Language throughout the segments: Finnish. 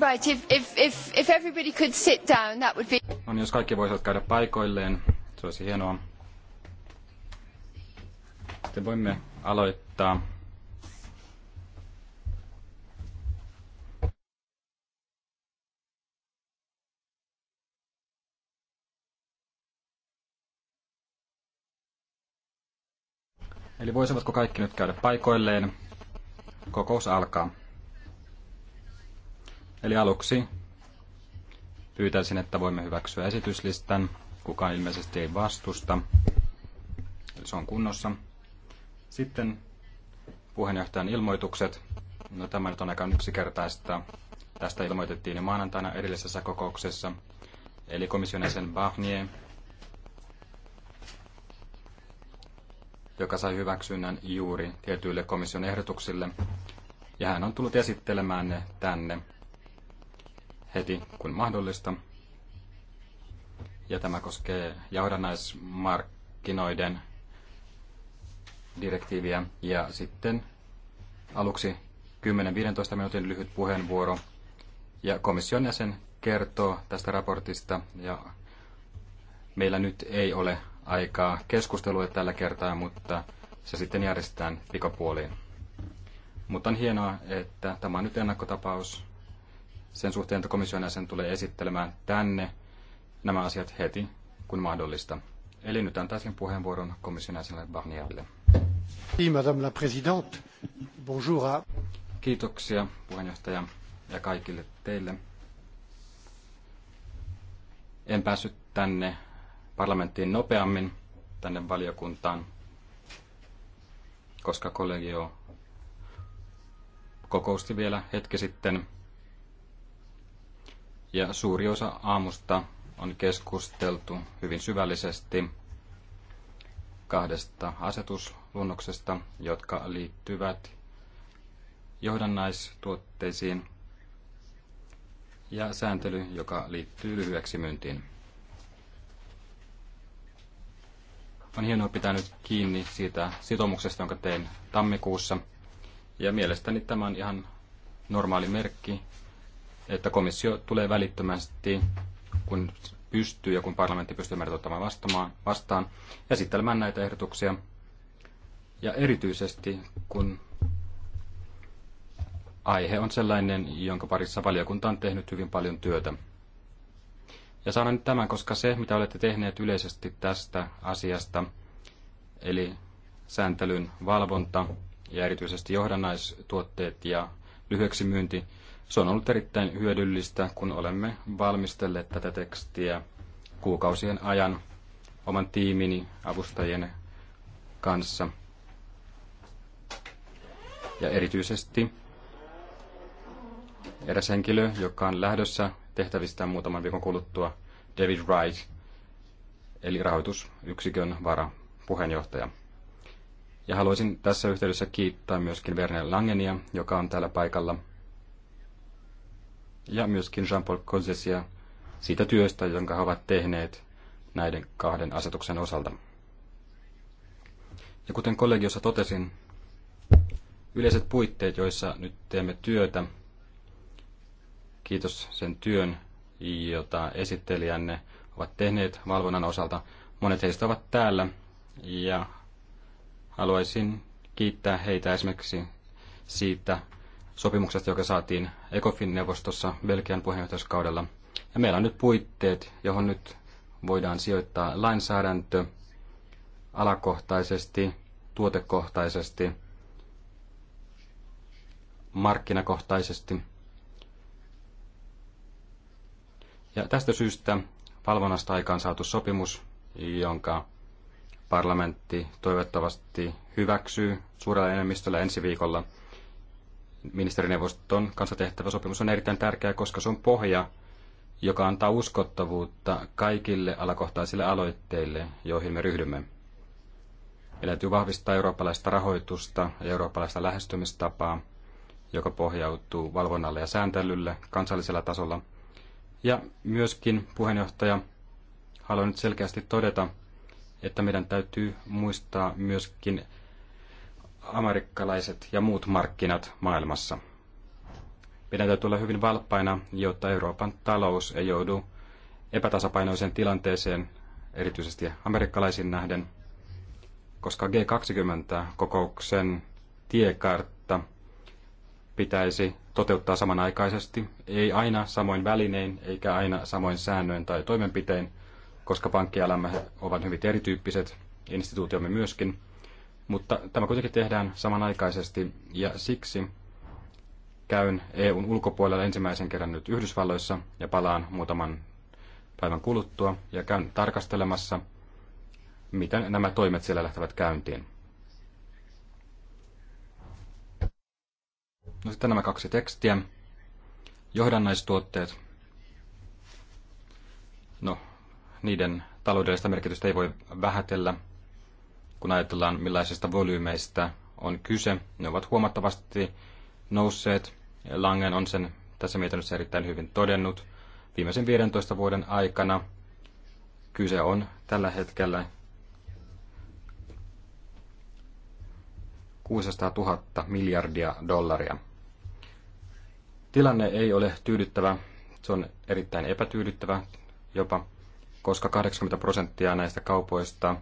Right, if, if, if, if everybody could sit down, that would be... On, no niin, jos kaikki voisivat käydä paikoilleen, se olisi hienoa. Sitten voimme aloittaa. Eli voisivatko kaikki nyt käydä paikoilleen? Kokous alkaa. Eli aluksi pyytäisin, että voimme hyväksyä esityslistan. Kukaan ilmeisesti ei vastusta. Eli se on kunnossa. Sitten puheenjohtajan ilmoitukset. No tämä nyt on aika yksikertaista. Tästä ilmoitettiin jo maanantaina edellisessä kokouksessa. Eli komission jäsen Barnier joka sai hyväksynnän juuri tietyille komission ehdotuksille. Ja hän on tullut esittelemään ne tänne heti kun mahdollista. Ja tämä koskee jaudannaismarkkinoiden direktiiviä. Ja sitten aluksi 10-15 minuutin lyhyt puheenvuoro. Ja komission jäsen kertoo tästä raportista. Ja meillä nyt ei ole aikaa keskustelua tällä kertaa, mutta se sitten järjestetään pikapuoliin. Mutta on hienoa, että tämä on nyt ennakkotapaus sen suhteen, että komission jäsen tulee esittelemään tänne nämä asiat heti, kun mahdollista. Eli nyt antaisin puheenvuoron komission jäsenelle Barnierille. Madame la Présidente, bonjour Kiitoksia puheenjohtaja ja kaikille teille. En päässyt tänne parlamenttiin nopeammin tänne valiokuntaan, koska kollegio kokousti vielä hetki sitten. Ja suuri osa aamusta on keskusteltu hyvin syvällisesti kahdesta asetusluonnoksesta, jotka liittyvät johdannaistuotteisiin ja sääntely, joka liittyy lyhyeksi myyntiin. On hienoa pitää nyt kiinni siitä sitoumuksesta, jonka tein tammikuussa. Ja mielestäni tämä on ihan normaali merkki, että komissio tulee välittömästi, kun pystyy ja kun parlamentti pystyy meidät ottamaan vastaan, esittelemään näitä ehdotuksia. Ja erityisesti, kun aihe on sellainen, jonka parissa valiokunta on tehnyt hyvin paljon työtä. Ja sanon nyt tämän, koska se, mitä olette tehneet yleisesti tästä asiasta, eli sääntelyn valvonta ja erityisesti johdannaistuotteet ja lyhyeksi myynti, se on ollut erittäin hyödyllistä, kun olemme valmistelleet tätä tekstiä kuukausien ajan oman tiimini avustajien kanssa. Ja erityisesti eräs henkilö, joka on lähdössä tehtävistä muutaman viikon kuluttua David Wright, eli rahoitusyksikön varapuheenjohtaja. Ja haluaisin tässä yhteydessä kiittää myöskin Werner Langenia, joka on täällä paikalla, ja myöskin Jean-Paul Cossessia siitä työstä, jonka he ovat tehneet näiden kahden asetuksen osalta. Ja kuten kollegiossa totesin, yleiset puitteet, joissa nyt teemme työtä, Kiitos sen työn, jota esittelijänne ovat tehneet valvonnan osalta. Monet heistä ovat täällä ja haluaisin kiittää heitä esimerkiksi siitä sopimuksesta, joka saatiin ECOFIN-neuvostossa Belgian puheenjohtajuuskaudella. Ja meillä on nyt puitteet, johon nyt voidaan sijoittaa lainsäädäntö alakohtaisesti, tuotekohtaisesti, markkinakohtaisesti. Ja tästä syystä valvonnasta aikaan saatu sopimus, jonka parlamentti toivottavasti hyväksyy suurella enemmistöllä ensi viikolla. Ministerineuvoston kanssa tehtävä sopimus on erittäin tärkeä, koska se on pohja, joka antaa uskottavuutta kaikille alakohtaisille aloitteille, joihin me ryhdymme. Meidän täytyy vahvistaa eurooppalaista rahoitusta ja eurooppalaista lähestymistapaa, joka pohjautuu valvonnalle ja sääntelylle kansallisella tasolla – ja myöskin puheenjohtaja, haluan nyt selkeästi todeta, että meidän täytyy muistaa myöskin amerikkalaiset ja muut markkinat maailmassa. Meidän täytyy olla hyvin valppaina, jotta Euroopan talous ei joudu epätasapainoiseen tilanteeseen, erityisesti amerikkalaisiin nähden, koska G20-kokouksen tiekartta pitäisi toteuttaa samanaikaisesti, ei aina samoin välinein eikä aina samoin säännöin tai toimenpitein, koska pankkielämä ovat hyvin erityyppiset, instituutiomme myöskin, mutta tämä kuitenkin tehdään samanaikaisesti ja siksi käyn EUn ulkopuolella ensimmäisen kerran nyt Yhdysvalloissa ja palaan muutaman päivän kuluttua ja käyn tarkastelemassa, miten nämä toimet siellä lähtevät käyntiin. No sitten nämä kaksi tekstiä. Johdannaistuotteet. No, niiden taloudellista merkitystä ei voi vähätellä, kun ajatellaan millaisista volyymeistä on kyse. Ne ovat huomattavasti nousseet. Langen on sen tässä mietinnössä erittäin hyvin todennut. Viimeisen 15 vuoden aikana kyse on tällä hetkellä 600 000 miljardia dollaria. Tilanne ei ole tyydyttävä, se on erittäin epätyydyttävä jopa, koska 80 prosenttia näistä kaupoista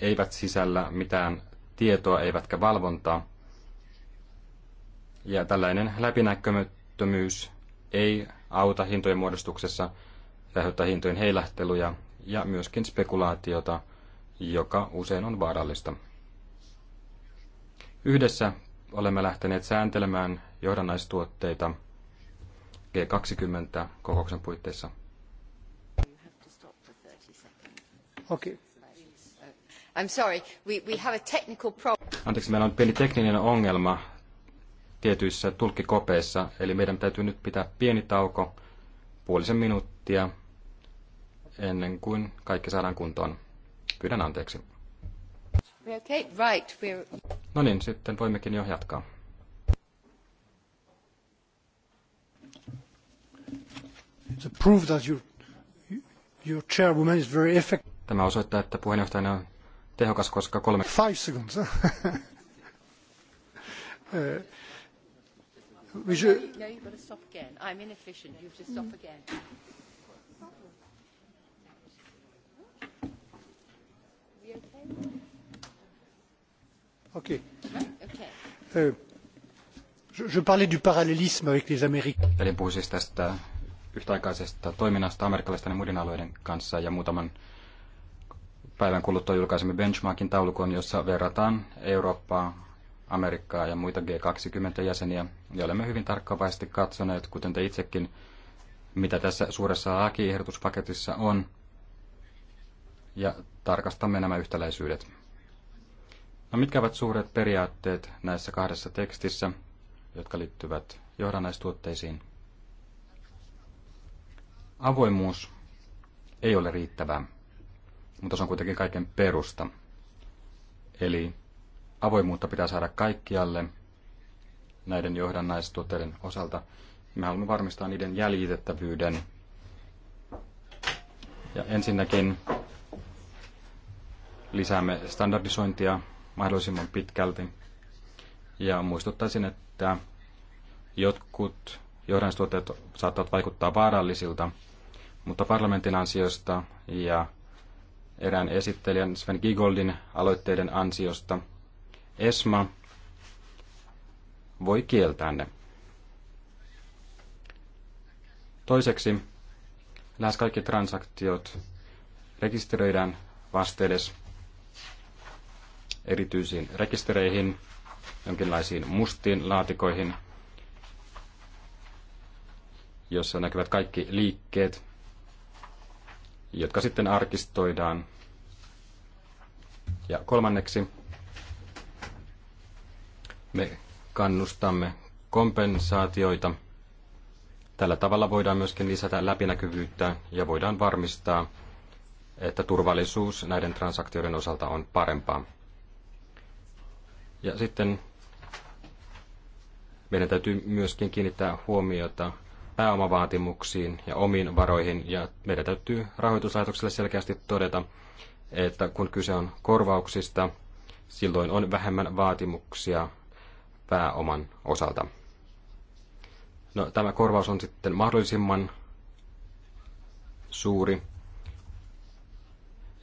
eivät sisällä mitään tietoa eivätkä valvontaa. Ja tällainen läpinäkymättömyys ei auta hintojen muodostuksessa, se aiheuttaa hintojen heilahteluja ja myöskin spekulaatiota, joka usein on vaarallista. Yhdessä olemme lähteneet sääntelemään johdannaistuotteita G20-kokouksen puitteissa. Okay. I'm sorry, we, we have a technical problem. Anteeksi, meillä on pieni tekninen ongelma tietyissä tulkkikopeissa, eli meidän täytyy nyt pitää pieni tauko, puolisen minuuttia, ennen kuin kaikki saadaan kuntoon. Pyydän anteeksi. Okay, right, we're... No niin, sitten voimmekin jo jatkaa. proof that your, your chairwoman is very effective. Tämä osoittaa, että puheenjohtajana on tehokas, koska kolme... Five seconds. uh, we should... No, you've got to stop again. I'm inefficient. You've to stop again. Euh, je parlais du parallélisme avec les Américains. Eli puhuin siis tästä yhtäaikaisesta toiminnasta amerikkalaisten ja muiden alueiden kanssa ja muutaman päivän kuluttua julkaisemme benchmarkin taulukon, jossa verrataan Eurooppaa, Amerikkaa ja muita G20-jäseniä. Ja olemme hyvin tarkkavaisesti katsoneet, kuten te itsekin, mitä tässä suuressa lakiehdotuspaketissa on. Ja tarkastamme nämä yhtäläisyydet. No mitkä ovat suuret periaatteet näissä kahdessa tekstissä, jotka liittyvät johdannaistuotteisiin? Avoimuus ei ole riittävää, mutta se on kuitenkin kaiken perusta. Eli avoimuutta pitää saada kaikkialle näiden johdannaistuotteiden osalta. Me haluamme varmistaa niiden jäljitettävyyden. Ja ensinnäkin lisäämme standardisointia mahdollisimman pitkälti. Ja muistuttaisin, että jotkut johdannaistuotteet saattavat vaikuttaa vaarallisilta, mutta parlamentin ansiosta ja erään esittelijän Sven Gigoldin aloitteiden ansiosta ESMA voi kieltää ne. Toiseksi lähes kaikki transaktiot rekisteröidään vastedes erityisiin rekistereihin, jonkinlaisiin mustiin laatikoihin, jossa näkyvät kaikki liikkeet, jotka sitten arkistoidaan. Ja kolmanneksi me kannustamme kompensaatioita. Tällä tavalla voidaan myöskin lisätä läpinäkyvyyttä ja voidaan varmistaa, että turvallisuus näiden transaktioiden osalta on parempaa. Ja sitten meidän täytyy myöskin kiinnittää huomiota pääomavaatimuksiin ja omiin varoihin, ja meidän täytyy rahoituslaitokselle selkeästi todeta, että kun kyse on korvauksista, silloin on vähemmän vaatimuksia pääoman osalta. No, tämä korvaus on sitten mahdollisimman suuri.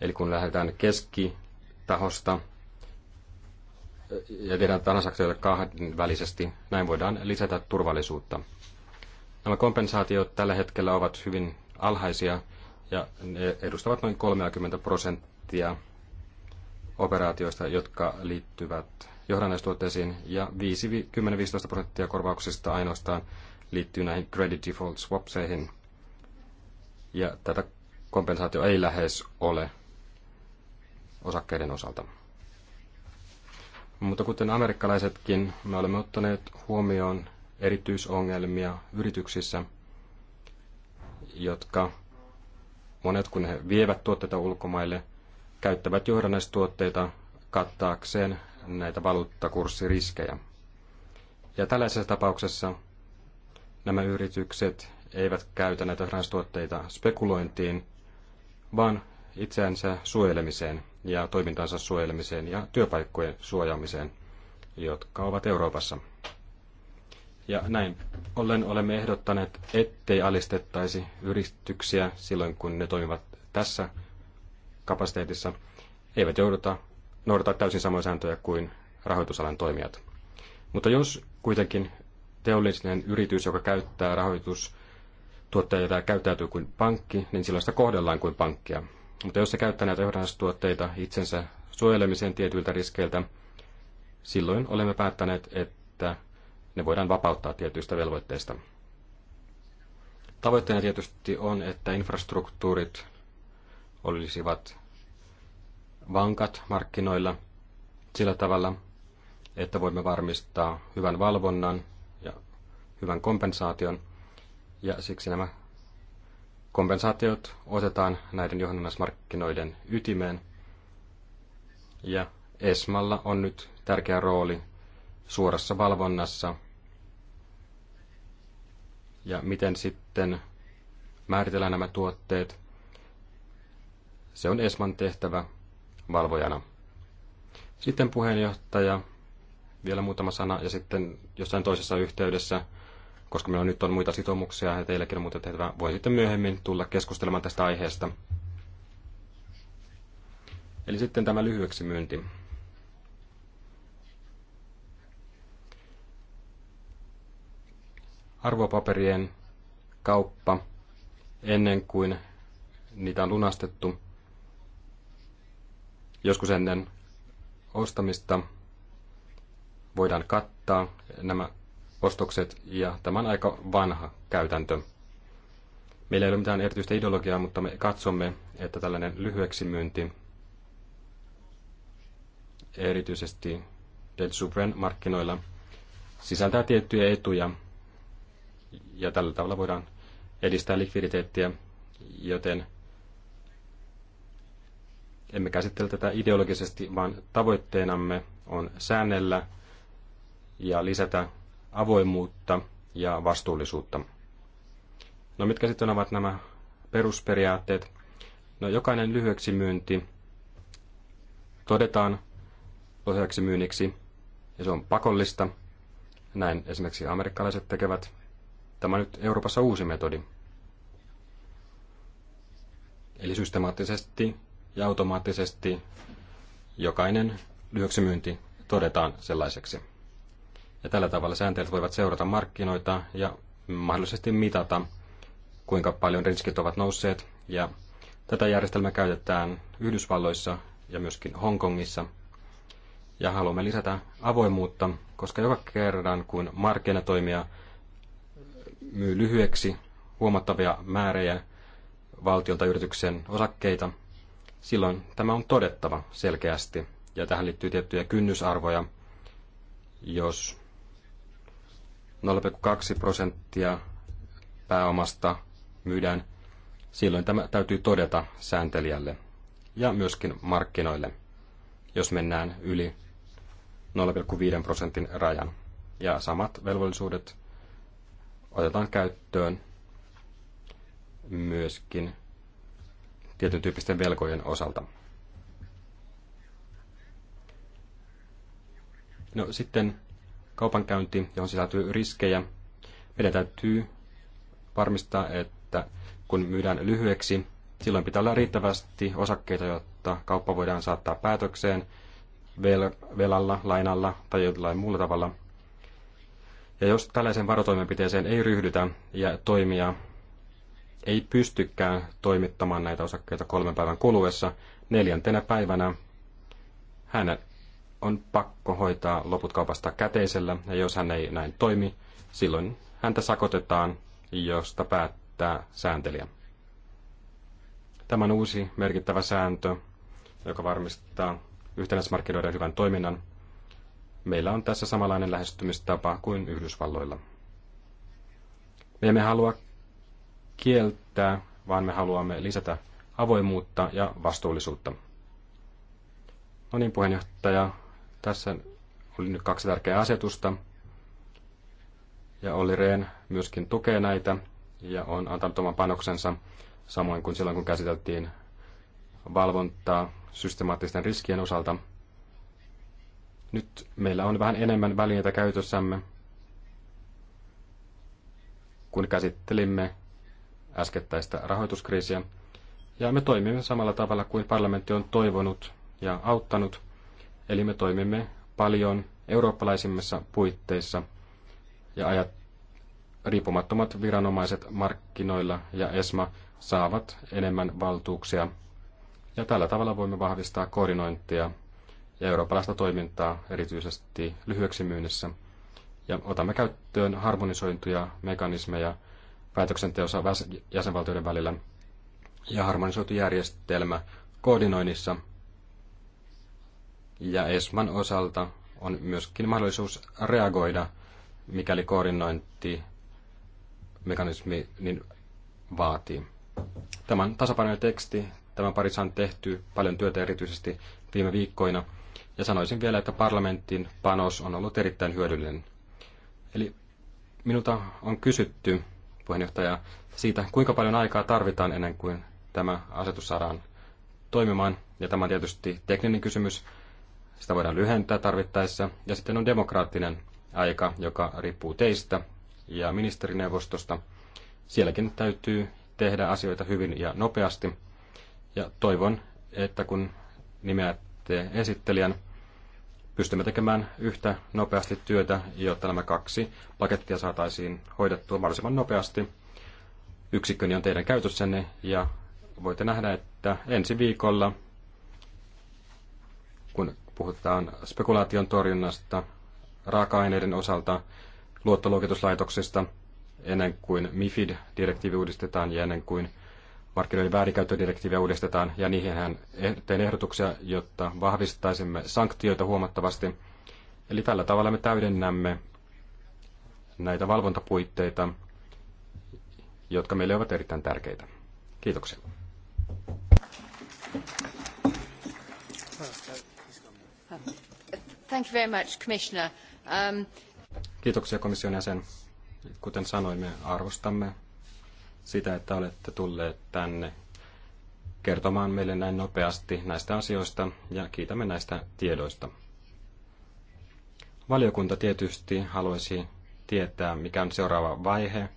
Eli kun lähdetään keskitahosta, ja tehdään transaktioita kahdenvälisesti. Näin voidaan lisätä turvallisuutta. Nämä kompensaatiot tällä hetkellä ovat hyvin alhaisia ja ne edustavat noin 30 prosenttia operaatioista, jotka liittyvät johdannaistuotteisiin ja 10-15 prosenttia korvauksista ainoastaan liittyy näihin credit default swapseihin. Ja tätä kompensaatio ei lähes ole osakkeiden osalta. Mutta kuten amerikkalaisetkin, me olemme ottaneet huomioon erityisongelmia yrityksissä, jotka monet, kun he vievät tuotteita ulkomaille, käyttävät johdannaistuotteita kattaakseen näitä valuuttakurssiriskejä. Ja tällaisessa tapauksessa nämä yritykset eivät käytä näitä johdannaistuotteita spekulointiin, vaan itseänsä suojelemiseen – ja toimintansa suojelemiseen ja työpaikkojen suojaamiseen, jotka ovat Euroopassa. Ja näin ollen olemme ehdottaneet, ettei alistettaisi yrityksiä silloin, kun ne toimivat tässä kapasiteetissa, eivät jouduta noudattaa täysin samoja sääntöjä kuin rahoitusalan toimijat. Mutta jos kuitenkin teollinen yritys, joka käyttää rahoitustuottajia tai käyttäytyy kuin pankki, niin silloin sitä kohdellaan kuin pankkia. Mutta jos se käyttää näitä johdannustuotteita itsensä suojelemiseen tietyiltä riskeiltä, silloin olemme päättäneet, että ne voidaan vapauttaa tietyistä velvoitteista. Tavoitteena tietysti on, että infrastruktuurit olisivat vankat markkinoilla sillä tavalla, että voimme varmistaa hyvän valvonnan ja hyvän kompensaation, ja siksi nämä kompensaatiot otetaan näiden johdannaismarkkinoiden ytimeen. Ja ESMalla on nyt tärkeä rooli suorassa valvonnassa ja miten sitten määritellään nämä tuotteet. Se on ESMAn tehtävä valvojana. Sitten puheenjohtaja, vielä muutama sana ja sitten jossain toisessa yhteydessä koska meillä nyt on muita sitoumuksia ja teilläkin on muuta tehtävää. Voi sitten myöhemmin tulla keskustelemaan tästä aiheesta. Eli sitten tämä lyhyeksi myynti. Arvopaperien kauppa ennen kuin niitä on lunastettu joskus ennen ostamista voidaan kattaa nämä ostokset, ja tämä on aika vanha käytäntö. Meillä ei ole mitään erityistä ideologiaa, mutta me katsomme, että tällainen lyhyeksi myynti, erityisesti dead Subren markkinoilla, sisältää tiettyjä etuja, ja tällä tavalla voidaan edistää likviditeettiä, joten emme käsittele tätä ideologisesti, vaan tavoitteenamme on säännellä ja lisätä avoimuutta ja vastuullisuutta. No mitkä sitten ovat nämä perusperiaatteet? No jokainen lyhyeksi myynti todetaan lyhyeksi myynniksi ja se on pakollista. Näin esimerkiksi amerikkalaiset tekevät. Tämä on nyt Euroopassa uusi metodi. Eli systemaattisesti ja automaattisesti jokainen lyhyeksi myynti todetaan sellaiseksi. Ja tällä tavalla sääntelijät voivat seurata markkinoita ja mahdollisesti mitata, kuinka paljon riskit ovat nousseet. Ja tätä järjestelmää käytetään Yhdysvalloissa ja myöskin Hongkongissa. Ja haluamme lisätä avoimuutta, koska joka kerran kun markkinatoimija myy lyhyeksi huomattavia määriä valtiolta yrityksen osakkeita, silloin tämä on todettava selkeästi. Ja tähän liittyy tiettyjä kynnysarvoja, jos 0,2 prosenttia pääomasta myydään, silloin tämä täytyy todeta sääntelijälle ja myöskin markkinoille, jos mennään yli 0,5 prosentin rajan. Ja samat velvollisuudet otetaan käyttöön myöskin tietyn tyyppisten velkojen osalta. No sitten kaupankäynti, johon sisältyy riskejä. Meidän täytyy varmistaa, että kun myydään lyhyeksi, silloin pitää olla riittävästi osakkeita, jotta kauppa voidaan saattaa päätökseen vel- velalla, lainalla tai jollain muulla tavalla. Ja jos tällaiseen varotoimenpiteeseen ei ryhdytä ja toimia ei pystykään toimittamaan näitä osakkeita kolmen päivän kuluessa, neljäntenä päivänä hän on pakko hoitaa loput kaupasta käteisellä, ja jos hän ei näin toimi, silloin häntä sakotetaan, josta päättää sääntelijä. Tämän uusi merkittävä sääntö, joka varmistaa yhtenäismarkkinoiden hyvän toiminnan, meillä on tässä samanlainen lähestymistapa kuin Yhdysvalloilla. Me emme halua kieltää, vaan me haluamme lisätä avoimuutta ja vastuullisuutta. No niin, puheenjohtaja, tässä oli nyt kaksi tärkeää asetusta. Ja Olli Rehn myöskin tukee näitä ja on antanut oman panoksensa, samoin kuin silloin kun käsiteltiin valvontaa systemaattisten riskien osalta. Nyt meillä on vähän enemmän välineitä käytössämme, kun käsittelimme äskettäistä rahoituskriisiä, ja me toimimme samalla tavalla kuin parlamentti on toivonut ja auttanut – Eli me toimimme paljon eurooppalaisimmissa puitteissa ja ajat, riippumattomat viranomaiset markkinoilla ja ESMA saavat enemmän valtuuksia. Ja tällä tavalla voimme vahvistaa koordinointia ja eurooppalaista toimintaa erityisesti lyhyeksi myynnissä. Ja otamme käyttöön harmonisointuja mekanismeja päätöksenteossa jäsenvaltioiden välillä ja harmonisoitu järjestelmä koordinoinnissa – ja ESMAn osalta on myöskin mahdollisuus reagoida, mikäli koordinointi mekanismi niin vaatii. Tämän tasapainoinen teksti, tämä parissa on tehty paljon työtä erityisesti viime viikkoina, ja sanoisin vielä, että parlamentin panos on ollut erittäin hyödyllinen. Eli minulta on kysytty, puheenjohtaja, siitä, kuinka paljon aikaa tarvitaan ennen kuin tämä asetus saadaan toimimaan, ja tämä on tietysti tekninen kysymys, sitä voidaan lyhentää tarvittaessa. Ja sitten on demokraattinen aika, joka riippuu teistä ja ministerineuvostosta. Sielläkin täytyy tehdä asioita hyvin ja nopeasti. Ja toivon, että kun nimeätte esittelijän, pystymme tekemään yhtä nopeasti työtä, jotta nämä kaksi pakettia saataisiin hoidettua mahdollisimman nopeasti. Yksikköni on teidän käytössänne ja voitte nähdä, että ensi viikolla Puhutaan spekulaation torjunnasta, raaka-aineiden osalta, luottoluokituslaitoksista, ennen kuin MIFID-direktiivi uudistetaan ja ennen kuin markkinoiden väärinkäyttödirektiiviä uudistetaan, ja niihin eh-, tein ehdotuksia, jotta vahvistaisimme sanktioita huomattavasti. Eli tällä tavalla me täydennämme näitä valvontapuitteita, jotka meille ovat erittäin tärkeitä. Kiitoksia. Um, Kiitoksia komission jäsen. Kuten sanoimme, arvostamme sitä, että olette tulleet tänne kertomaan meille näin nopeasti näistä asioista ja kiitämme näistä tiedoista. Valiokunta tietysti haluaisi tietää, mikä on seuraava vaihe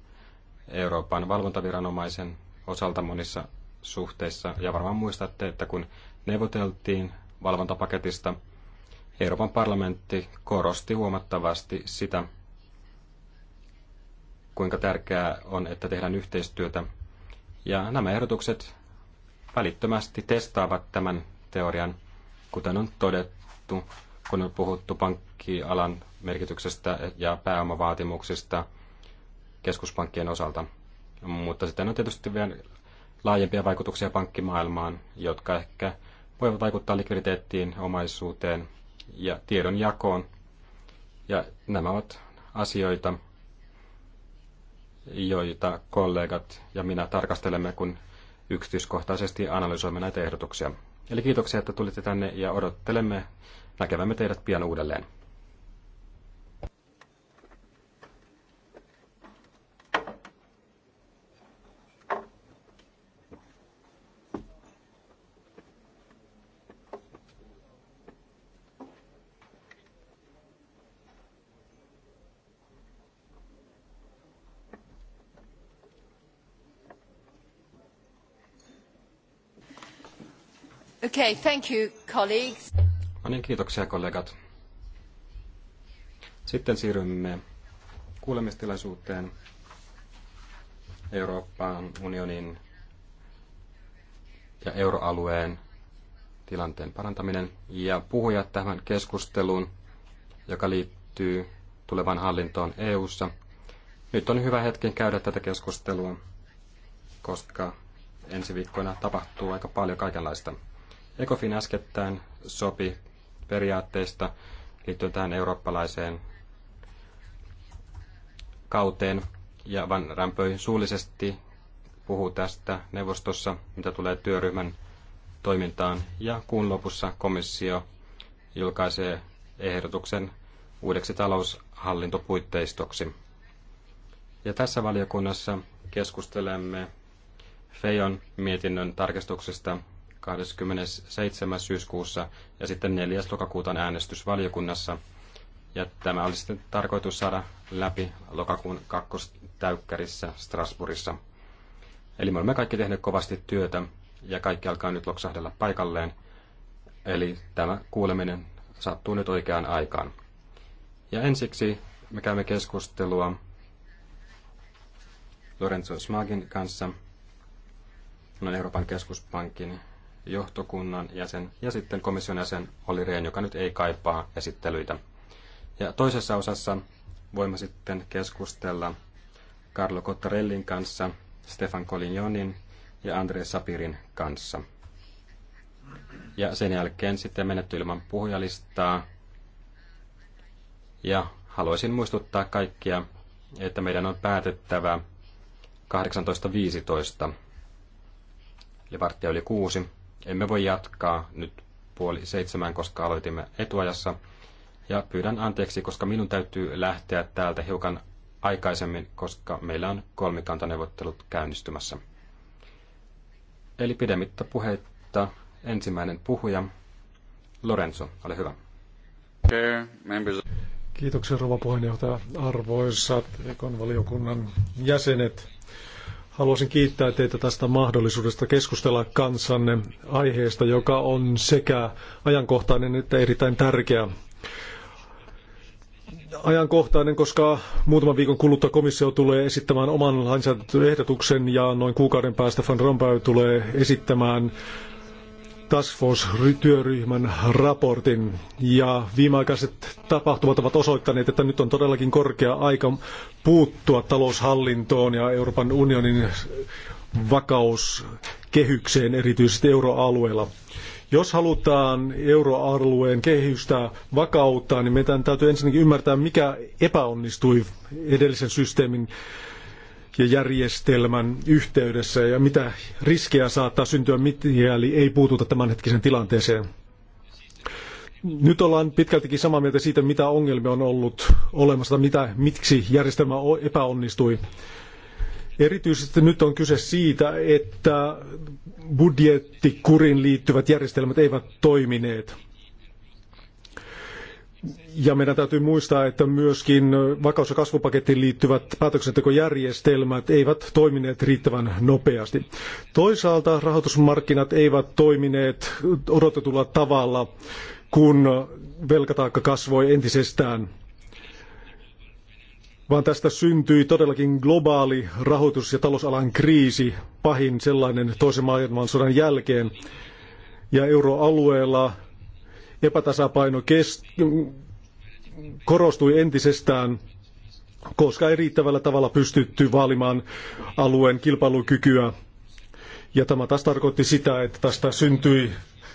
Euroopan valvontaviranomaisen osalta monissa suhteissa. Ja varmaan muistatte, että kun neuvoteltiin valvontapaketista, Euroopan parlamentti korosti huomattavasti sitä, kuinka tärkeää on, että tehdään yhteistyötä. Ja nämä ehdotukset välittömästi testaavat tämän teorian, kuten on todettu, kun on puhuttu pankkialan merkityksestä ja pääomavaatimuksista keskuspankkien osalta. Mutta sitten on tietysti vielä laajempia vaikutuksia pankkimaailmaan, jotka ehkä voivat vaikuttaa likviditeettiin, omaisuuteen ja tiedonjakoon. Ja nämä ovat asioita, joita kollegat ja minä tarkastelemme, kun yksityiskohtaisesti analysoimme näitä ehdotuksia. Eli kiitoksia, että tulitte tänne ja odottelemme näkevämme teidät pian uudelleen. Okay, thank you, colleagues. No niin, kiitoksia kollegat. Sitten siirrymme kuulemistilaisuuteen Euroopan unionin ja euroalueen tilanteen parantaminen. Ja puhujat tähän keskusteluun, joka liittyy tulevaan hallintoon EU:ssa. Nyt on hyvä hetki käydä tätä keskustelua, koska ensi viikkoina tapahtuu aika paljon kaikenlaista. Ecofin äskettäin sopi periaatteista liittyen tähän eurooppalaiseen kauteen. Ja Van Rampöy suullisesti puhuu tästä neuvostossa, mitä tulee työryhmän toimintaan. Ja kuun lopussa komissio julkaisee ehdotuksen uudeksi taloushallintopuitteistoksi. Ja tässä valiokunnassa keskustelemme Fejon mietinnön tarkistuksesta 27. syyskuussa ja sitten 4. lokakuuta on äänestys valiokunnassa. Ja tämä oli sitten tarkoitus saada läpi lokakuun kakkostäykkärissä Strasbourgissa. Eli me olemme kaikki tehneet kovasti työtä ja kaikki alkaa nyt loksahdella paikalleen. Eli tämä kuuleminen sattuu nyt oikeaan aikaan. Ja ensiksi me käymme keskustelua Lorenzo Smagin kanssa, Euroopan keskuspankin johtokunnan jäsen ja sitten komission jäsen oli Rehn, joka nyt ei kaipaa esittelyitä. Ja toisessa osassa voimme sitten keskustella Carlo Cottarellin kanssa, Stefan Colignonin ja Andre Sapirin kanssa. Ja sen jälkeen sitten menetty ilman puhujalistaa. Ja haluaisin muistuttaa kaikkia, että meidän on päätettävä 18.15, eli varttia yli kuusi. Emme voi jatkaa nyt puoli seitsemään, koska aloitimme etuajassa. Ja pyydän anteeksi, koska minun täytyy lähteä täältä hiukan aikaisemmin, koska meillä on kolmikantaneuvottelut käynnistymässä. Eli pidemmittä puheitta ensimmäinen puhuja, Lorenzo, ole hyvä. Kiitoksia rouva puheenjohtaja. Arvoisat ekon valiokunnan jäsenet. Haluaisin kiittää teitä tästä mahdollisuudesta keskustella kansanne aiheesta, joka on sekä ajankohtainen että erittäin tärkeä. Ajankohtainen, koska muutaman viikon kuluttua komissio tulee esittämään oman lainsäädäntöehdotuksen ja noin kuukauden päästä Van Rompuy tulee esittämään Task Force-työryhmän raportin. Ja viimeaikaiset tapahtumat ovat osoittaneet, että nyt on todellakin korkea aika puuttua taloushallintoon ja Euroopan unionin vakauskehykseen, erityisesti euroalueella. Jos halutaan euroalueen kehystä vakauttaa, niin meidän täytyy ensinnäkin ymmärtää, mikä epäonnistui edellisen systeemin ja järjestelmän yhteydessä ja mitä riskejä saattaa syntyä, mikäli ei puututa tämänhetkisen tilanteeseen. Nyt ollaan pitkältikin samaa mieltä siitä, mitä ongelmia on ollut olemassa, mitä, miksi järjestelmä epäonnistui. Erityisesti nyt on kyse siitä, että budjettikurin liittyvät järjestelmät eivät toimineet. Ja meidän täytyy muistaa, että myöskin vakaus- ja kasvupakettiin liittyvät päätöksentekojärjestelmät eivät toimineet riittävän nopeasti. Toisaalta rahoitusmarkkinat eivät toimineet odotetulla tavalla, kun velkataakka kasvoi entisestään vaan tästä syntyi todellakin globaali rahoitus- ja talousalan kriisi, pahin sellainen toisen maailmansodan jälkeen. Ja euroalueella epätasapaino kes- korostui entisestään, koska ei riittävällä tavalla pystytty vaalimaan alueen kilpailukykyä. Ja tämä taas tarkoitti sitä, että tästä syntyi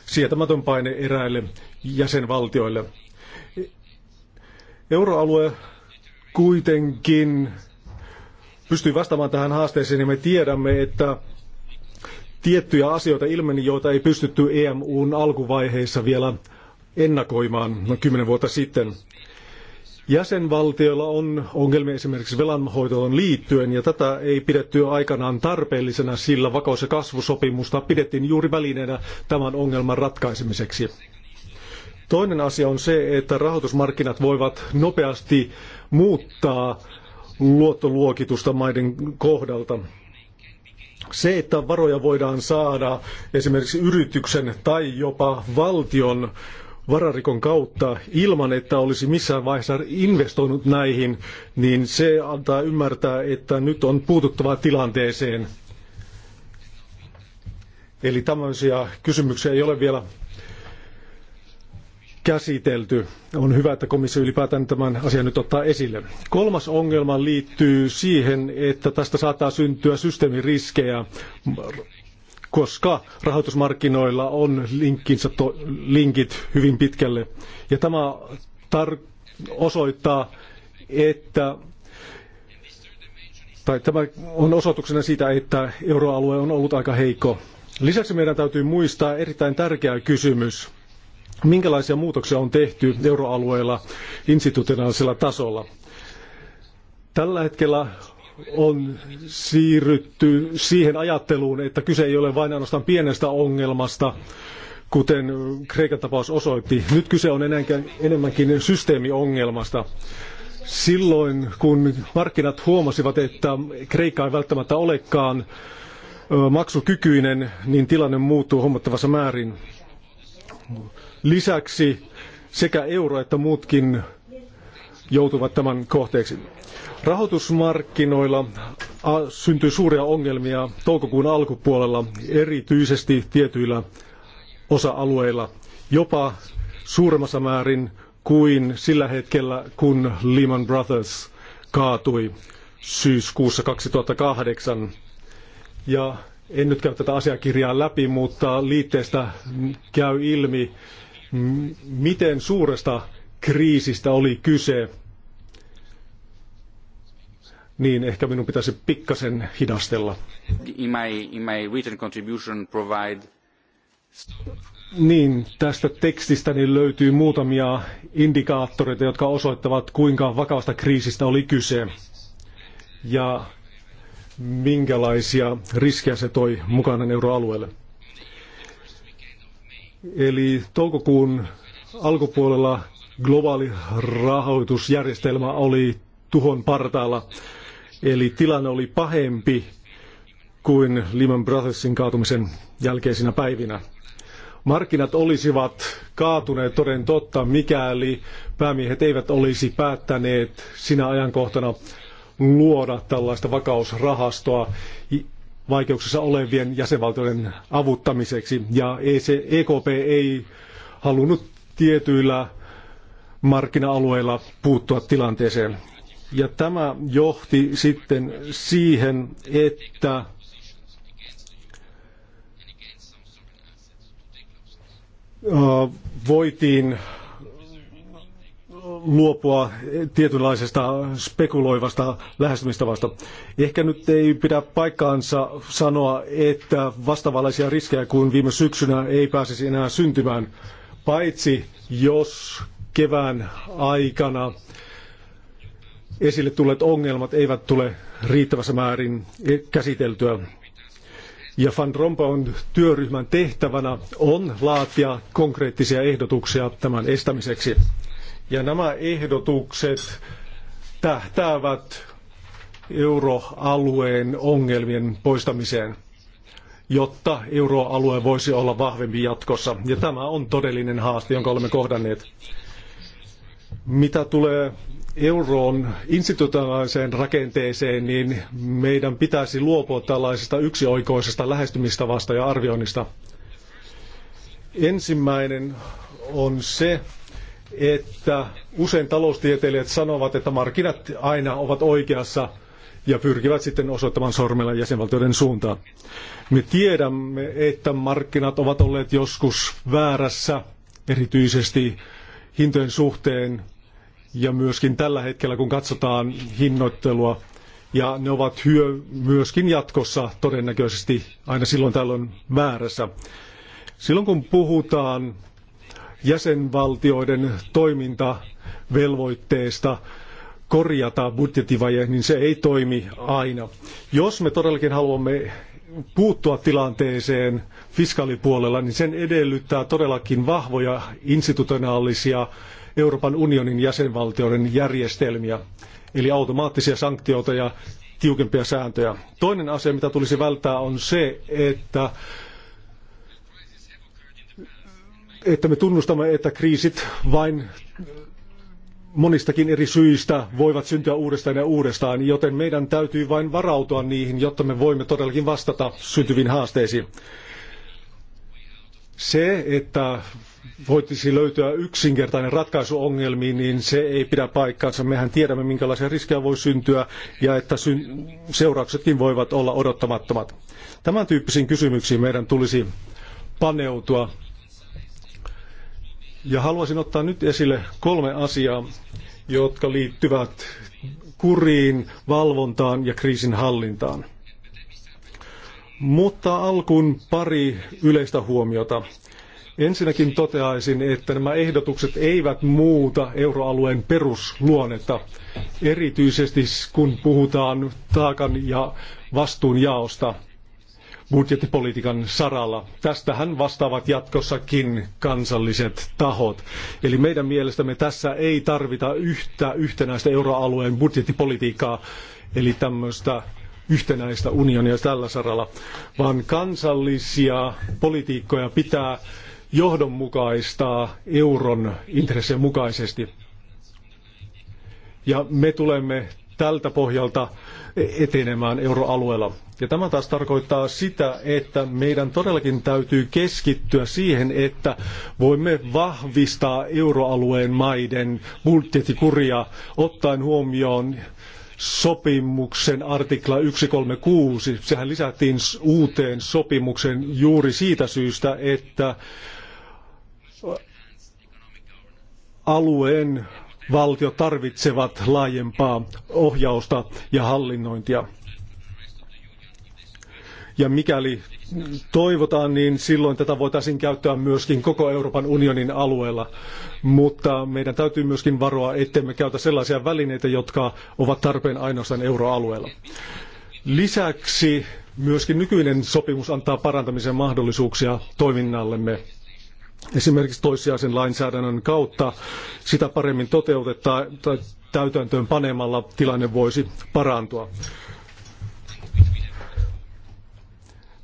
sietämätön paine eräille jäsenvaltioille. Euroalue kuitenkin pystyi vastaamaan tähän haasteeseen ja niin me tiedämme, että tiettyjä asioita ilmeni, joita ei pystytty EMUn alkuvaiheessa vielä ennakoimaan noin kymmenen vuotta sitten. Jäsenvaltioilla on ongelmia esimerkiksi velanhoitoon liittyen, ja tätä ei pidetty aikanaan tarpeellisena, sillä vakaus- ja kasvusopimusta pidettiin juuri välineenä tämän ongelman ratkaisemiseksi. Toinen asia on se, että rahoitusmarkkinat voivat nopeasti muuttaa luottoluokitusta maiden kohdalta. Se, että varoja voidaan saada esimerkiksi yrityksen tai jopa valtion vararikon kautta ilman, että olisi missään vaiheessa investoinut näihin, niin se antaa ymmärtää, että nyt on puututtava tilanteeseen. Eli tämmöisiä kysymyksiä ei ole vielä käsitelty. On hyvä, että komissio ylipäätään tämän asian nyt ottaa esille. Kolmas ongelma liittyy siihen, että tästä saattaa syntyä systeemiriskejä koska rahoitusmarkkinoilla on linkkinsä to, linkit hyvin pitkälle. Ja tämä osoittaa, että tai tämä on osoituksena siitä, että euroalue on ollut aika heikko. Lisäksi meidän täytyy muistaa erittäin tärkeä kysymys. Minkälaisia muutoksia on tehty euroalueella institutionaalisella tasolla? Tällä hetkellä on siirrytty siihen ajatteluun, että kyse ei ole vain ainoastaan pienestä ongelmasta, kuten Kreikan tapaus osoitti. Nyt kyse on enemmänkin systeemiongelmasta. Silloin, kun markkinat huomasivat, että Kreikka ei välttämättä olekaan maksukykyinen, niin tilanne muuttuu huomattavassa määrin. Lisäksi sekä euro että muutkin joutuvat tämän kohteeksi. Rahoitusmarkkinoilla syntyi suuria ongelmia toukokuun alkupuolella, erityisesti tietyillä osa-alueilla, jopa suuremmassa määrin kuin sillä hetkellä, kun Lehman Brothers kaatui syyskuussa 2008. Ja en nyt käy tätä asiakirjaa läpi, mutta liitteestä käy ilmi, miten suuresta kriisistä oli kyse niin ehkä minun pitäisi pikkasen hidastella. In my, in my written contribution provide... Niin, tästä niin löytyy muutamia indikaattoreita, jotka osoittavat, kuinka vakavasta kriisistä oli kyse ja minkälaisia riskejä se toi mukana euroalueelle. Eli toukokuun alkupuolella globaali rahoitusjärjestelmä oli tuhon partaalla. Eli tilanne oli pahempi kuin Lehman Brothersin kaatumisen jälkeisinä päivinä. Markkinat olisivat kaatuneet toden totta, mikäli päämiehet eivät olisi päättäneet sinä ajankohtana luoda tällaista vakausrahastoa vaikeuksissa olevien jäsenvaltioiden avuttamiseksi. Ja EKP e ei halunnut tietyillä markkina-alueilla puuttua tilanteeseen. Ja tämä johti sitten siihen, että voitiin luopua tietynlaisesta spekuloivasta lähestymistavasta. Ehkä nyt ei pidä paikkaansa sanoa, että vastaavallaisia riskejä kuin viime syksynä ei pääsisi enää syntymään, paitsi jos kevään aikana esille tulleet ongelmat eivät tule riittävässä määrin käsiteltyä. Ja Van Rompuyn työryhmän tehtävänä on laatia konkreettisia ehdotuksia tämän estämiseksi. Ja nämä ehdotukset tähtäävät euroalueen ongelmien poistamiseen, jotta euroalue voisi olla vahvempi jatkossa. Ja tämä on todellinen haaste, jonka olemme kohdanneet. Mitä tulee euroon institutionaaliseen rakenteeseen, niin meidän pitäisi luopua tällaisesta yksioikoisesta lähestymistavasta ja arvioinnista. Ensimmäinen on se, että usein taloustieteilijät sanovat, että markkinat aina ovat oikeassa ja pyrkivät sitten osoittamaan sormella jäsenvaltioiden suuntaan. Me tiedämme, että markkinat ovat olleet joskus väärässä, erityisesti hintojen suhteen ja myöskin tällä hetkellä, kun katsotaan hinnoittelua, ja ne ovat hyö myöskin jatkossa todennäköisesti aina silloin tällöin määrässä. Silloin kun puhutaan jäsenvaltioiden toimintavelvoitteesta korjata budjettivaje, niin se ei toimi aina. Jos me todellakin haluamme puuttua tilanteeseen fiskaalipuolella, niin sen edellyttää todellakin vahvoja institutionaalisia Euroopan unionin jäsenvaltioiden järjestelmiä, eli automaattisia sanktioita ja tiukempia sääntöjä. Toinen asia, mitä tulisi välttää, on se, että että me tunnustamme, että kriisit vain monistakin eri syistä voivat syntyä uudestaan ja uudestaan, joten meidän täytyy vain varautua niihin, jotta me voimme todellakin vastata syntyviin haasteisiin. Se, että voitisi löytyä yksinkertainen ratkaisu ongelmiin, niin se ei pidä paikkaansa. Mehän tiedämme, minkälaisia riskejä voi syntyä ja että seurauksetkin voivat olla odottamattomat. Tämän tyyppisiin kysymyksiin meidän tulisi paneutua. Ja haluaisin ottaa nyt esille kolme asiaa, jotka liittyvät kuriin, valvontaan ja kriisin hallintaan. Mutta alkuun pari yleistä huomiota. Ensinnäkin toteaisin, että nämä ehdotukset eivät muuta euroalueen perusluonnetta, erityisesti kun puhutaan taakan ja vastuunjaosta budjettipolitiikan saralla. Tästähän vastaavat jatkossakin kansalliset tahot. Eli meidän mielestämme tässä ei tarvita yhtä yhtenäistä euroalueen budjettipolitiikkaa, eli tämmöistä yhtenäistä unionia tällä saralla, vaan kansallisia politiikkoja pitää johdonmukaistaa euron intressien mukaisesti. Ja me tulemme tältä pohjalta etenemään euroalueella. Ja tämä taas tarkoittaa sitä, että meidän todellakin täytyy keskittyä siihen, että voimme vahvistaa euroalueen maiden budjettikuria ottaen huomioon sopimuksen artikla 136. Sehän lisättiin uuteen sopimukseen juuri siitä syystä, että alueen valtiot tarvitsevat laajempaa ohjausta ja hallinnointia. Ja mikäli toivotaan, niin silloin tätä voitaisiin käyttää myöskin koko Euroopan unionin alueella. Mutta meidän täytyy myöskin varoa, ettemme käytä sellaisia välineitä, jotka ovat tarpeen ainoastaan euroalueella. Lisäksi myöskin nykyinen sopimus antaa parantamisen mahdollisuuksia toiminnallemme esimerkiksi toissijaisen lainsäädännön kautta sitä paremmin toteutetta tai täytäntöön panemalla tilanne voisi parantua.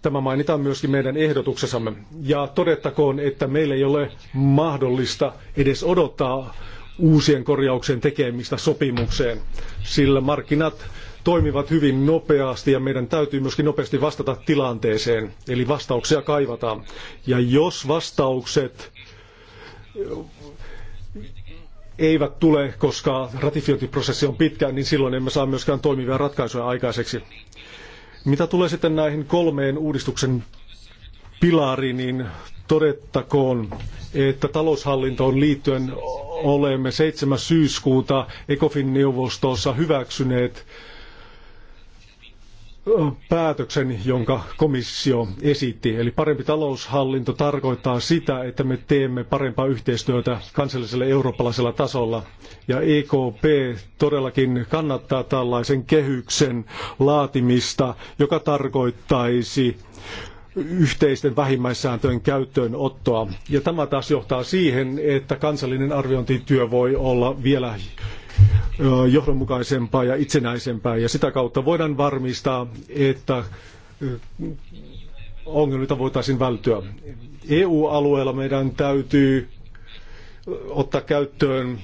Tämä mainitaan myöskin meidän ehdotuksessamme. Ja todettakoon, että meillä ei ole mahdollista edes odottaa uusien korjauksien tekemistä sopimukseen, sillä markkinat toimivat hyvin nopeasti ja meidän täytyy myöskin nopeasti vastata tilanteeseen. Eli vastauksia kaivataan. Ja jos vastaukset eh, eivät tule, koska ratifiointiprosessi on pitkä, niin silloin emme saa myöskään toimivia ratkaisuja aikaiseksi. Mitä tulee sitten näihin kolmeen uudistuksen pilariin, niin todettakoon, että taloushallintoon liittyen olemme 7. syyskuuta ECOFIN neuvostossa hyväksyneet päätöksen, jonka komissio esitti. Eli parempi taloushallinto tarkoittaa sitä, että me teemme parempaa yhteistyötä kansallisella eurooppalaisella tasolla. Ja EKP todellakin kannattaa tällaisen kehyksen laatimista, joka tarkoittaisi yhteisten vähimmäissääntöjen käyttöönottoa. Ja tämä taas johtaa siihen, että kansallinen arviointityö voi olla vielä johdonmukaisempaa ja itsenäisempää. Ja sitä kautta voidaan varmistaa, että ongelmilta voitaisiin välttyä. EU-alueella meidän täytyy ottaa käyttöön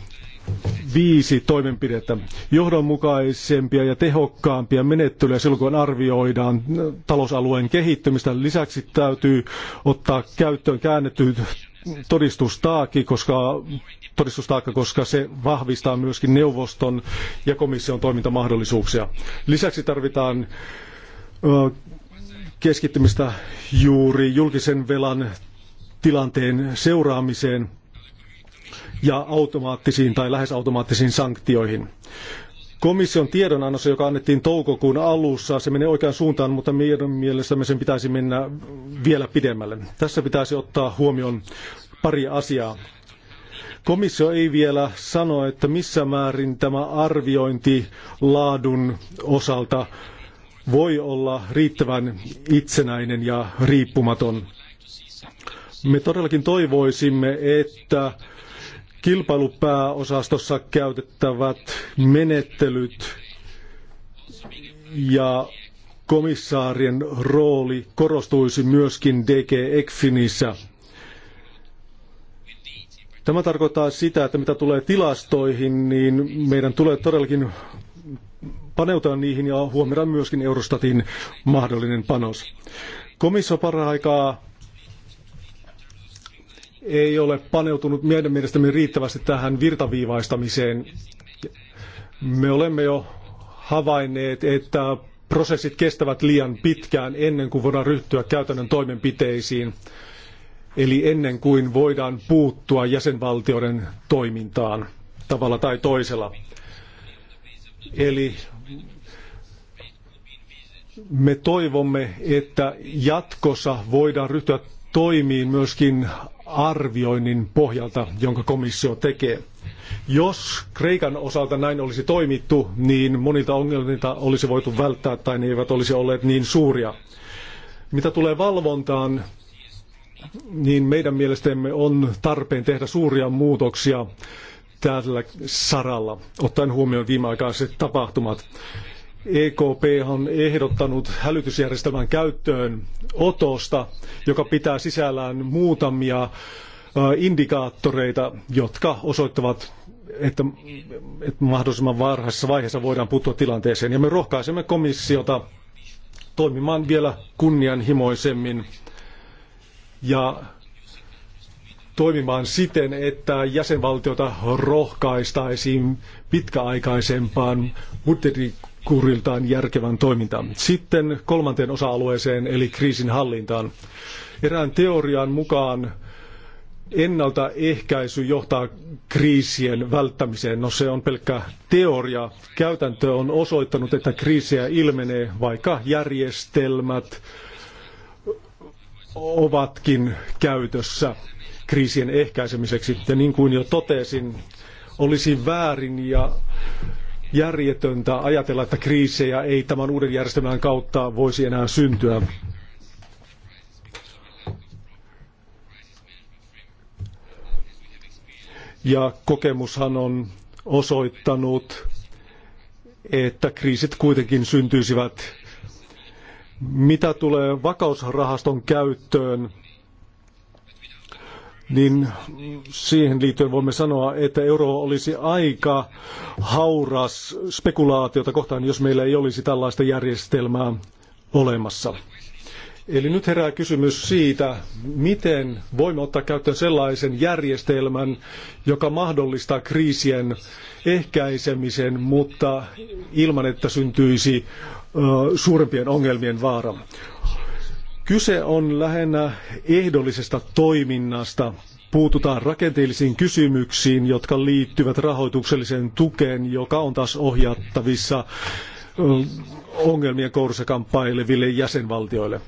viisi toimenpidettä. Johdonmukaisempia ja tehokkaampia menettelyjä silloin, kun arvioidaan talousalueen kehittymistä. Lisäksi täytyy ottaa käyttöön käännetty todistustaakki, koska, todistustaakka, koska se vahvistaa myöskin neuvoston ja komission toimintamahdollisuuksia. Lisäksi tarvitaan keskittymistä juuri julkisen velan tilanteen seuraamiseen ja automaattisiin tai lähes automaattisiin sanktioihin. Komission tiedonannossa, joka annettiin toukokuun alussa, se menee oikeaan suuntaan, mutta meidän mielestämme sen pitäisi mennä vielä pidemmälle. Tässä pitäisi ottaa huomioon pari asiaa. Komissio ei vielä sano, että missä määrin tämä arviointi laadun osalta voi olla riittävän itsenäinen ja riippumaton. Me todellakin toivoisimme, että kilpailupääosastossa käytettävät menettelyt ja komissaarien rooli korostuisi myöskin DG Ekfinissä. Tämä tarkoittaa sitä, että mitä tulee tilastoihin, niin meidän tulee todellakin paneutua niihin ja huomioida myöskin Eurostatin mahdollinen panos. Komissio paraikaa ei ole paneutunut meidän mielestämme riittävästi tähän virtaviivaistamiseen. Me olemme jo havainneet, että prosessit kestävät liian pitkään ennen kuin voidaan ryhtyä käytännön toimenpiteisiin, eli ennen kuin voidaan puuttua jäsenvaltioiden toimintaan tavalla tai toisella. Eli me toivomme, että jatkossa voidaan ryhtyä toimiin myöskin arvioinnin pohjalta, jonka komissio tekee. Jos Kreikan osalta näin olisi toimittu, niin monilta ongelmilta olisi voitu välttää tai ne eivät olisi olleet niin suuria. Mitä tulee valvontaan, niin meidän mielestämme on tarpeen tehdä suuria muutoksia tällä saralla, ottaen huomioon viimeaikaiset tapahtumat. EKP on ehdottanut hälytysjärjestelmän käyttöön otosta, joka pitää sisällään muutamia indikaattoreita, jotka osoittavat, että, että mahdollisimman varhaisessa vaiheessa voidaan puuttua tilanteeseen. Ja me rohkaisemme komissiota toimimaan vielä kunnianhimoisemmin ja toimimaan siten, että jäsenvaltiota rohkaistaisiin pitkäaikaisempaan budjetin kuriltaan järkevän toimintaan. Sitten kolmanteen osa-alueeseen eli kriisin hallintaan. Erään teorian mukaan ennaltaehkäisy johtaa kriisien välttämiseen. No se on pelkkä teoria. Käytäntö on osoittanut, että kriisejä ilmenee, vaikka järjestelmät ovatkin käytössä kriisien ehkäisemiseksi. Ja niin kuin jo totesin, olisi väärin ja järjetöntä ajatella, että kriisejä ei tämän uuden järjestelmän kautta voisi enää syntyä. Ja kokemushan on osoittanut, että kriisit kuitenkin syntyisivät. Mitä tulee vakausrahaston käyttöön, niin siihen liittyen voimme sanoa, että euro olisi aika hauras spekulaatiota kohtaan, jos meillä ei olisi tällaista järjestelmää olemassa. Eli nyt herää kysymys siitä, miten voimme ottaa käyttöön sellaisen järjestelmän, joka mahdollistaa kriisien ehkäisemisen, mutta ilman, että syntyisi suurempien ongelmien vaara. Kyse on lähinnä ehdollisesta toiminnasta. Puututaan rakenteellisiin kysymyksiin, jotka liittyvät rahoitukselliseen tukeen, joka on taas ohjattavissa ongelmien kourussa kamppaileville jäsenvaltioille.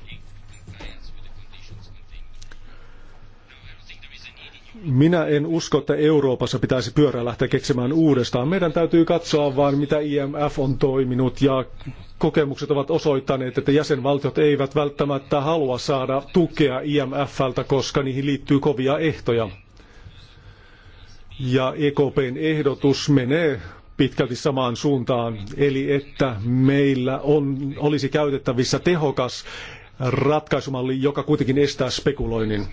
Minä en usko, että Euroopassa pitäisi pyörää lähteä keksimään uudestaan. Meidän täytyy katsoa vain, mitä IMF on toiminut ja kokemukset ovat osoittaneet, että jäsenvaltiot eivät välttämättä halua saada tukea IMFltä, koska niihin liittyy kovia ehtoja. Ja EKPn ehdotus menee pitkälti samaan suuntaan, eli että meillä on, olisi käytettävissä tehokas ratkaisumalli, joka kuitenkin estää spekuloinnin.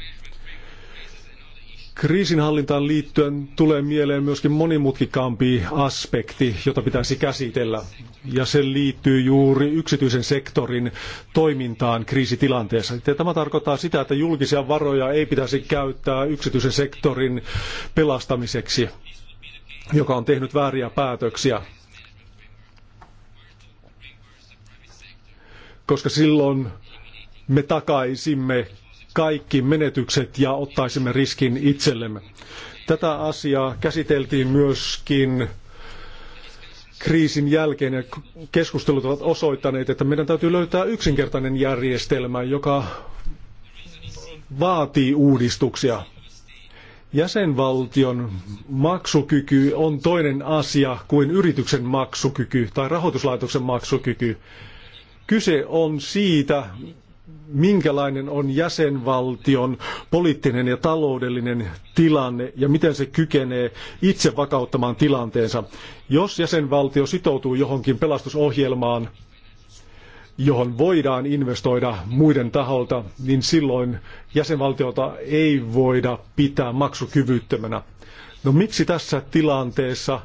Kriisinhallintaan liittyen tulee mieleen myöskin monimutkikampi aspekti, jota pitäisi käsitellä, ja se liittyy juuri yksityisen sektorin toimintaan kriisitilanteessa. Ja tämä tarkoittaa sitä, että julkisia varoja ei pitäisi käyttää yksityisen sektorin pelastamiseksi, joka on tehnyt vääriä päätöksiä. Koska silloin me takaisimme kaikki menetykset ja ottaisimme riskin itsellemme. Tätä asiaa käsiteltiin myöskin kriisin jälkeen ja keskustelut ovat osoittaneet, että meidän täytyy löytää yksinkertainen järjestelmä, joka vaatii uudistuksia. Jäsenvaltion maksukyky on toinen asia kuin yrityksen maksukyky tai rahoituslaitoksen maksukyky. Kyse on siitä, minkälainen on jäsenvaltion poliittinen ja taloudellinen tilanne ja miten se kykenee itse vakauttamaan tilanteensa. Jos jäsenvaltio sitoutuu johonkin pelastusohjelmaan, johon voidaan investoida muiden taholta, niin silloin jäsenvaltiota ei voida pitää maksukyvyttömänä. No miksi tässä tilanteessa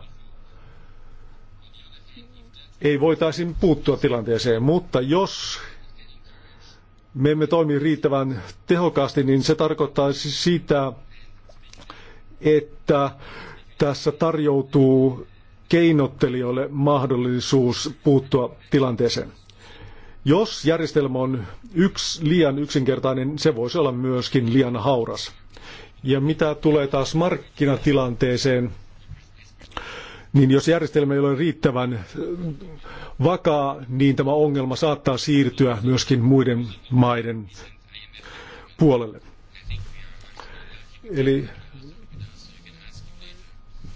ei voitaisiin puuttua tilanteeseen, mutta jos me emme toimi riittävän tehokkaasti, niin se tarkoittaisi sitä, että tässä tarjoutuu keinottelijoille mahdollisuus puuttua tilanteeseen. Jos järjestelmä on yksi liian yksinkertainen, se voisi olla myöskin liian hauras. Ja mitä tulee taas markkinatilanteeseen, niin jos järjestelmä ei ole riittävän äh, vakaa, niin tämä ongelma saattaa siirtyä myöskin muiden maiden puolelle. Eli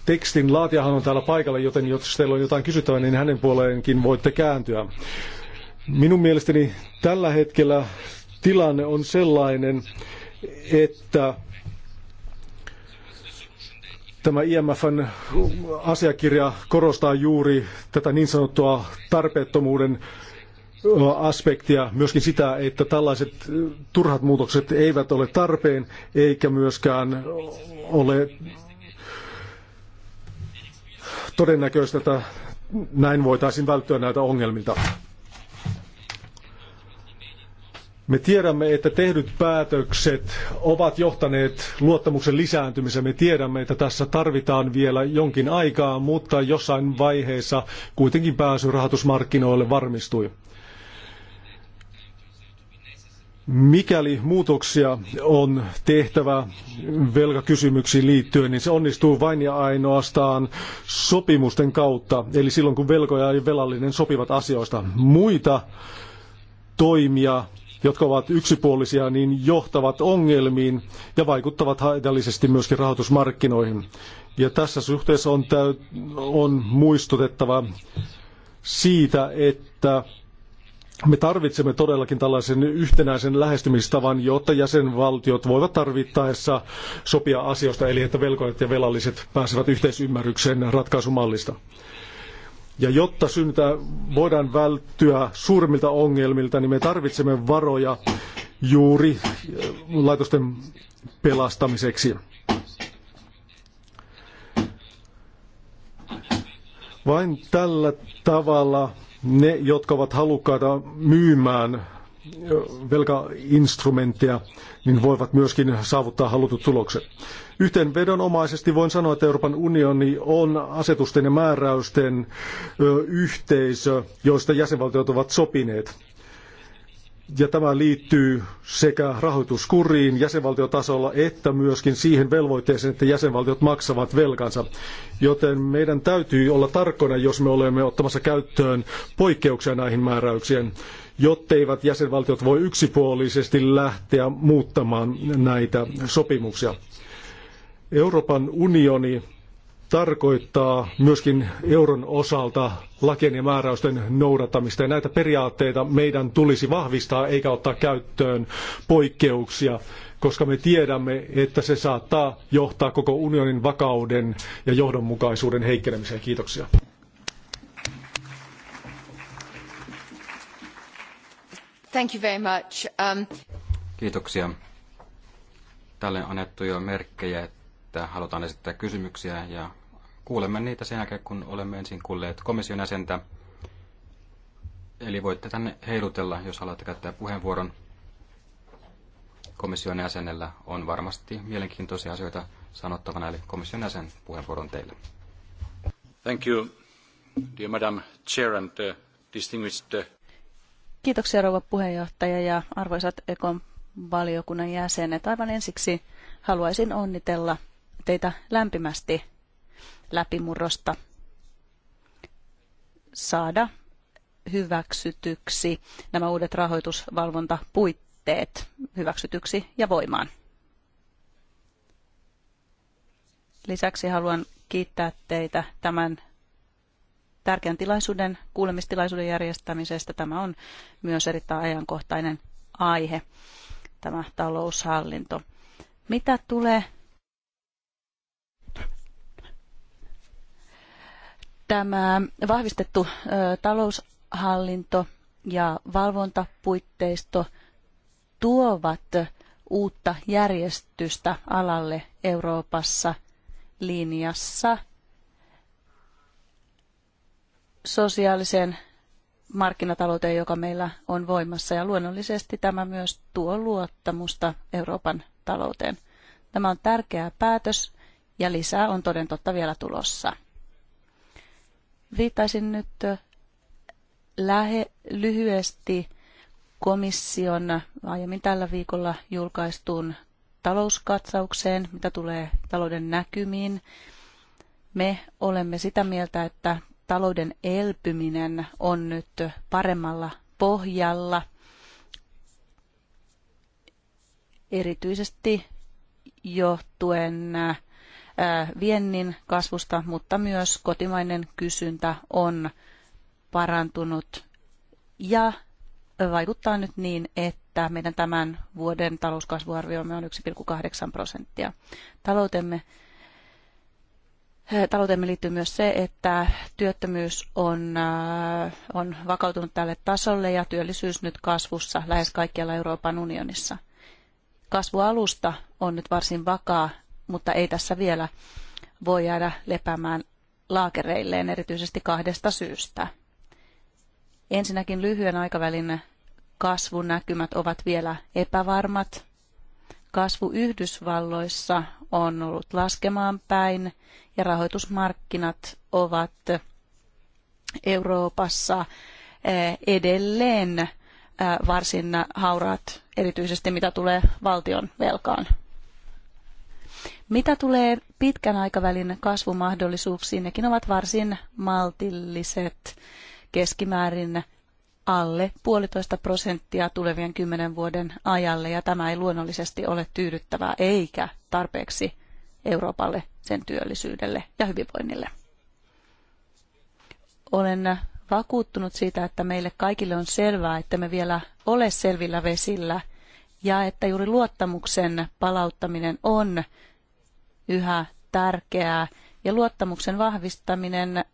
tekstin laatijahan on täällä paikalla, joten jos teillä on jotain kysyttävää, niin hänen puoleenkin voitte kääntyä. Minun mielestäni tällä hetkellä tilanne on sellainen, että Tämä IMFn asiakirja korostaa juuri tätä niin sanottua tarpeettomuuden aspektia, myöskin sitä, että tällaiset turhat muutokset eivät ole tarpeen, eikä myöskään ole todennäköistä, että näin voitaisiin välttyä näiltä ongelmilta. Me tiedämme, että tehdyt päätökset ovat johtaneet luottamuksen lisääntymiseen. Me tiedämme, että tässä tarvitaan vielä jonkin aikaa, mutta jossain vaiheessa kuitenkin pääsy rahoitusmarkkinoille varmistui. Mikäli muutoksia on tehtävä velkakysymyksiin liittyen, niin se onnistuu vain ja ainoastaan sopimusten kautta, eli silloin kun velkoja ja velallinen sopivat asioista. Muita toimia jotka ovat yksipuolisia, niin johtavat ongelmiin ja vaikuttavat haitallisesti myöskin rahoitusmarkkinoihin. Ja tässä suhteessa on, täy- on muistutettava siitä, että me tarvitsemme todellakin tällaisen yhtenäisen lähestymistavan, jotta jäsenvaltiot voivat tarvittaessa sopia asioista, eli että velkojat ja velalliset pääsevät yhteisymmärrykseen ratkaisumallista. Ja jotta synnytä, voidaan välttyä suurimmilta ongelmilta, niin me tarvitsemme varoja juuri eh, laitosten pelastamiseksi. Vain tällä tavalla ne, jotka ovat halukkaita myymään eh, velkainstrumentteja, niin voivat myöskin saavuttaa halutut tulokset. Yhteenvedonomaisesti voin sanoa, että Euroopan unioni on asetusten ja määräysten yhteisö, joista jäsenvaltiot ovat sopineet. Ja tämä liittyy sekä rahoituskuriin jäsenvaltiotasolla että myöskin siihen velvoitteeseen, että jäsenvaltiot maksavat velkansa. Joten meidän täytyy olla tarkkana, jos me olemme ottamassa käyttöön poikkeuksia näihin määräyksiin jotteivät jäsenvaltiot voi yksipuolisesti lähteä muuttamaan näitä sopimuksia. Euroopan unioni tarkoittaa myöskin euron osalta lakien ja määräysten noudattamista. Ja näitä periaatteita meidän tulisi vahvistaa eikä ottaa käyttöön poikkeuksia, koska me tiedämme, että se saattaa johtaa koko unionin vakauden ja johdonmukaisuuden heikkenemiseen. Kiitoksia. Thank you very much. Um... Kiitoksia. Tälle on annettu jo merkkejä, että halutaan esittää kysymyksiä ja kuulemme niitä sen jälkeen, kun olemme ensin kuulleet komission jäsentä. Eli voitte tänne heilutella, jos haluatte käyttää puheenvuoron. Komission jäsenellä on varmasti mielenkiintoisia asioita sanottavana, eli komission jäsen puheenvuoron teille. Thank you, dear Madam Chair and uh, distinguished uh... Kiitoksia rouva puheenjohtaja ja arvoisat Ekon valiokunnan jäsenet. Aivan ensiksi haluaisin onnitella teitä lämpimästi läpimurrosta saada hyväksytyksi nämä uudet rahoitusvalvontapuitteet hyväksytyksi ja voimaan. Lisäksi haluan kiittää teitä tämän tärkeän tilaisuuden, kuulemistilaisuuden järjestämisestä. Tämä on myös erittäin ajankohtainen aihe, tämä taloushallinto. Mitä tulee tämä vahvistettu taloushallinto ja valvontapuitteisto tuovat uutta järjestystä alalle Euroopassa linjassa – sosiaaliseen markkinatalouteen, joka meillä on voimassa. Ja luonnollisesti tämä myös tuo luottamusta Euroopan talouteen. Tämä on tärkeä päätös ja lisää on toden totta vielä tulossa. Viittaisin nyt lähe, lyhyesti komission aiemmin tällä viikolla julkaistuun talouskatsaukseen, mitä tulee talouden näkymiin. Me olemme sitä mieltä, että talouden elpyminen on nyt paremmalla pohjalla. Erityisesti johtuen viennin kasvusta, mutta myös kotimainen kysyntä on parantunut ja vaikuttaa nyt niin, että meidän tämän vuoden talouskasvuarviomme on 1,8 prosenttia. Taloutemme Äh, talouteemme liittyy myös se, että työttömyys on, äh, on vakautunut tälle tasolle ja työllisyys nyt kasvussa lähes kaikkialla Euroopan unionissa. Kasvualusta on nyt varsin vakaa, mutta ei tässä vielä voi jäädä lepäämään laakereilleen erityisesti kahdesta syystä. Ensinnäkin lyhyen aikavälin kasvunäkymät ovat vielä epävarmat kasvu Yhdysvalloissa on ollut laskemaan päin ja rahoitusmarkkinat ovat Euroopassa eh, edelleen eh, varsin hauraat, erityisesti mitä tulee valtion velkaan. Mitä tulee pitkän aikavälin kasvumahdollisuuksiin, nekin ovat varsin maltilliset keskimäärin alle puolitoista prosenttia tulevien kymmenen vuoden ajalle, ja tämä ei luonnollisesti ole tyydyttävää eikä tarpeeksi Euroopalle, sen työllisyydelle ja hyvinvoinnille. Olen vakuuttunut siitä, että meille kaikille on selvää, että me vielä ole selvillä vesillä ja että juuri luottamuksen palauttaminen on yhä tärkeää ja luottamuksen vahvistaminen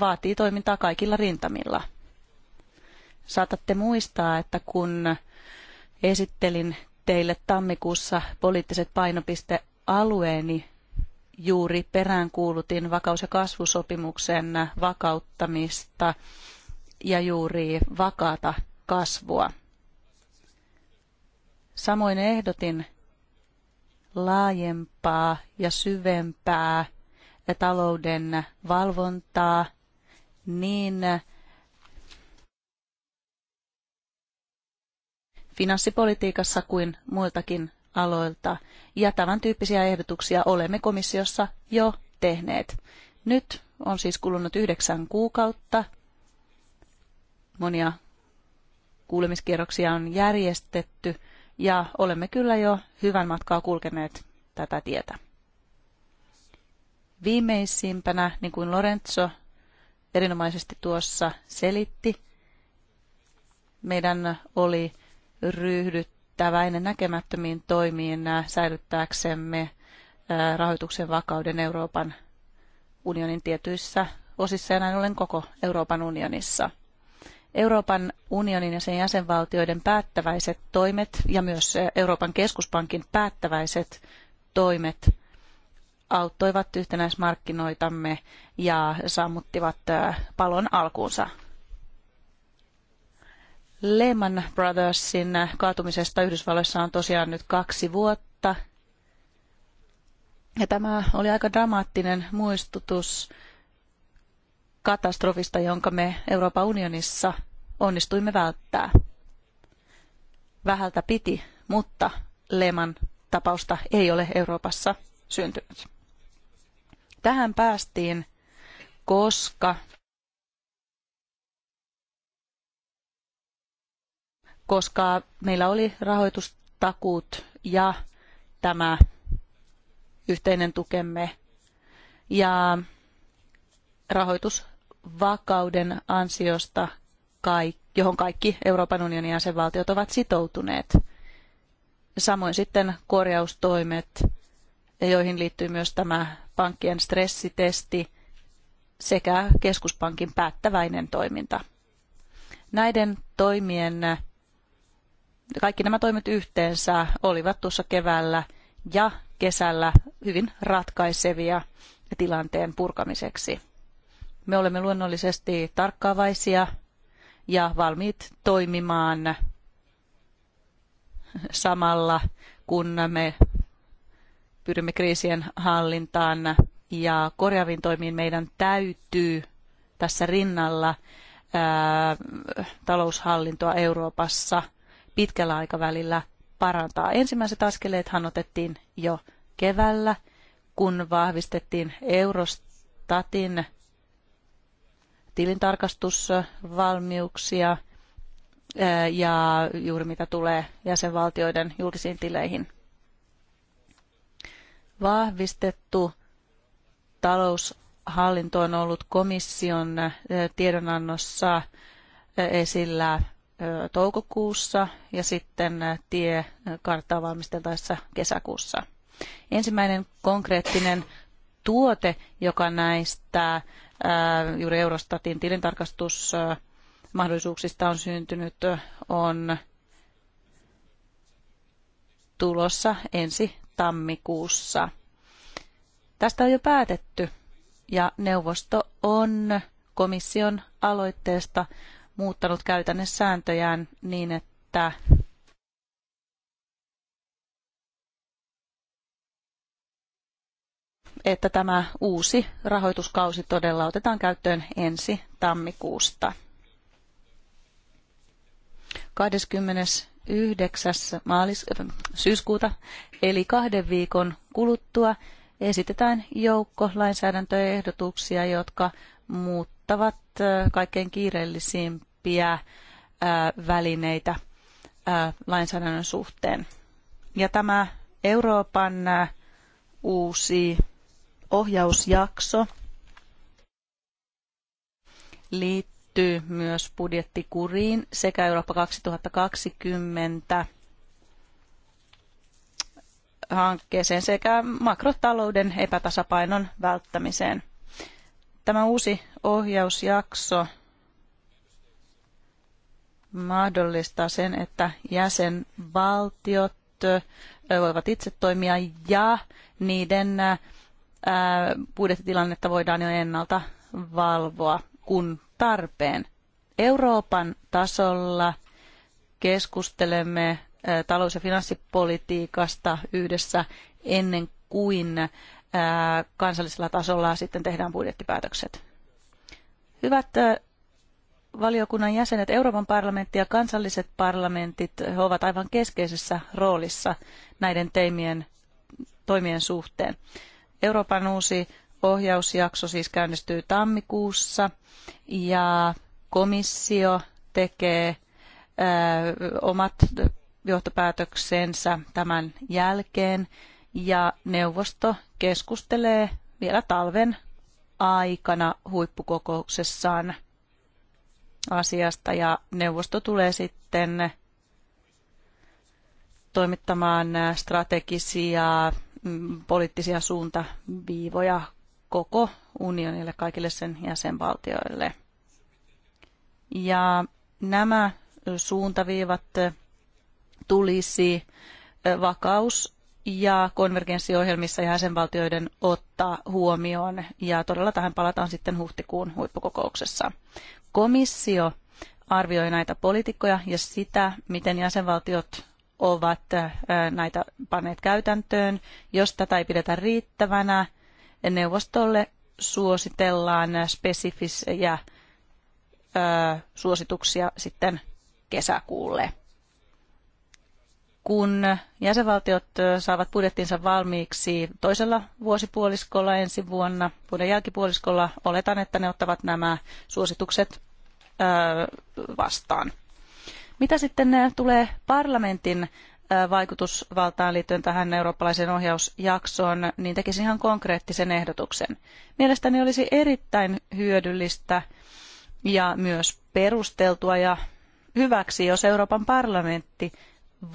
vaatii toimintaa kaikilla rintamilla. Saatatte muistaa, että kun esittelin teille tammikuussa poliittiset painopistealueeni, juuri peräänkuulutin vakaus- ja kasvusopimuksen vakauttamista ja juuri vakaata kasvua. Samoin ehdotin laajempaa ja syvempää talouden valvontaa niin finanssipolitiikassa kuin muiltakin aloilta. Ja tämän tyyppisiä ehdotuksia olemme komissiossa jo tehneet. Nyt on siis kulunut yhdeksän kuukautta. Monia kuulemiskierroksia on järjestetty ja olemme kyllä jo hyvän matkaa kulkeneet tätä tietä. Viimeisimpänä, niin kuin Lorenzo erinomaisesti tuossa selitti, meidän oli ryhdyttäväinen näkemättömiin toimiin äh, säilyttääksemme äh, rahoituksen vakauden Euroopan unionin tietyissä osissa ja näin ollen koko Euroopan unionissa. Euroopan unionin ja sen jäsenvaltioiden päättäväiset toimet ja myös äh, Euroopan keskuspankin päättäväiset toimet auttoivat yhtenäismarkkinoitamme ja sammuttivat palon alkuunsa Lehman Brothersin kaatumisesta Yhdysvalloissa on tosiaan nyt kaksi vuotta. Ja tämä oli aika dramaattinen muistutus katastrofista, jonka me Euroopan unionissa onnistuimme välttää. Vähältä piti, mutta Lehman tapausta ei ole Euroopassa syntynyt. Tähän päästiin, koska koska meillä oli rahoitustakuut ja tämä yhteinen tukemme ja rahoitusvakauden ansiosta, johon kaikki Euroopan unionin jäsenvaltiot ovat sitoutuneet. Samoin sitten korjaustoimet, joihin liittyy myös tämä pankkien stressitesti sekä keskuspankin päättäväinen toiminta. Näiden toimien kaikki nämä toimet yhteensä olivat tuossa keväällä ja kesällä hyvin ratkaisevia tilanteen purkamiseksi. Me olemme luonnollisesti tarkkaavaisia ja valmiit toimimaan samalla, kun me pyrimme kriisien hallintaan ja korjaaviin toimiin meidän täytyy tässä rinnalla ää, taloushallintoa Euroopassa – pitkällä aikavälillä parantaa. Ensimmäiset askeleethan otettiin jo keväällä, kun vahvistettiin Eurostatin tilintarkastusvalmiuksia eh, ja juuri mitä tulee jäsenvaltioiden julkisiin tileihin. Vahvistettu taloushallinto on ollut komission eh, tiedonannossa eh, esillä toukokuussa ja sitten karttaa valmisteltaessa kesäkuussa. Ensimmäinen konkreettinen tuote, joka näistä juuri Eurostatin tilintarkastusmahdollisuuksista on syntynyt, on tulossa ensi tammikuussa. Tästä on jo päätetty ja neuvosto on komission aloitteesta muuttanut sääntöjään niin, että että tämä uusi rahoituskausi todella otetaan käyttöön ensi tammikuusta. 29. Maalis, äh, syyskuuta eli kahden viikon kuluttua esitetään joukko lainsäädäntöehdotuksia, jotka muuttavat äh, kaikkein kiireellisimpiä pienempiä välineitä lainsäädännön suhteen. Ja tämä Euroopan uusi ohjausjakso liittyy myös budjettikuriin sekä Eurooppa 2020 hankkeeseen sekä makrotalouden epätasapainon välttämiseen. Tämä uusi ohjausjakso mahdollistaa sen, että jäsenvaltiot voivat itse toimia ja niiden budjettitilannetta voidaan jo ennalta valvoa, kun tarpeen. Euroopan tasolla keskustelemme talous- ja finanssipolitiikasta yhdessä ennen kuin kansallisella tasolla sitten tehdään budjettipäätökset. Hyvät valiokunnan jäsenet, Euroopan parlamentti ja kansalliset parlamentit ovat aivan keskeisessä roolissa näiden teimien, toimien suhteen. Euroopan uusi ohjausjakso siis käynnistyy tammikuussa ja komissio tekee omat johtopäätöksensä tämän jälkeen ja neuvosto keskustelee vielä talven aikana huippukokouksessaan – asiasta ja neuvosto tulee sitten toimittamaan strategisia mm, poliittisia suuntaviivoja koko unionille, kaikille sen jäsenvaltioille. Ja nämä suuntaviivat tulisi vakaus- ja konvergenssiohjelmissa jäsenvaltioiden ottaa huomioon. Ja todella tähän palataan sitten huhtikuun huippukokouksessa. Komissio arvioi näitä poliitikkoja ja sitä, miten jäsenvaltiot ovat äh, näitä panneet käytäntöön. Jos tätä ei pidetä riittävänä, neuvostolle suositellaan spesifisiä äh, suosituksia sitten kesäkuulle kun jäsenvaltiot saavat budjettinsa valmiiksi toisella vuosipuoliskolla ensi vuonna, vuoden jälkipuoliskolla, oletan, että ne ottavat nämä suositukset vastaan. Mitä sitten tulee parlamentin vaikutusvaltaan liittyen tähän eurooppalaiseen ohjausjaksoon, niin tekisin ihan konkreettisen ehdotuksen. Mielestäni olisi erittäin hyödyllistä ja myös perusteltua ja hyväksi, jos Euroopan parlamentti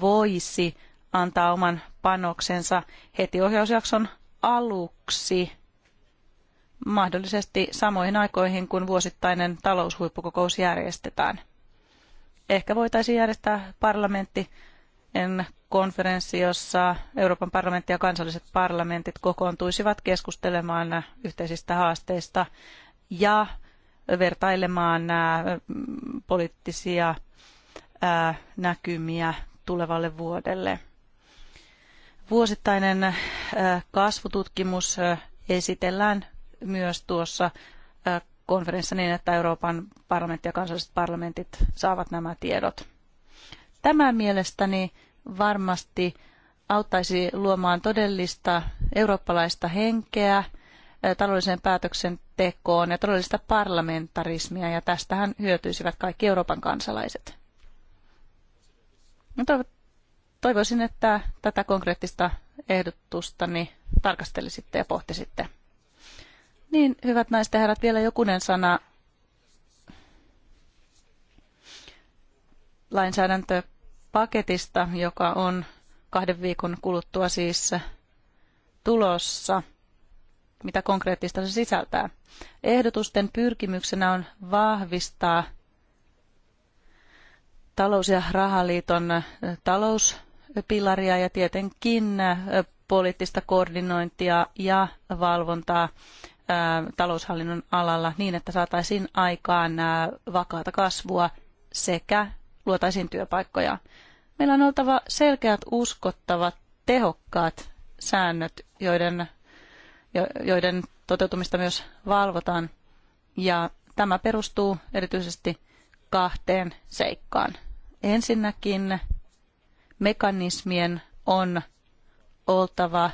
voisi antaa oman panoksensa heti ohjausjakson aluksi, mahdollisesti samoihin aikoihin, kun vuosittainen taloushuippukokous järjestetään. Ehkä voitaisiin järjestää parlamentti konferenssi, jossa Euroopan parlamentti ja kansalliset parlamentit kokoontuisivat keskustelemaan yhteisistä haasteista ja vertailemaan poliittisia näkymiä tulevalle vuodelle. Vuosittainen kasvututkimus esitellään myös tuossa konferenssissa niin, että Euroopan parlamentti ja kansalliset parlamentit saavat nämä tiedot. Tämä mielestäni varmasti auttaisi luomaan todellista eurooppalaista henkeä taloudelliseen päätöksentekoon ja todellista parlamentarismia, ja tästähän hyötyisivät kaikki Euroopan kansalaiset. Toivoisin, että tätä konkreettista ehdotusta niin tarkastelisitte ja pohtisitte. Niin, hyvät naiset ja herrat, vielä jokunen sana lainsäädäntöpaketista, joka on kahden viikon kuluttua siis tulossa. Mitä konkreettista se sisältää? Ehdotusten pyrkimyksenä on vahvistaa talous- ja rahaliiton äh, talouspilaria ja tietenkin äh, poliittista koordinointia ja valvontaa äh, taloushallinnon alalla niin, että saataisiin aikaan vakaata kasvua sekä luotaisiin työpaikkoja. Meillä on oltava selkeät, uskottavat, tehokkaat säännöt, joiden, joiden toteutumista myös valvotaan. Ja tämä perustuu erityisesti kahteen seikkaan. Ensinnäkin mekanismien on oltava,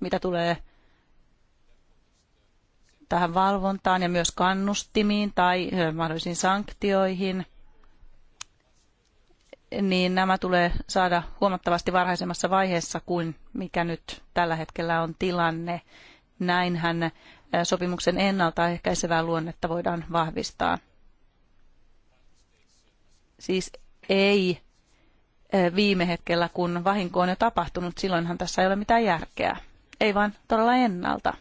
mitä tulee tähän valvontaan ja myös kannustimiin tai mahdollisiin sanktioihin, niin nämä tulee saada huomattavasti varhaisemmassa vaiheessa kuin mikä nyt tällä hetkellä on tilanne. Näinhän sopimuksen ennaltaehkäisevää luonnetta voidaan vahvistaa. Siis ei viime hetkellä, kun vahinko on jo tapahtunut, silloinhan tässä ei ole mitään järkeä. Ei vaan todella ennalta.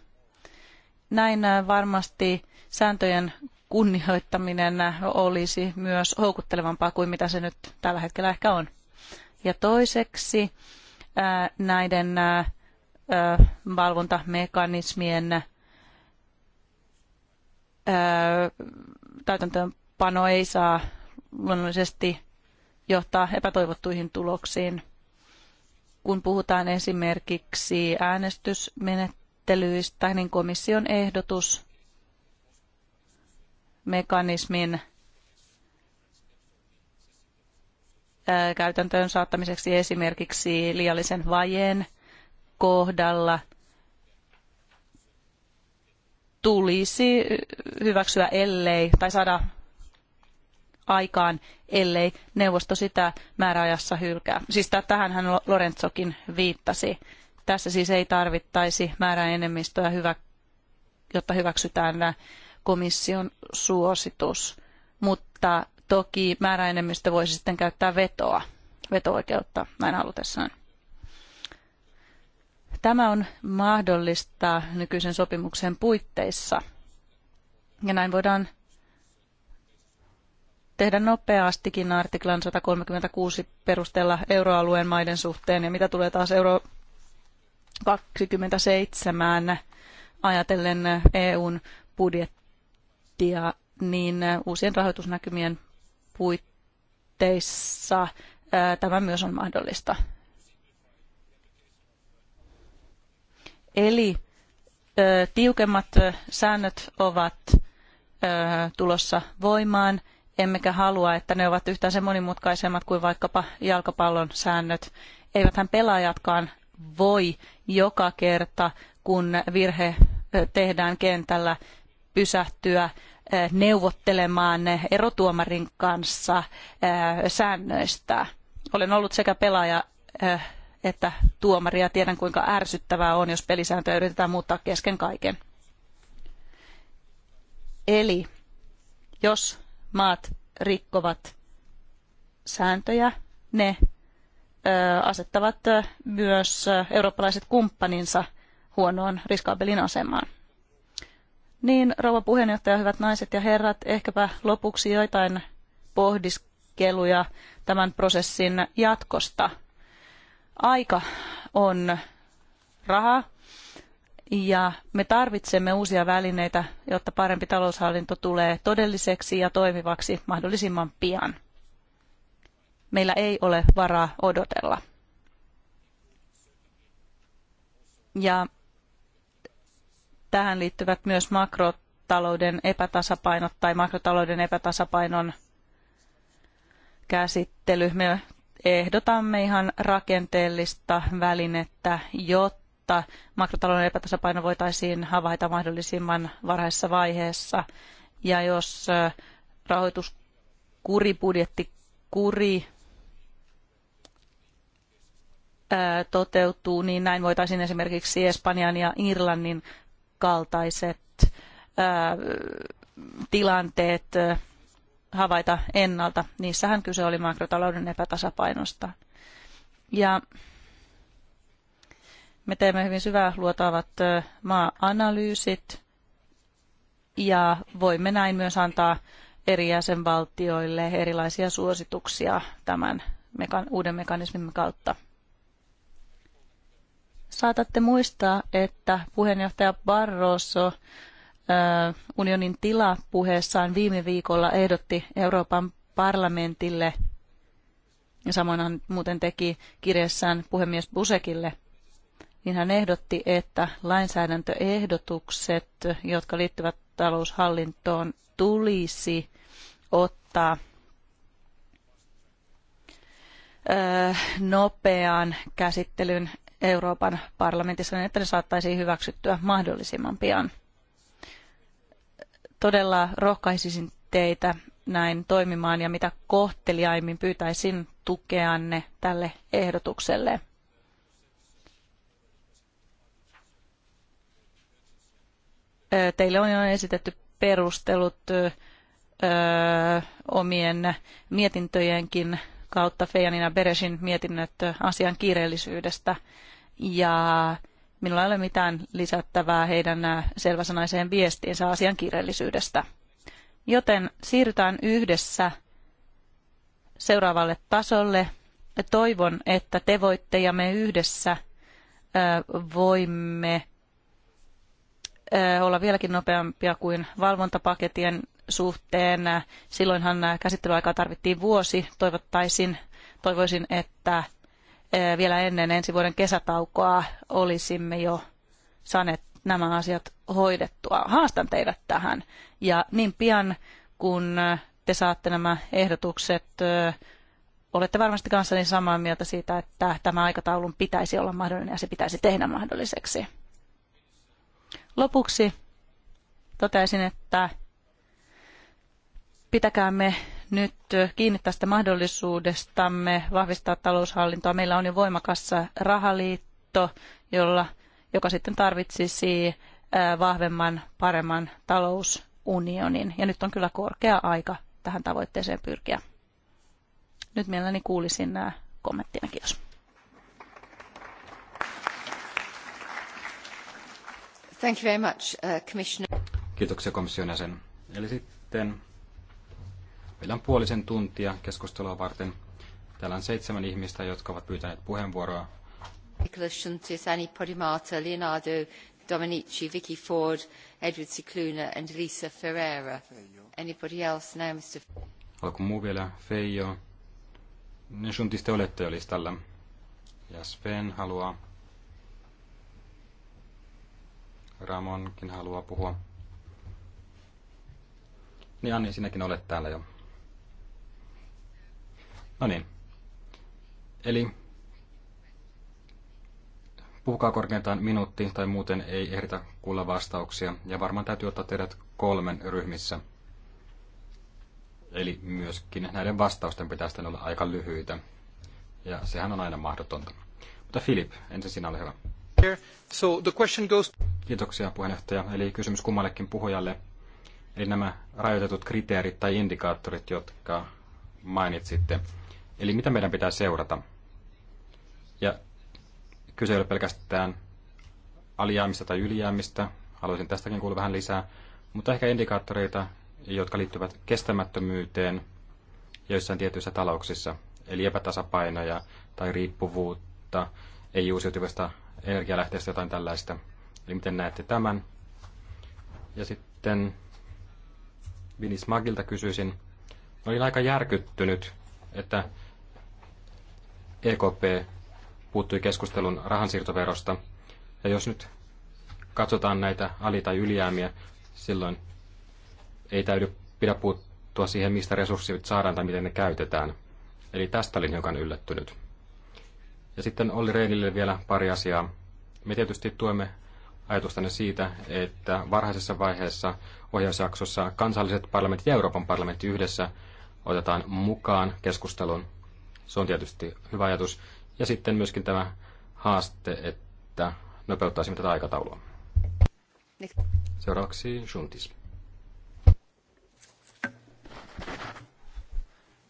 Näin varmasti sääntöjen kunnioittaminen olisi myös houkuttelevampaa kuin mitä se nyt tällä hetkellä ehkä on. Ja toiseksi näiden valvontamekanismien täytäntöönpano ei saa luonnollisesti johtaa epätoivottuihin tuloksiin. Kun puhutaan esimerkiksi äänestysmenettelyistä, niin komission ehdotus mekanismin käytäntöön saattamiseksi esimerkiksi liiallisen vajeen kohdalla tulisi hyväksyä ellei tai saada aikaan, ellei neuvosto sitä määräajassa hylkää. Siis tähän hän Lorenzokin viittasi. Tässä siis ei tarvittaisi määräenemmistöä, hyvä, jotta hyväksytään komission suositus, mutta toki määräenemmistö voisi sitten käyttää vetoa, veto-oikeutta näin halutessaan. Tämä on mahdollista nykyisen sopimuksen puitteissa. Ja näin voidaan tehdä nopeastikin artiklan 136 perusteella euroalueen maiden suhteen. Ja mitä tulee taas euro 27 ajatellen EUn budjettia, niin uusien rahoitusnäkymien puitteissa tämä myös on mahdollista. Eli tiukemmat säännöt ovat tulossa voimaan emmekä halua, että ne ovat yhtään sen monimutkaisemmat kuin vaikkapa jalkapallon säännöt. Eiväthän pelaajatkaan voi joka kerta, kun virhe tehdään kentällä, pysähtyä neuvottelemaan erotuomarin kanssa säännöistä. Olen ollut sekä pelaaja että tuomari ja Tiedän, kuinka ärsyttävää on, jos pelisääntöä yritetään muuttaa kesken kaiken. Eli jos maat rikkovat sääntöjä, ne asettavat myös eurooppalaiset kumppaninsa huonoon riskaabelin asemaan. Niin, rouva puheenjohtaja, hyvät naiset ja herrat, ehkäpä lopuksi joitain pohdiskeluja tämän prosessin jatkosta. Aika on rahaa ja me tarvitsemme uusia välineitä, jotta parempi taloushallinto tulee todelliseksi ja toimivaksi mahdollisimman pian. Meillä ei ole varaa odotella. Ja tähän liittyvät myös makrotalouden epätasapainot tai makrotalouden epätasapainon käsittely. Me ehdotamme ihan rakenteellista välinettä, jotta jotta makrotalouden epätasapaino voitaisiin havaita mahdollisimman varhaisessa vaiheessa. Ja jos rahoituskuri, budjettikuri toteutuu, niin näin voitaisiin esimerkiksi Espanjan ja Irlannin kaltaiset tilanteet havaita ennalta. Niissähän kyse oli makrotalouden epätasapainosta. Ja me teemme hyvin syvää luotaavat maa-analyysit ja voimme näin myös antaa eri jäsenvaltioille erilaisia suosituksia tämän uuden mekanismin kautta. Saatatte muistaa, että puheenjohtaja Barroso unionin tilapuheessaan viime viikolla ehdotti Euroopan parlamentille, ja samoinhan muuten teki kirjassaan puhemies Busekille, niin hän ehdotti, että lainsäädäntöehdotukset, jotka liittyvät taloushallintoon, tulisi ottaa nopean käsittelyn Euroopan parlamentissa, niin että ne saattaisiin hyväksyttyä mahdollisimman pian. Todella rohkaisisin teitä näin toimimaan ja mitä kohteliaimmin pyytäisin tukeanne tälle ehdotukselle. Teille on jo esitetty perustelut omien mietintöjenkin kautta Fejanina Beresin mietinnöt asian kiireellisyydestä. Ja minulla ei ole mitään lisättävää heidän selväsanaiseen viestiinsä asian kiireellisyydestä. Joten siirrytään yhdessä seuraavalle tasolle. Toivon, että te voitte ja me yhdessä voimme Eh, olla vieläkin nopeampia kuin valvontapaketien suhteen. Silloinhan eh, käsittelyaikaa tarvittiin vuosi. Toivottaisin, toivoisin, että eh, vielä ennen ensi vuoden kesätaukoa olisimme jo saaneet nämä asiat hoidettua. Haastan teidät tähän. Ja niin pian, kun te saatte nämä ehdotukset, olette varmasti kanssani samaa mieltä siitä, että tämä aikataulun pitäisi olla mahdollinen ja se pitäisi tehdä mahdolliseksi. Lopuksi toteaisin, että pitäkäämme nyt kiinni tästä mahdollisuudestamme vahvistaa taloushallintoa. Meillä on jo voimakas rahaliitto, jolla, joka sitten tarvitsisi vahvemman, paremman talousunionin. Ja nyt on kyllä korkea aika tähän tavoitteeseen pyrkiä. Nyt mielelläni kuulisin nämä kommenttina. Kiitos. Thank you very much, uh, Commissioner. Kiitoksia komission jäsen. Eli sitten meillä on puolisen tuntia keskustelua varten. Täällä on seitsemän ihmistä, jotka ovat pyytäneet puheenvuoroa. Nicholas Shuntis, Annie Podimata, Leonardo Dominici, Vicky Ford, Edward Cicluna and Lisa Ferreira. Anybody else now, Mr. Alku muu vielä, Feijo. Ne Shuntis te olette jo listalla. Ja Sven haluaa Ramonkin haluaa puhua. Niin Anni, sinäkin olet täällä jo. No niin. Eli puhukaa korkeintaan minuutti tai muuten ei ehditä kuulla vastauksia. Ja varmaan täytyy ottaa teidät kolmen ryhmissä. Eli myöskin näiden vastausten pitäisi olla aika lyhyitä. Ja sehän on aina mahdotonta. Mutta Filip, ensin sinä ole hyvä. Kiitoksia puheenjohtaja. Eli kysymys kummallekin puhujalle. Eli nämä rajoitetut kriteerit tai indikaattorit, jotka mainitsitte. Eli mitä meidän pitää seurata? Ja kyse ei ole pelkästään alijäämistä tai ylijäämistä. Haluaisin tästäkin kuulla vähän lisää. Mutta ehkä indikaattoreita, jotka liittyvät kestämättömyyteen joissain tietyissä talouksissa. Eli epätasapainoja tai riippuvuutta ei uusiutuvista energialähteestä jotain tällaista. Eli miten näette tämän? Ja sitten Vinis Magilta kysyisin. No, olin aika järkyttynyt, että EKP puuttui keskustelun rahansiirtoverosta. Ja jos nyt katsotaan näitä ali- tai ylijäämiä, silloin ei täydy pidä puuttua siihen, mistä resurssit saadaan tai miten ne käytetään. Eli tästä olin hiukan yllättynyt. Ja sitten oli Reinille vielä pari asiaa. Me tietysti tuemme ajatustanne siitä, että varhaisessa vaiheessa ohjausjaksossa kansalliset parlamentit ja Euroopan parlamentti yhdessä otetaan mukaan keskusteluun. Se on tietysti hyvä ajatus. Ja sitten myöskin tämä haaste, että nopeuttaisimme tätä aikataulua. Seuraavaksi Juntis.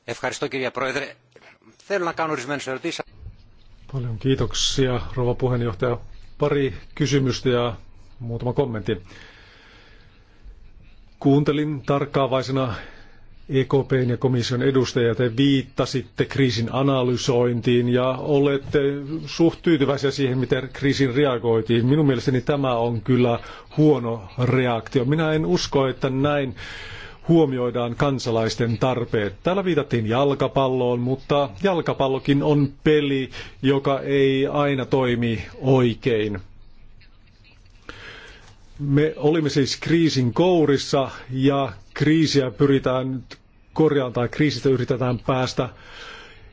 Ευχαριστώ κύριε Πρόεδρε. Θέλω να κάνω ορισμένες ερωτήσεις. Paljon kiitoksia, rouva puheenjohtaja. Pari kysymystä ja muutama kommentti. Kuuntelin tarkkaavaisena EKPn ja komission edustajia. Te viittasitte kriisin analysointiin ja olette suht tyytyväisiä siihen, miten kriisin reagoitiin. Minun mielestäni tämä on kyllä huono reaktio. Minä en usko, että näin huomioidaan kansalaisten tarpeet. Täällä viitattiin jalkapalloon, mutta jalkapallokin on peli, joka ei aina toimi oikein. Me olimme siis kriisin kourissa ja kriisiä pyritään korjaamaan tai kriisistä yritetään päästä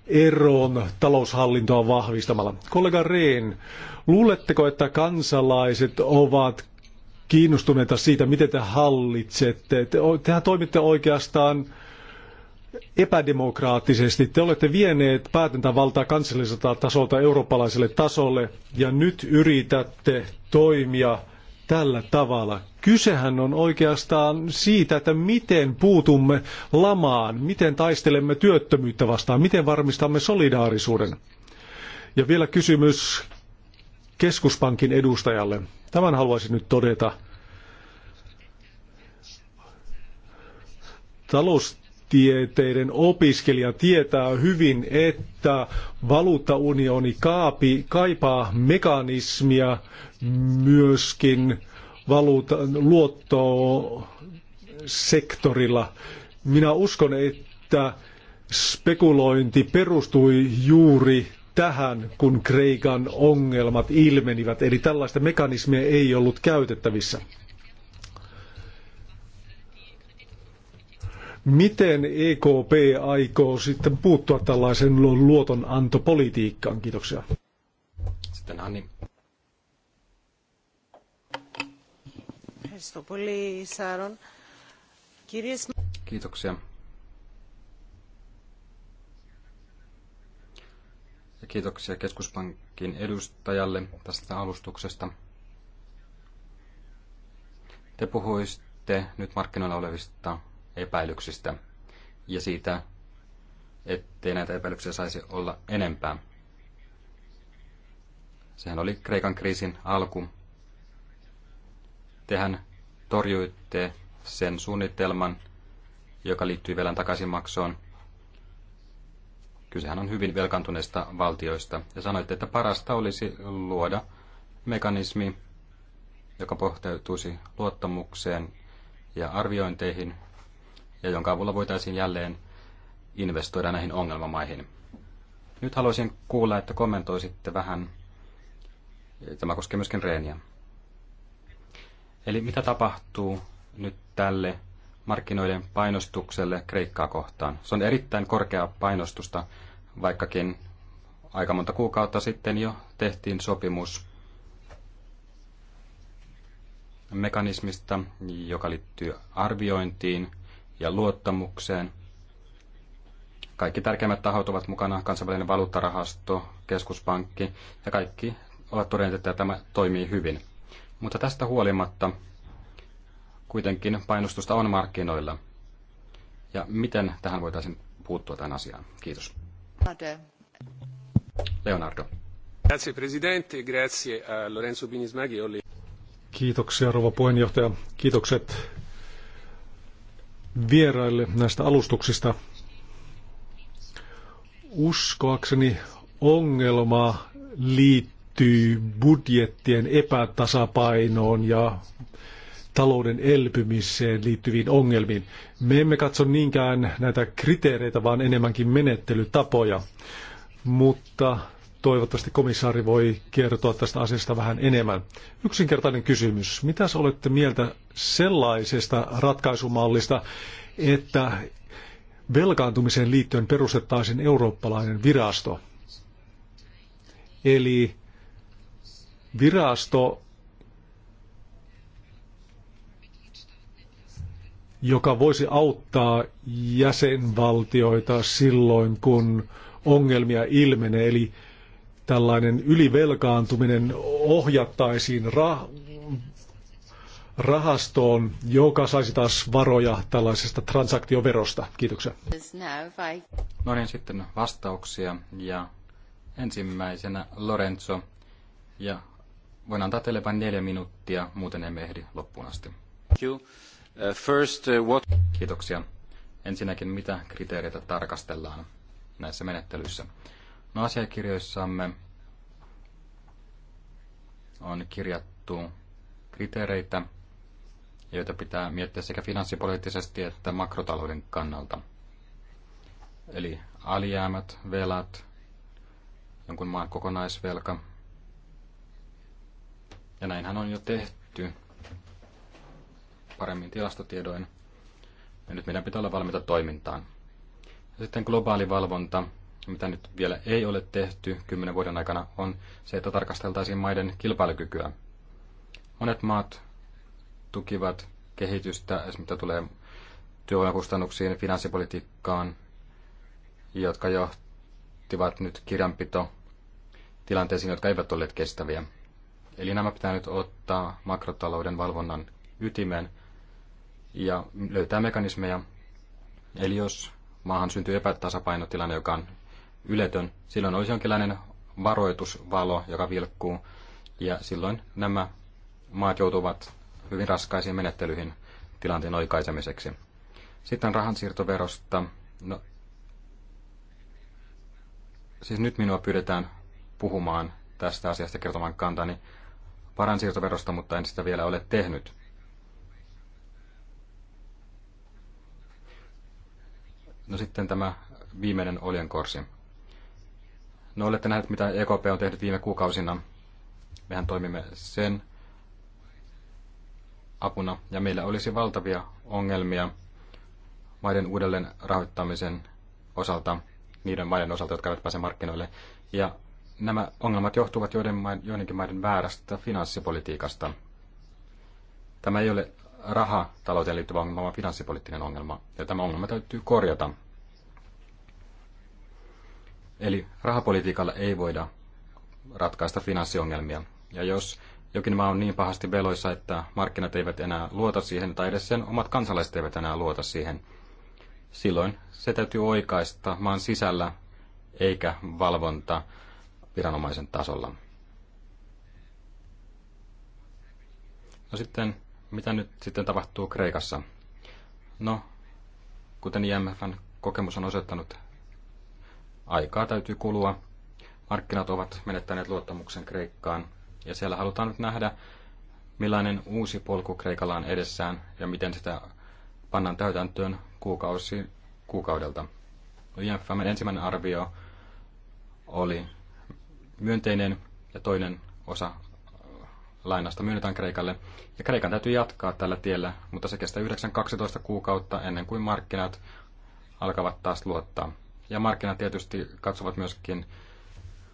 eroon taloushallintoa vahvistamalla. Kollega Rehn, luuletteko, että kansalaiset ovat kiinnostuneita siitä, miten te hallitsette. Te, tehän toimitte oikeastaan epädemokraattisesti. Te olette vieneet päätäntävaltaa kansalliselta tasolta eurooppalaiselle tasolle ja nyt yritätte toimia tällä tavalla. Kysehän on oikeastaan siitä, että miten puutumme lamaan, miten taistelemme työttömyyttä vastaan, miten varmistamme solidaarisuuden. Ja vielä kysymys keskuspankin edustajalle. Tämän haluaisin nyt todeta. Taloustieteiden opiskelija tietää hyvin, että valuuttaunioni kaapi, kaipaa mekanismia myöskin valuuta, luottosektorilla. Minä uskon, että spekulointi perustui juuri tähän, kun Kreikan ongelmat ilmenivät. Eli tällaista mekanismia ei ollut käytettävissä. Miten EKP aikoo sitten puuttua tällaisen luotonantopolitiikkaan? Kiitoksia. Sitten Anni. Kiitoksia. Kiitoksia keskuspankin edustajalle tästä alustuksesta. Te puhuitte nyt markkinoilla olevista epäilyksistä ja siitä, ettei näitä epäilyksiä saisi olla enempää. Sehän oli Kreikan kriisin alku. Tehän torjuitte sen suunnitelman, joka liittyy velan takaisinmaksoon – Kysehän on hyvin velkantuneista valtioista. Ja sanoitte, että parasta olisi luoda mekanismi, joka pohteutuisi luottamukseen ja arviointeihin, ja jonka avulla voitaisiin jälleen investoida näihin ongelmamaihin. Nyt haluaisin kuulla, että kommentoisitte vähän, tämä koskee myöskin Reenia. Eli mitä tapahtuu nyt tälle markkinoiden painostukselle Kreikkaa kohtaan. Se on erittäin korkea painostusta, vaikkakin aika monta kuukautta sitten jo tehtiin sopimus mekanismista, joka liittyy arviointiin ja luottamukseen. Kaikki tärkeimmät tahot ovat mukana, kansainvälinen valuuttarahasto, keskuspankki ja kaikki ovat todenneet, että tämä toimii hyvin. Mutta tästä huolimatta Kuitenkin painostusta on markkinoilla. Ja miten tähän voitaisiin puuttua tähän asiaan? Kiitos. Leonardo. Grazie Presidente, grazie Lorenzo Pinismäki. Oli... Kiitoksia rouva puheenjohtaja. Kiitokset vieraille näistä alustuksista. Uskoakseni ongelma liittyy budjettien epätasapainoon ja talouden elpymiseen liittyviin ongelmiin. Me emme katso niinkään näitä kriteereitä, vaan enemmänkin menettelytapoja. Mutta toivottavasti komissaari voi kertoa tästä asiasta vähän enemmän. Yksinkertainen kysymys. Mitäs olette mieltä sellaisesta ratkaisumallista, että velkaantumiseen liittyen perustettaisiin eurooppalainen virasto? Eli virasto, joka voisi auttaa jäsenvaltioita silloin, kun ongelmia ilmenee. Eli tällainen ylivelkaantuminen ohjattaisiin rah- rahastoon, joka saisi taas varoja tällaisesta transaktioverosta. Kiitoksia. No niin, sitten vastauksia. Ja ensimmäisenä Lorenzo. Ja voin antaa teille vain neljä minuuttia, muuten emme ehdi loppuun asti. Kiitos. Uh, first, uh, what... Kiitoksia. Ensinnäkin, mitä kriteereitä tarkastellaan näissä menettelyissä? No asiakirjoissamme on kirjattu kriteereitä, joita pitää miettiä sekä finanssipoliittisesti että makrotalouden kannalta. Eli alijäämät, velat, jonkun maan kokonaisvelka. Ja näinhän on jo tehty paremmin tilastotiedoin. Ja nyt meidän pitää olla valmiita toimintaan. Ja sitten globaali valvonta, mitä nyt vielä ei ole tehty kymmenen vuoden aikana, on se, että tarkasteltaisiin maiden kilpailukykyä. Monet maat tukivat kehitystä, esimerkiksi mitä tulee työvoimakustannuksiin, finanssipolitiikkaan, jotka johtivat nyt kirjanpito tilanteisiin, jotka eivät olleet kestäviä. Eli nämä pitää nyt ottaa makrotalouden valvonnan ytimeen, ja löytää mekanismeja. Eli jos maahan syntyy epätasapainotilanne, joka on yletön, silloin olisi jonkinlainen varoitusvalo, joka vilkkuu, ja silloin nämä maat joutuvat hyvin raskaisiin menettelyihin tilanteen oikaisemiseksi. Sitten rahansiirtoverosta. No, siis nyt minua pyydetään puhumaan tästä asiasta kertomaan kantani varansiirtoverosta, mutta en sitä vielä ole tehnyt. No sitten tämä viimeinen oljenkorsi. No olette nähneet, mitä EKP on tehnyt viime kuukausina. Mehän toimimme sen apuna ja meillä olisi valtavia ongelmia maiden uudelleen rahoittamisen osalta, niiden maiden osalta, jotka eivät pääse markkinoille. Ja nämä ongelmat johtuvat joidenkin maiden väärästä finanssipolitiikasta. Tämä ei ole rahatalouteen liittyvä ongelma, vaan finanssipoliittinen ongelma. Ja tämä ongelma täytyy korjata. Eli rahapolitiikalla ei voida ratkaista finanssiongelmia. Ja jos jokin maa on niin pahasti veloissa, että markkinat eivät enää luota siihen, tai edes sen omat kansalaiset eivät enää luota siihen, silloin se täytyy oikaista maan sisällä eikä valvonta viranomaisen tasolla. No sitten mitä nyt sitten tapahtuu Kreikassa? No, kuten IMFn kokemus on osoittanut, aikaa täytyy kulua. Markkinat ovat menettäneet luottamuksen Kreikkaan ja siellä halutaan nyt nähdä, millainen uusi polku Kreikalla on edessään ja miten sitä pannaan täytäntöön kuukausi kuukaudelta. IMFn ensimmäinen arvio oli myönteinen ja toinen osa lainasta myönnetään Kreikalle. Ja Kreikan täytyy jatkaa tällä tiellä, mutta se kestää 9-12 kuukautta ennen kuin markkinat alkavat taas luottaa. Ja markkinat tietysti katsovat myöskin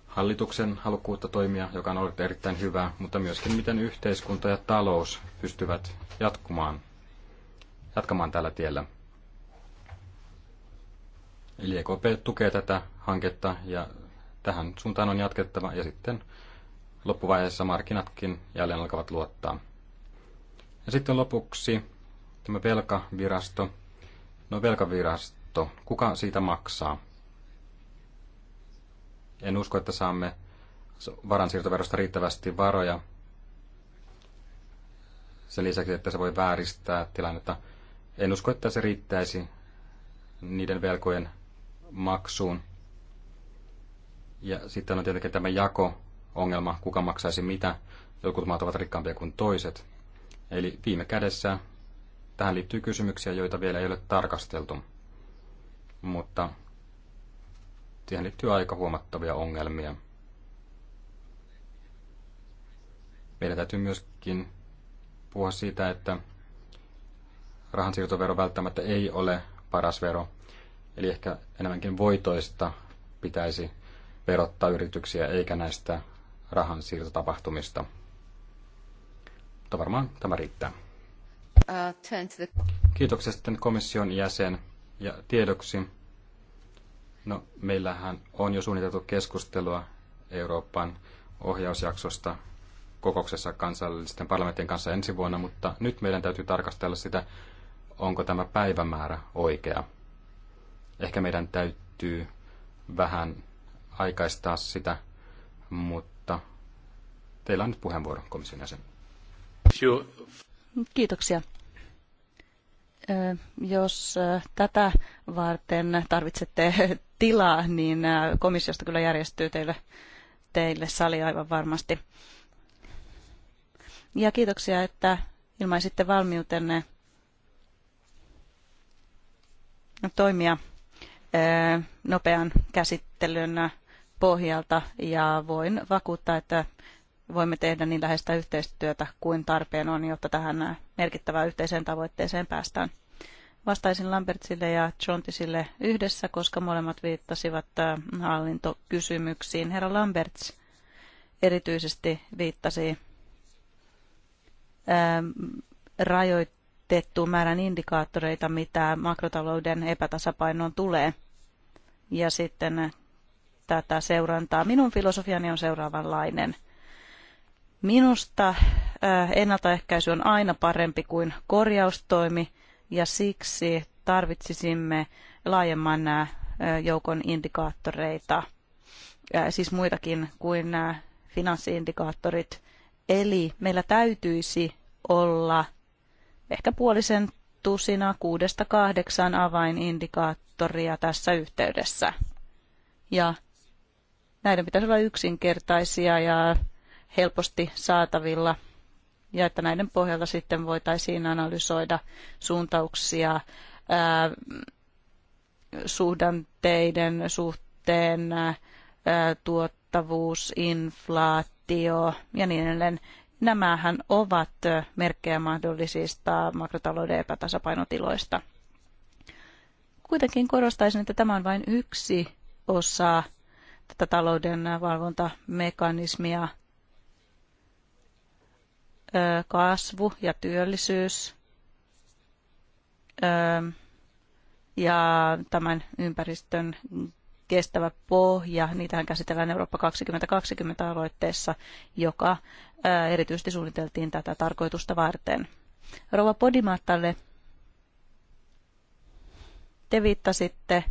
hallituksen halukkuutta toimia, joka on ollut erittäin hyvä, mutta myöskin miten yhteiskunta ja talous pystyvät jatkumaan, jatkamaan tällä tiellä. Eli EKP tukee tätä hanketta ja tähän suuntaan on jatkettava ja sitten loppuvaiheessa markkinatkin jälleen alkavat luottaa. Ja sitten lopuksi tämä velkavirasto. No velkavirasto, kuka siitä maksaa? En usko, että saamme varansiirtoverosta riittävästi varoja. Sen lisäksi, että se voi vääristää tilannetta. En usko, että se riittäisi niiden velkojen maksuun. Ja sitten on tietenkin tämä jako ongelma, kuka maksaisi mitä. Jotkut maat ovat rikkaampia kuin toiset. Eli viime kädessä tähän liittyy kysymyksiä, joita vielä ei ole tarkasteltu. Mutta siihen liittyy aika huomattavia ongelmia. Meidän täytyy myöskin puhua siitä, että rahansiirtovero välttämättä ei ole paras vero. Eli ehkä enemmänkin voitoista pitäisi verottaa yrityksiä eikä näistä rahansiirtotapahtumista. Mutta varmaan tämä riittää. Uh, Kiitoksia sitten komission jäsen ja tiedoksi. No, meillähän on jo suunniteltu keskustelua Euroopan ohjausjaksosta kokouksessa kansallisten parlamenttien kanssa ensi vuonna, mutta nyt meidän täytyy tarkastella sitä, onko tämä päivämäärä oikea. Ehkä meidän täytyy vähän aikaistaa sitä, mutta Teillä on nyt puheenvuoro, komission jäsen. Kiitoksia. Jos tätä varten tarvitsette tilaa, niin komissiosta kyllä järjestyy teille, teille sali aivan varmasti. Ja kiitoksia, että ilmaisitte valmiutenne toimia nopean käsittelyn pohjalta ja voin vakuuttaa, että voimme tehdä niin läheistä yhteistyötä kuin tarpeen on, jotta tähän merkittävään yhteiseen tavoitteeseen päästään. Vastaisin Lambertsille ja Chontisille yhdessä, koska molemmat viittasivat äh, hallintokysymyksiin. Herra Lamberts erityisesti viittasi ähm, rajoitettuun määrän indikaattoreita, mitä makrotalouden epätasapainoon tulee. Ja sitten tätä seurantaa. Minun filosofiani on seuraavanlainen – Minusta äh, ennaltaehkäisy on aina parempi kuin korjaustoimi ja siksi tarvitsisimme laajemman äh, joukon indikaattoreita, äh, siis muitakin kuin nämä finanssiindikaattorit. Eli meillä täytyisi olla ehkä puolisen tusina kuudesta kahdeksaan avainindikaattoria tässä yhteydessä. Ja näiden pitäisi olla yksinkertaisia ja helposti saatavilla ja että näiden pohjalta sitten voitaisiin analysoida suuntauksia ää, suhdanteiden suhteen, ää, tuottavuus, inflaatio ja niin edelleen. Nämähän ovat merkkejä mahdollisista makrotalouden epätasapainotiloista. Kuitenkin korostaisin, että tämä on vain yksi osa tätä talouden valvontamekanismia – kasvu ja työllisyys ja tämän ympäristön kestävä pohja, niitähän käsitellään Eurooppa 2020 aloitteessa, joka erityisesti suunniteltiin tätä tarkoitusta varten. Rova Podimattalle, te viittasitte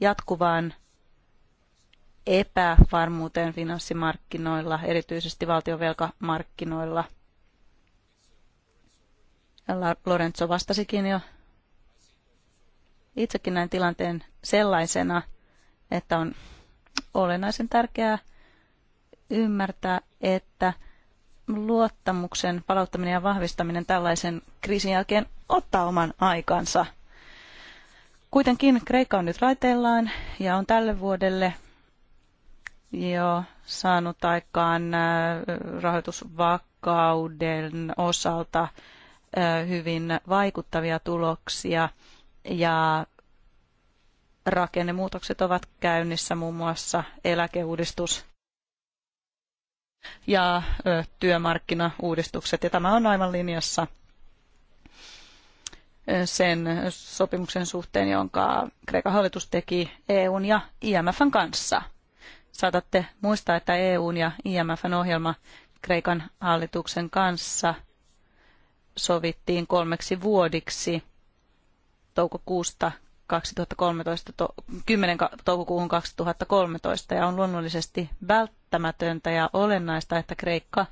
jatkuvaan epävarmuuteen finanssimarkkinoilla, erityisesti valtionvelkamarkkinoilla – Lorenzo vastasikin jo. Itsekin näin tilanteen sellaisena, että on olennaisen tärkeää ymmärtää, että luottamuksen palauttaminen ja vahvistaminen tällaisen kriisin jälkeen ottaa oman aikansa. Kuitenkin Kreikka on nyt raiteillaan ja on tälle vuodelle jo saanut aikaan äh, rahoitusvakauden osalta hyvin vaikuttavia tuloksia ja rakennemuutokset ovat käynnissä muun muassa eläkeuudistus ja työmarkkinauudistukset. Ja tämä on aivan linjassa sen sopimuksen suhteen, jonka Kreikan hallitus teki EUn ja IMFn kanssa. Saatatte muistaa, että EUn ja IMFn ohjelma Kreikan hallituksen kanssa – sovittiin kolmeksi vuodiksi toukokuusta 2013, to, 10 toukokuuhun 2013 ja on luonnollisesti välttämätöntä ja olennaista, että Kreikka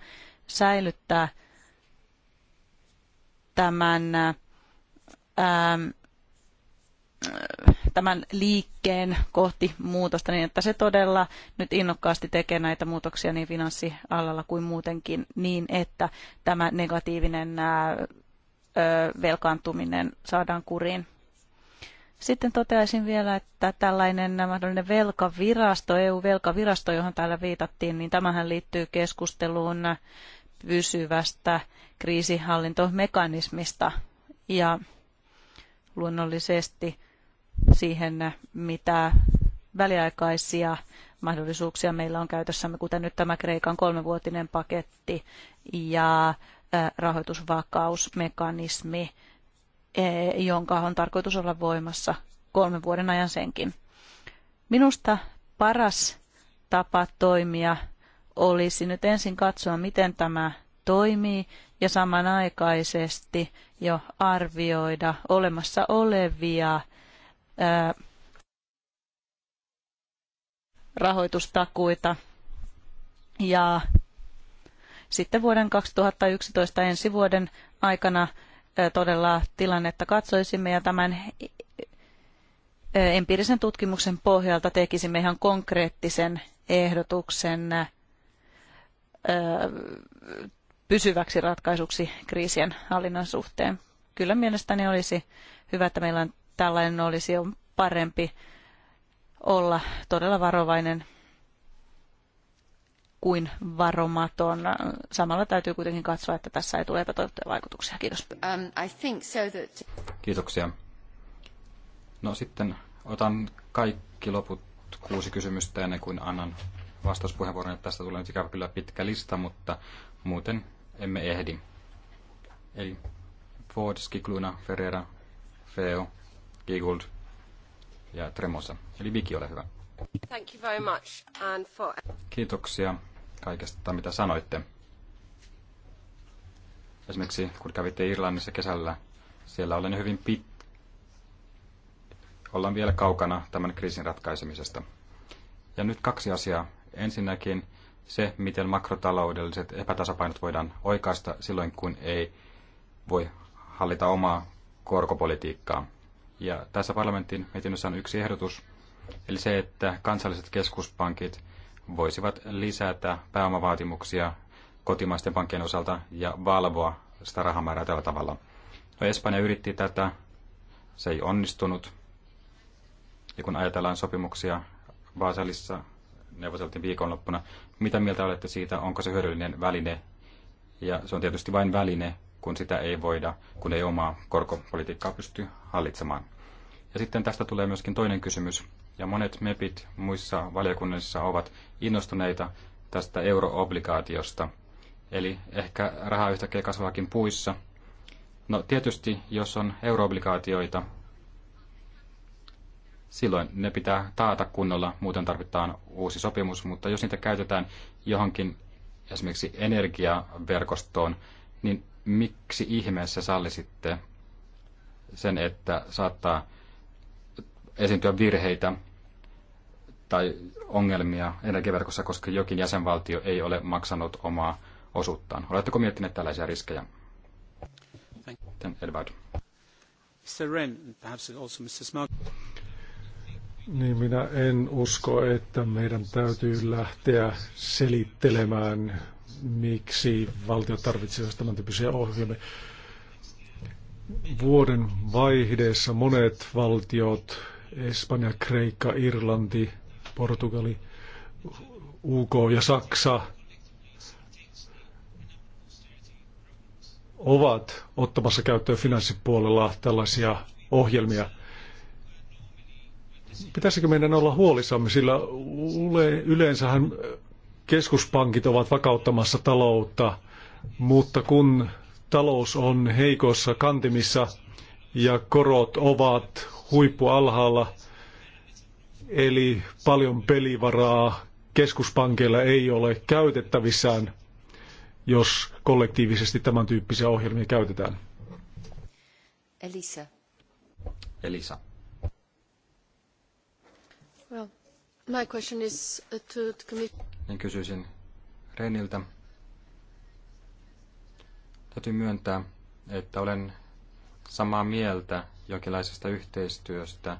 säilyttää tämän ää, tämän liikkeen kohti muutosta niin, että se todella nyt innokkaasti tekee näitä muutoksia niin finanssialalla kuin muutenkin niin, että tämä negatiivinen velkaantuminen saadaan kuriin. Sitten toteaisin vielä, että tällainen mahdollinen velkavirasto, EU-velkavirasto, johon täällä viitattiin, niin tämähän liittyy keskusteluun pysyvästä kriisihallintomekanismista. Ja luonnollisesti siihen, mitä väliaikaisia mahdollisuuksia meillä on käytössämme, kuten nyt tämä Kreikan kolmevuotinen paketti ja rahoitusvakausmekanismi, e, jonka on tarkoitus olla voimassa kolmen vuoden ajan senkin. Minusta paras tapa toimia olisi nyt ensin katsoa, miten tämä toimii ja samanaikaisesti jo arvioida olemassa olevia rahoitustakuita. Ja sitten vuoden 2011 ensi vuoden aikana todella tilannetta katsoisimme ja tämän empiirisen tutkimuksen pohjalta tekisimme ihan konkreettisen ehdotuksen pysyväksi ratkaisuksi kriisien hallinnan suhteen. Kyllä mielestäni olisi hyvä, että meillä on tällainen olisi, on parempi olla todella varovainen kuin varomaton. Samalla täytyy kuitenkin katsoa, että tässä ei tule epätoivottuja vaikutuksia. Kiitos. Um, so that... Kiitoksia. No sitten otan kaikki loput kuusi kysymystä ennen kuin annan vastauspuheenvuoron. Tästä tulee nyt ikävä kyllä pitkä lista, mutta muuten emme ehdi. Eli Ford, Skikluna, Ferreira, Feo, Giegold ja Tremosa. Eli Viki, ole hyvä. Thank you very much and for... Kiitoksia kaikesta, mitä sanoitte. Esimerkiksi kun kävitte Irlannissa kesällä, siellä olen hyvin pit... Ollaan vielä kaukana tämän kriisin ratkaisemisesta. Ja nyt kaksi asiaa. Ensinnäkin se, miten makrotaloudelliset epätasapainot voidaan oikaista silloin, kun ei voi hallita omaa korkopolitiikkaa. Ja tässä parlamentin mietinnössä on yksi ehdotus, eli se, että kansalliset keskuspankit voisivat lisätä pääomavaatimuksia kotimaisten pankkien osalta ja valvoa sitä rahamäärää tällä tavalla. No, Espanja yritti tätä, se ei onnistunut. Ja kun ajatellaan sopimuksia Vaasalissa, neuvoteltiin viikonloppuna, mitä mieltä olette siitä, onko se hyödyllinen väline? Ja se on tietysti vain väline, kun sitä ei voida, kun ei omaa korkopolitiikkaa pysty hallitsemaan. Ja sitten tästä tulee myöskin toinen kysymys, ja monet MEPit muissa valiokunnissa ovat innostuneita tästä euroobligaatiosta. Eli ehkä raha yhtäkkiä kasvaakin puissa. No tietysti, jos on euroobligaatioita, silloin ne pitää taata kunnolla, muuten tarvitaan uusi sopimus, mutta jos niitä käytetään johonkin esimerkiksi energiaverkostoon, niin miksi ihmeessä sallisitte sen, että saattaa esiintyä virheitä tai ongelmia energiaverkossa, koska jokin jäsenvaltio ei ole maksanut omaa osuuttaan. Oletteko miettineet tällaisia riskejä? Mr. Ren, perhaps also Mr. Niin minä en usko, että meidän täytyy lähteä selittelemään miksi valtio tarvitsee tämän tyyppisiä ohjelmia. Vuoden vaihdeessa? monet valtiot, Espanja, Kreikka, Irlanti, Portugali, UK ja Saksa, ovat ottamassa käyttöön finanssipuolella tällaisia ohjelmia. Pitäisikö meidän olla huolissamme, sillä yleensähän keskuspankit ovat vakauttamassa taloutta, mutta kun talous on heikoissa kantimissa ja korot ovat huippualhaalla, eli paljon pelivaraa keskuspankeilla ei ole käytettävissään, jos kollektiivisesti tämän tyyppisiä ohjelmia käytetään. Elisa. Elisa. Well, my question is uh, to the committee niin kysyisin Reniltä. Täytyy myöntää, että olen samaa mieltä jokinlaisesta yhteistyöstä,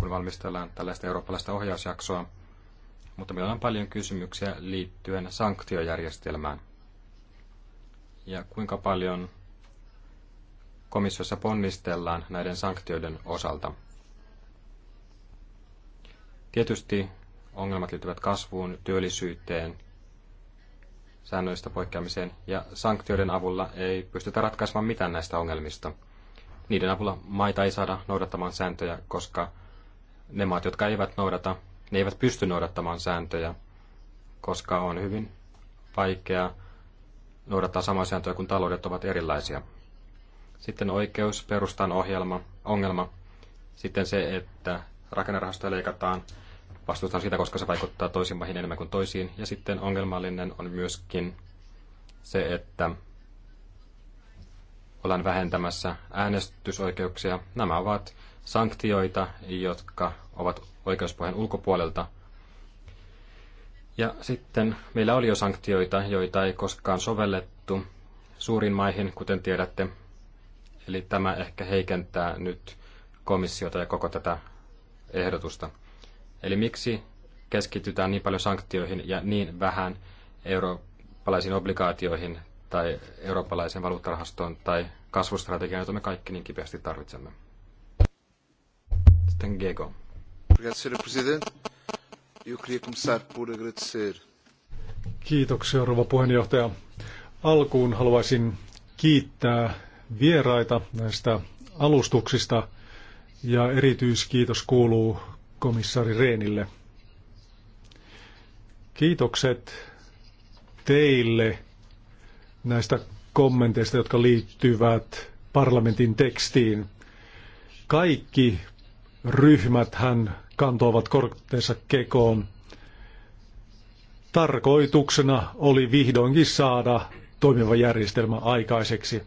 kun valmistellaan tällaista eurooppalaista ohjausjaksoa, mutta meillä on paljon kysymyksiä liittyen sanktiojärjestelmään. Ja kuinka paljon komissiossa ponnistellaan näiden sanktioiden osalta. Tietysti ongelmat liittyvät kasvuun, työllisyyteen, säännöistä poikkeamiseen ja sanktioiden avulla ei pystytä ratkaisemaan mitään näistä ongelmista. Niiden avulla maita ei saada noudattamaan sääntöjä, koska ne maat, jotka eivät noudata, ne eivät pysty noudattamaan sääntöjä, koska on hyvin vaikea noudattaa samoja sääntöjä, kun taloudet ovat erilaisia. Sitten oikeus, perustan ohjelma, ongelma. Sitten se, että rakennerahastoja leikataan vastustan sitä, koska se vaikuttaa toisiin maihin enemmän kuin toisiin. Ja sitten ongelmallinen on myöskin se, että ollaan vähentämässä äänestysoikeuksia. Nämä ovat sanktioita, jotka ovat oikeuspohjan ulkopuolelta. Ja sitten meillä oli jo sanktioita, joita ei koskaan sovellettu suurin maihin, kuten tiedätte. Eli tämä ehkä heikentää nyt komissiota ja koko tätä ehdotusta. Eli miksi keskitytään niin paljon sanktioihin ja niin vähän eurooppalaisiin obligaatioihin tai eurooppalaisen valuuttarahastoon tai kasvustrategiaan, jota me kaikki niin kipeästi tarvitsemme? Sitten Gego. Kiitoksia, rouva puheenjohtaja. Alkuun haluaisin kiittää vieraita näistä alustuksista ja erityiskiitos kuuluu komissaari Reenille. Kiitokset teille näistä kommenteista, jotka liittyvät parlamentin tekstiin. Kaikki ryhmät hän kantoivat kortteensa kekoon. Tarkoituksena oli vihdoinkin saada toimiva järjestelmä aikaiseksi.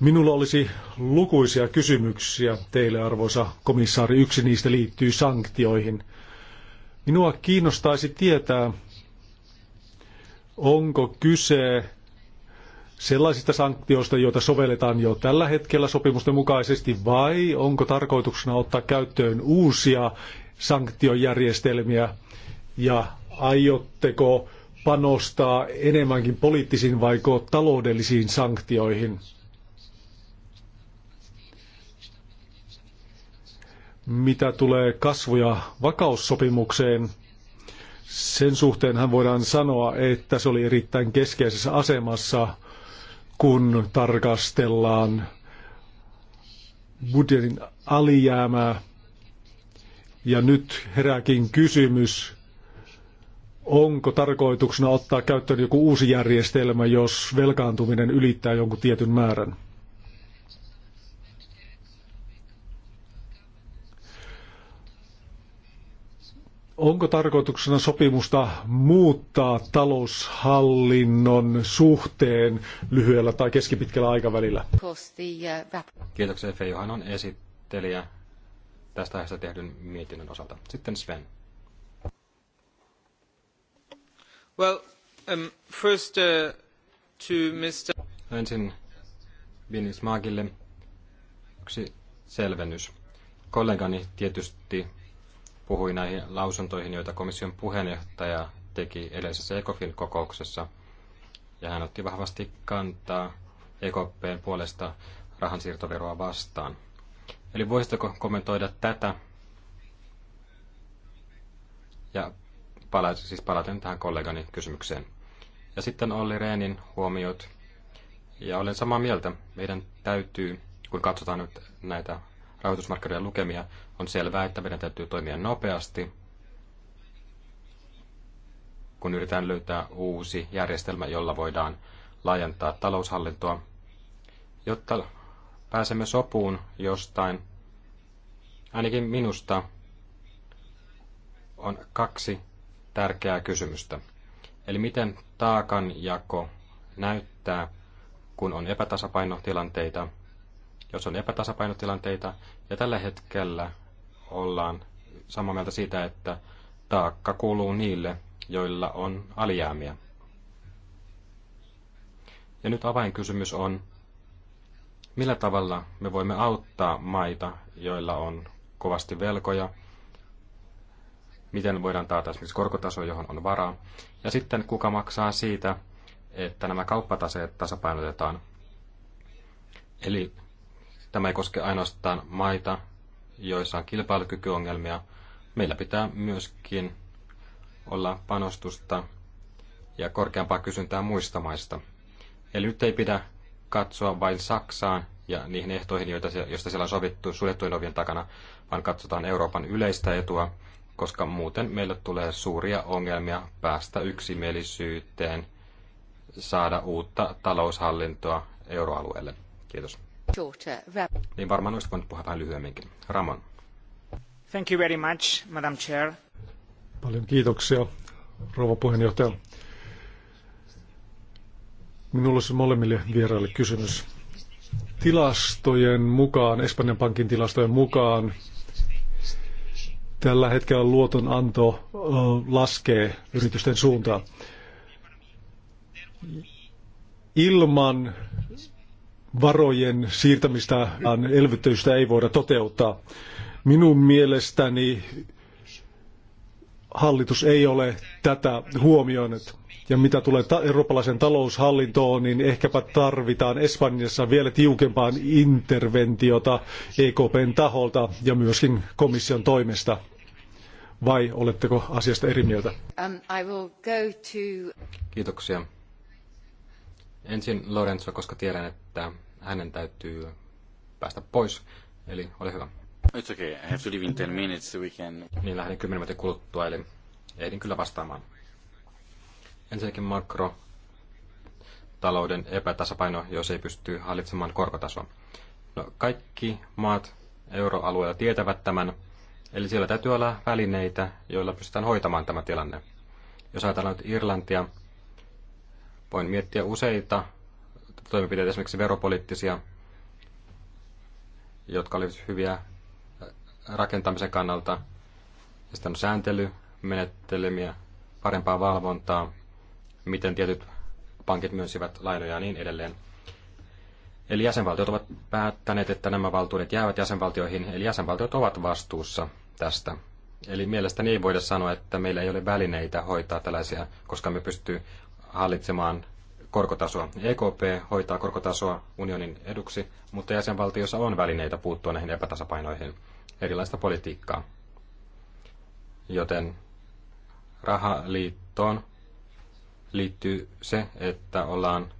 Minulla olisi lukuisia kysymyksiä teille, arvoisa komissaari. Yksi niistä liittyy sanktioihin. Minua kiinnostaisi tietää, onko kyse sellaisista sanktioista, joita sovelletaan jo tällä hetkellä sopimusten mukaisesti, vai onko tarkoituksena ottaa käyttöön uusia sanktiojärjestelmiä, ja aiotteko panostaa enemmänkin poliittisiin vaiko taloudellisiin sanktioihin? Mitä tulee kasvu- ja vakaussopimukseen, sen suhteenhan voidaan sanoa, että se oli erittäin keskeisessä asemassa, kun tarkastellaan budjetin alijäämää. Ja nyt herääkin kysymys, onko tarkoituksena ottaa käyttöön joku uusi järjestelmä, jos velkaantuminen ylittää jonkun tietyn määrän? Onko tarkoituksena sopimusta muuttaa taloushallinnon suhteen lyhyellä tai keskipitkällä aikavälillä? Kiitoksia Fe Johanon esittelijä tästä aiheesta tehdyn mietinnön osalta. Sitten Sven. Well, um, first uh, to Mr. Ensin Vinnis Maagille yksi selvennys. Kollegani tietysti puhui näihin lausuntoihin, joita komission puheenjohtaja teki edellisessä ECOFIN kokouksessa. Ja hän otti vahvasti kantaa EKPn puolesta rahansiirtoveroa vastaan. Eli voisitteko kommentoida tätä? Ja pala- siis palaten tähän kollegani kysymykseen. Ja sitten Olli Reenin huomiot. Ja olen samaa mieltä. Meidän täytyy, kun katsotaan nyt näitä rahoitusmarkkinoiden lukemia, on selvää, että meidän täytyy toimia nopeasti, kun yritetään löytää uusi järjestelmä, jolla voidaan laajentaa taloushallintoa, jotta pääsemme sopuun jostain. Ainakin minusta on kaksi tärkeää kysymystä. Eli miten taakanjako näyttää, kun on epätasapainotilanteita, jos on epätasapainotilanteita, ja tällä hetkellä ollaan samaa mieltä siitä, että taakka kuuluu niille, joilla on alijäämiä. Ja nyt avainkysymys on, millä tavalla me voimme auttaa maita, joilla on kovasti velkoja, miten voidaan taata esimerkiksi korkotaso, johon on varaa, ja sitten kuka maksaa siitä, että nämä kauppataseet tasapainotetaan. Eli tämä ei koske ainoastaan maita, joissa on kilpailukykyongelmia, meillä pitää myöskin olla panostusta ja korkeampaa kysyntää muista maista. Eli nyt ei pidä katsoa vain Saksaan ja niihin ehtoihin, joita, joista siellä on sovittu suljettujen ovien takana, vaan katsotaan Euroopan yleistä etua, koska muuten meillä tulee suuria ongelmia päästä yksimielisyyteen, saada uutta taloushallintoa euroalueelle. Kiitos. Niin varmaan olisi voinut puhua vähän lyhyemminkin. Ramon. Thank you very much, Madam Chair. Paljon kiitoksia, rouva puheenjohtaja. Minulla olisi molemmille vieraille kysymys. Tilastojen mukaan, Espanjan pankin tilastojen mukaan, tällä hetkellä luotonanto laskee yritysten suuntaan. Ilman varojen siirtämistä elvytystä ei voida toteuttaa. Minun mielestäni hallitus ei ole tätä huomioinut. Ja mitä tulee ta- eurooppalaisen taloushallintoon, niin ehkäpä tarvitaan Espanjassa vielä tiukempaan interventiota EKPn taholta ja myöskin komission toimesta. Vai oletteko asiasta eri mieltä? Um, to... Kiitoksia. Ensin Lorenzo, koska tiedän, että hänen täytyy päästä pois. Eli ole hyvä. It's okay, I have to leave in 10 minutes so we can... Niin lähden 10 minuutin kuluttua, eli ehdin kyllä vastaamaan. Ensinnäkin makro talouden epätasapaino, jos ei pysty hallitsemaan korkotasoa. No, kaikki maat euroalueella tietävät tämän, eli siellä täytyy olla välineitä, joilla pystytään hoitamaan tämä tilanne. Jos ajatellaan nyt Irlantia, voin miettiä useita toimenpiteitä, esimerkiksi veropoliittisia, jotka olivat hyviä rakentamisen kannalta. Ja sitten on sääntelymenettelemiä, parempaa valvontaa, miten tietyt pankit myönsivät lainoja ja niin edelleen. Eli jäsenvaltiot ovat päättäneet, että nämä valtuudet jäävät jäsenvaltioihin, eli jäsenvaltiot ovat vastuussa tästä. Eli mielestäni ei voida sanoa, että meillä ei ole välineitä hoitaa tällaisia, koska me pystyy hallitsemaan korkotasoa. EKP hoitaa korkotasoa unionin eduksi, mutta jäsenvaltiossa on välineitä puuttua näihin epätasapainoihin erilaista politiikkaa. Joten rahaliittoon liittyy se, että ollaan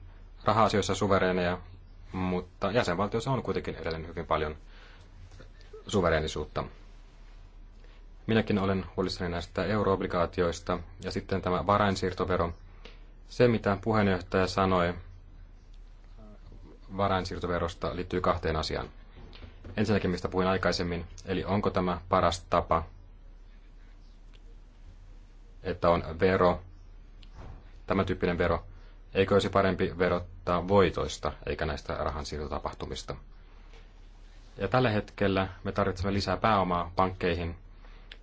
raha-asioissa suvereeneja, mutta jäsenvaltiossa on kuitenkin edelleen hyvin paljon suvereenisuutta. Minäkin olen huolissani näistä euroobligaatioista ja sitten tämä varainsiirtovero – se, mitä puheenjohtaja sanoi varainsiirtoverosta, liittyy kahteen asiaan. Ensinnäkin, mistä puhuin aikaisemmin, eli onko tämä paras tapa, että on vero, tämä tyyppinen vero, eikö olisi parempi verottaa voitoista eikä näistä rahansiirtotapahtumista. Ja tällä hetkellä me tarvitsemme lisää pääomaa pankkeihin,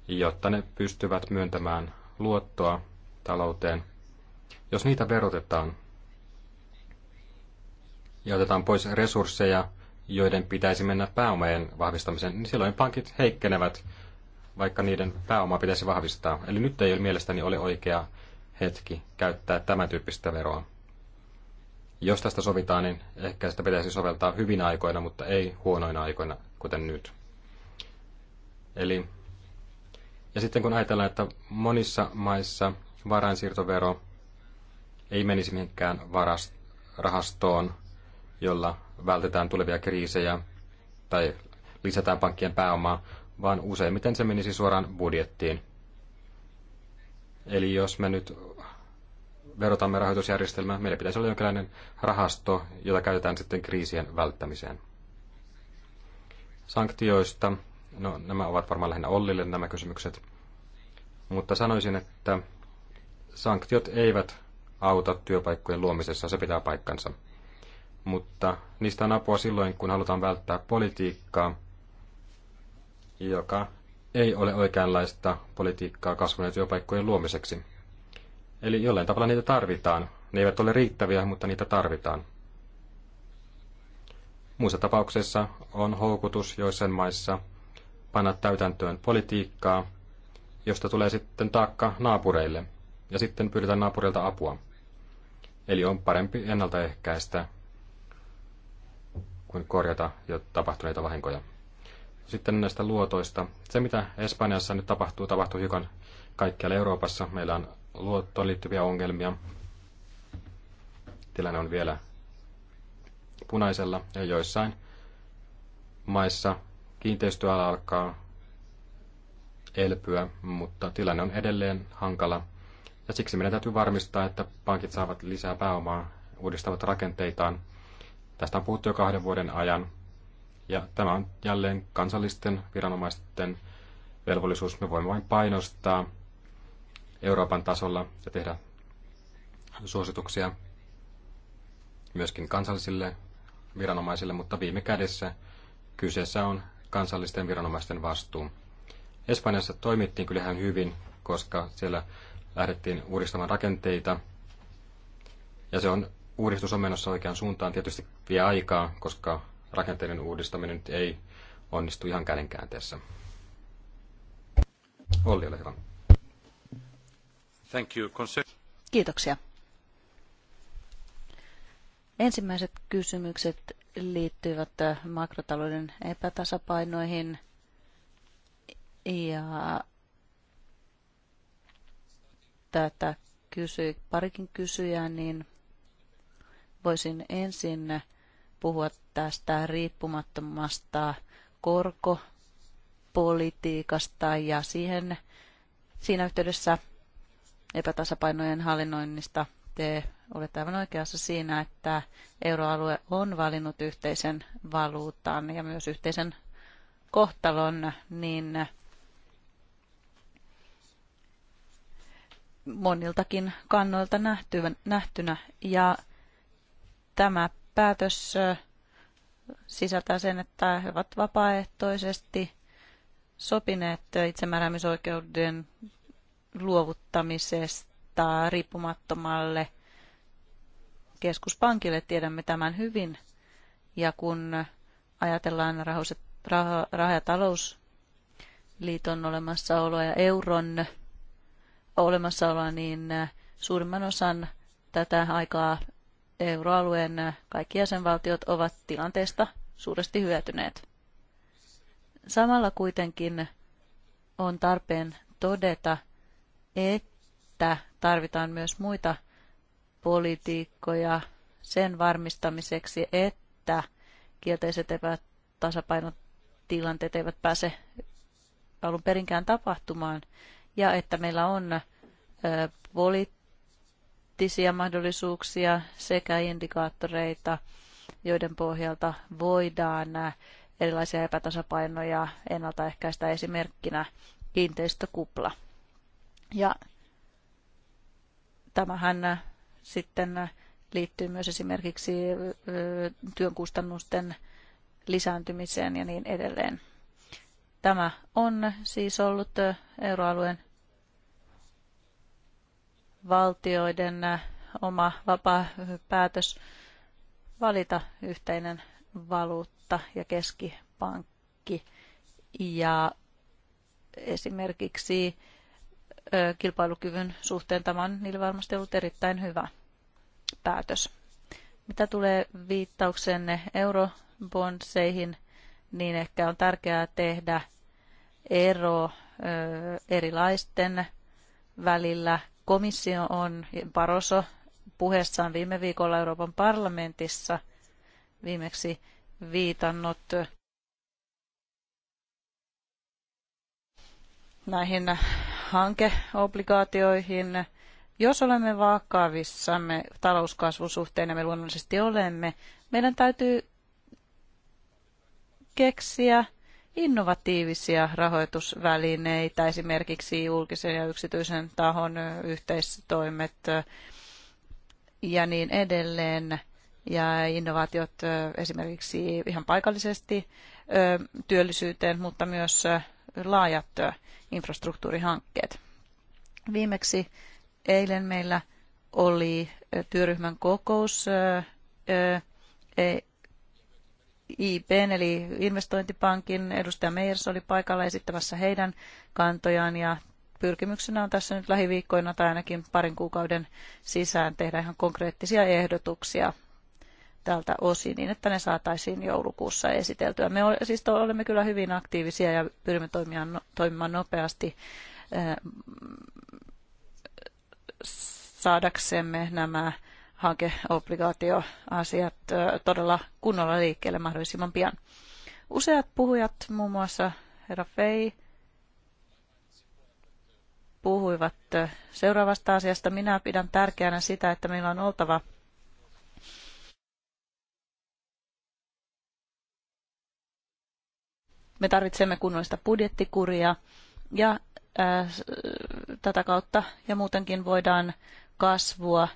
jotta ne pystyvät myöntämään luottoa talouteen – jos niitä verotetaan ja otetaan pois resursseja, joiden pitäisi mennä pääomien vahvistamiseen, niin silloin pankit heikkenevät, vaikka niiden pääomaa pitäisi vahvistaa. Eli nyt ei ole mielestäni ole oikea hetki käyttää tämän tyyppistä veroa. Jos tästä sovitaan, niin ehkä sitä pitäisi soveltaa hyvin aikoina, mutta ei huonoina aikoina, kuten nyt. Eli, ja sitten kun ajatellaan, että monissa maissa varainsiirtovero ei menisi mihinkään varast- rahastoon, jolla vältetään tulevia kriisejä tai lisätään pankkien pääomaa, vaan useimmiten se menisi suoraan budjettiin. Eli jos me nyt verotamme rahoitusjärjestelmää, meillä pitäisi olla jonkinlainen rahasto, jota käytetään sitten kriisien välttämiseen. Sanktioista, no nämä ovat varmaan lähinnä Ollille nämä kysymykset, mutta sanoisin, että sanktiot eivät auta työpaikkojen luomisessa, se pitää paikkansa. Mutta niistä on apua silloin, kun halutaan välttää politiikkaa, joka ei ole oikeanlaista politiikkaa kasvun ja työpaikkojen luomiseksi. Eli jollain tavalla niitä tarvitaan. Ne eivät ole riittäviä, mutta niitä tarvitaan. Muussa tapauksessa on houkutus joissain maissa panna täytäntöön politiikkaa, josta tulee sitten taakka naapureille, ja sitten pyydetään naapurilta apua. Eli on parempi ennaltaehkäistä kuin korjata jo tapahtuneita vahinkoja. Sitten näistä luotoista. Se, mitä Espanjassa nyt tapahtuu, tapahtuu hiukan kaikkialla Euroopassa. Meillä on luottoon liittyviä ongelmia. Tilanne on vielä punaisella ja joissain maissa kiinteistöala alkaa elpyä, mutta tilanne on edelleen hankala. Ja siksi meidän täytyy varmistaa, että pankit saavat lisää pääomaa, uudistavat rakenteitaan. Tästä on puhuttu jo kahden vuoden ajan. Ja tämä on jälleen kansallisten viranomaisten velvollisuus. Me voimme vain painostaa Euroopan tasolla ja tehdä suosituksia myöskin kansallisille viranomaisille, mutta viime kädessä kyseessä on kansallisten viranomaisten vastuu. Espanjassa toimittiin kyllähän hyvin, koska siellä lähdettiin uudistamaan rakenteita. Ja se on, uudistus on menossa oikeaan suuntaan. Tietysti vie aikaa, koska rakenteiden uudistaminen nyt ei onnistu ihan kädenkäänteessä. Olli, ole hyvä. Thank you. Kiitoksia. Ensimmäiset kysymykset liittyvät äh, makrotalouden epätasapainoihin ja että kysyi parikin kysyjää, niin voisin ensin puhua tästä riippumattomasta korkopolitiikasta ja siihen, siinä yhteydessä epätasapainojen hallinnoinnista te olette aivan oikeassa siinä, että euroalue on valinnut yhteisen valuutan ja myös yhteisen kohtalon, niin moniltakin kannoilta nähtynä. Ja tämä päätös sisältää sen, että he ovat vapaaehtoisesti sopineet itsemääräämisoikeuden luovuttamisesta riippumattomalle keskuspankille. Tiedämme tämän hyvin. Ja kun ajatellaan rah- ja talousliiton olemassaoloa ja euron olemassaoloa, niin äh, suurimman osan tätä aikaa euroalueen äh, kaikki jäsenvaltiot ovat tilanteesta suuresti hyötyneet. Samalla kuitenkin on tarpeen todeta, että tarvitaan myös muita politiikkoja sen varmistamiseksi, että kielteiset epätasapainotilanteet eivät pääse alun perinkään tapahtumaan ja että meillä on poliittisia mahdollisuuksia sekä indikaattoreita, joiden pohjalta voidaan erilaisia epätasapainoja ennaltaehkäistä esimerkkinä kiinteistökupla. Ja tämähän sitten liittyy myös esimerkiksi työn kustannusten lisääntymiseen ja niin edelleen. Tämä on siis ollut euroalueen valtioiden oma vapaa päätös valita yhteinen valuutta ja keskipankki. Ja esimerkiksi kilpailukyvyn suhteen tämä on niille varmasti ollut erittäin hyvä päätös. Mitä tulee viittauksenne eurobondseihin, niin ehkä on tärkeää tehdä ero erilaisten välillä. Komissio on, paroso puheessaan viime viikolla Euroopan parlamentissa viimeksi viitannut näihin hankeobligaatioihin. Jos olemme vakavissamme ja me luonnollisesti olemme, meidän täytyy keksiä innovatiivisia rahoitusvälineitä, esimerkiksi julkisen ja yksityisen tahon yhteistoimet ja niin edelleen. Ja innovaatiot esimerkiksi ihan paikallisesti työllisyyteen, mutta myös laajat infrastruktuurihankkeet. Viimeksi eilen meillä oli työryhmän kokous IP, eli investointipankin edustaja Meijers oli paikalla esittämässä heidän kantojaan ja pyrkimyksenä on tässä nyt lähiviikkoina tai ainakin parin kuukauden sisään tehdä ihan konkreettisia ehdotuksia tältä osin, niin että ne saataisiin joulukuussa esiteltyä. Me ole, siis olemme kyllä hyvin aktiivisia ja pyrimme toimimaan, no-, toimimaan nopeasti eh, saadaksemme nämä hankeobligaatioasiat todella kunnolla liikkeelle mahdollisimman pian. Useat puhujat, muun muassa herra Fei, puhuivat seuraavasta asiasta. Minä pidän tärkeänä sitä, että meillä on oltava Me tarvitsemme kunnollista budjettikuria ja ää, tätä kautta ja muutenkin voidaan kasvua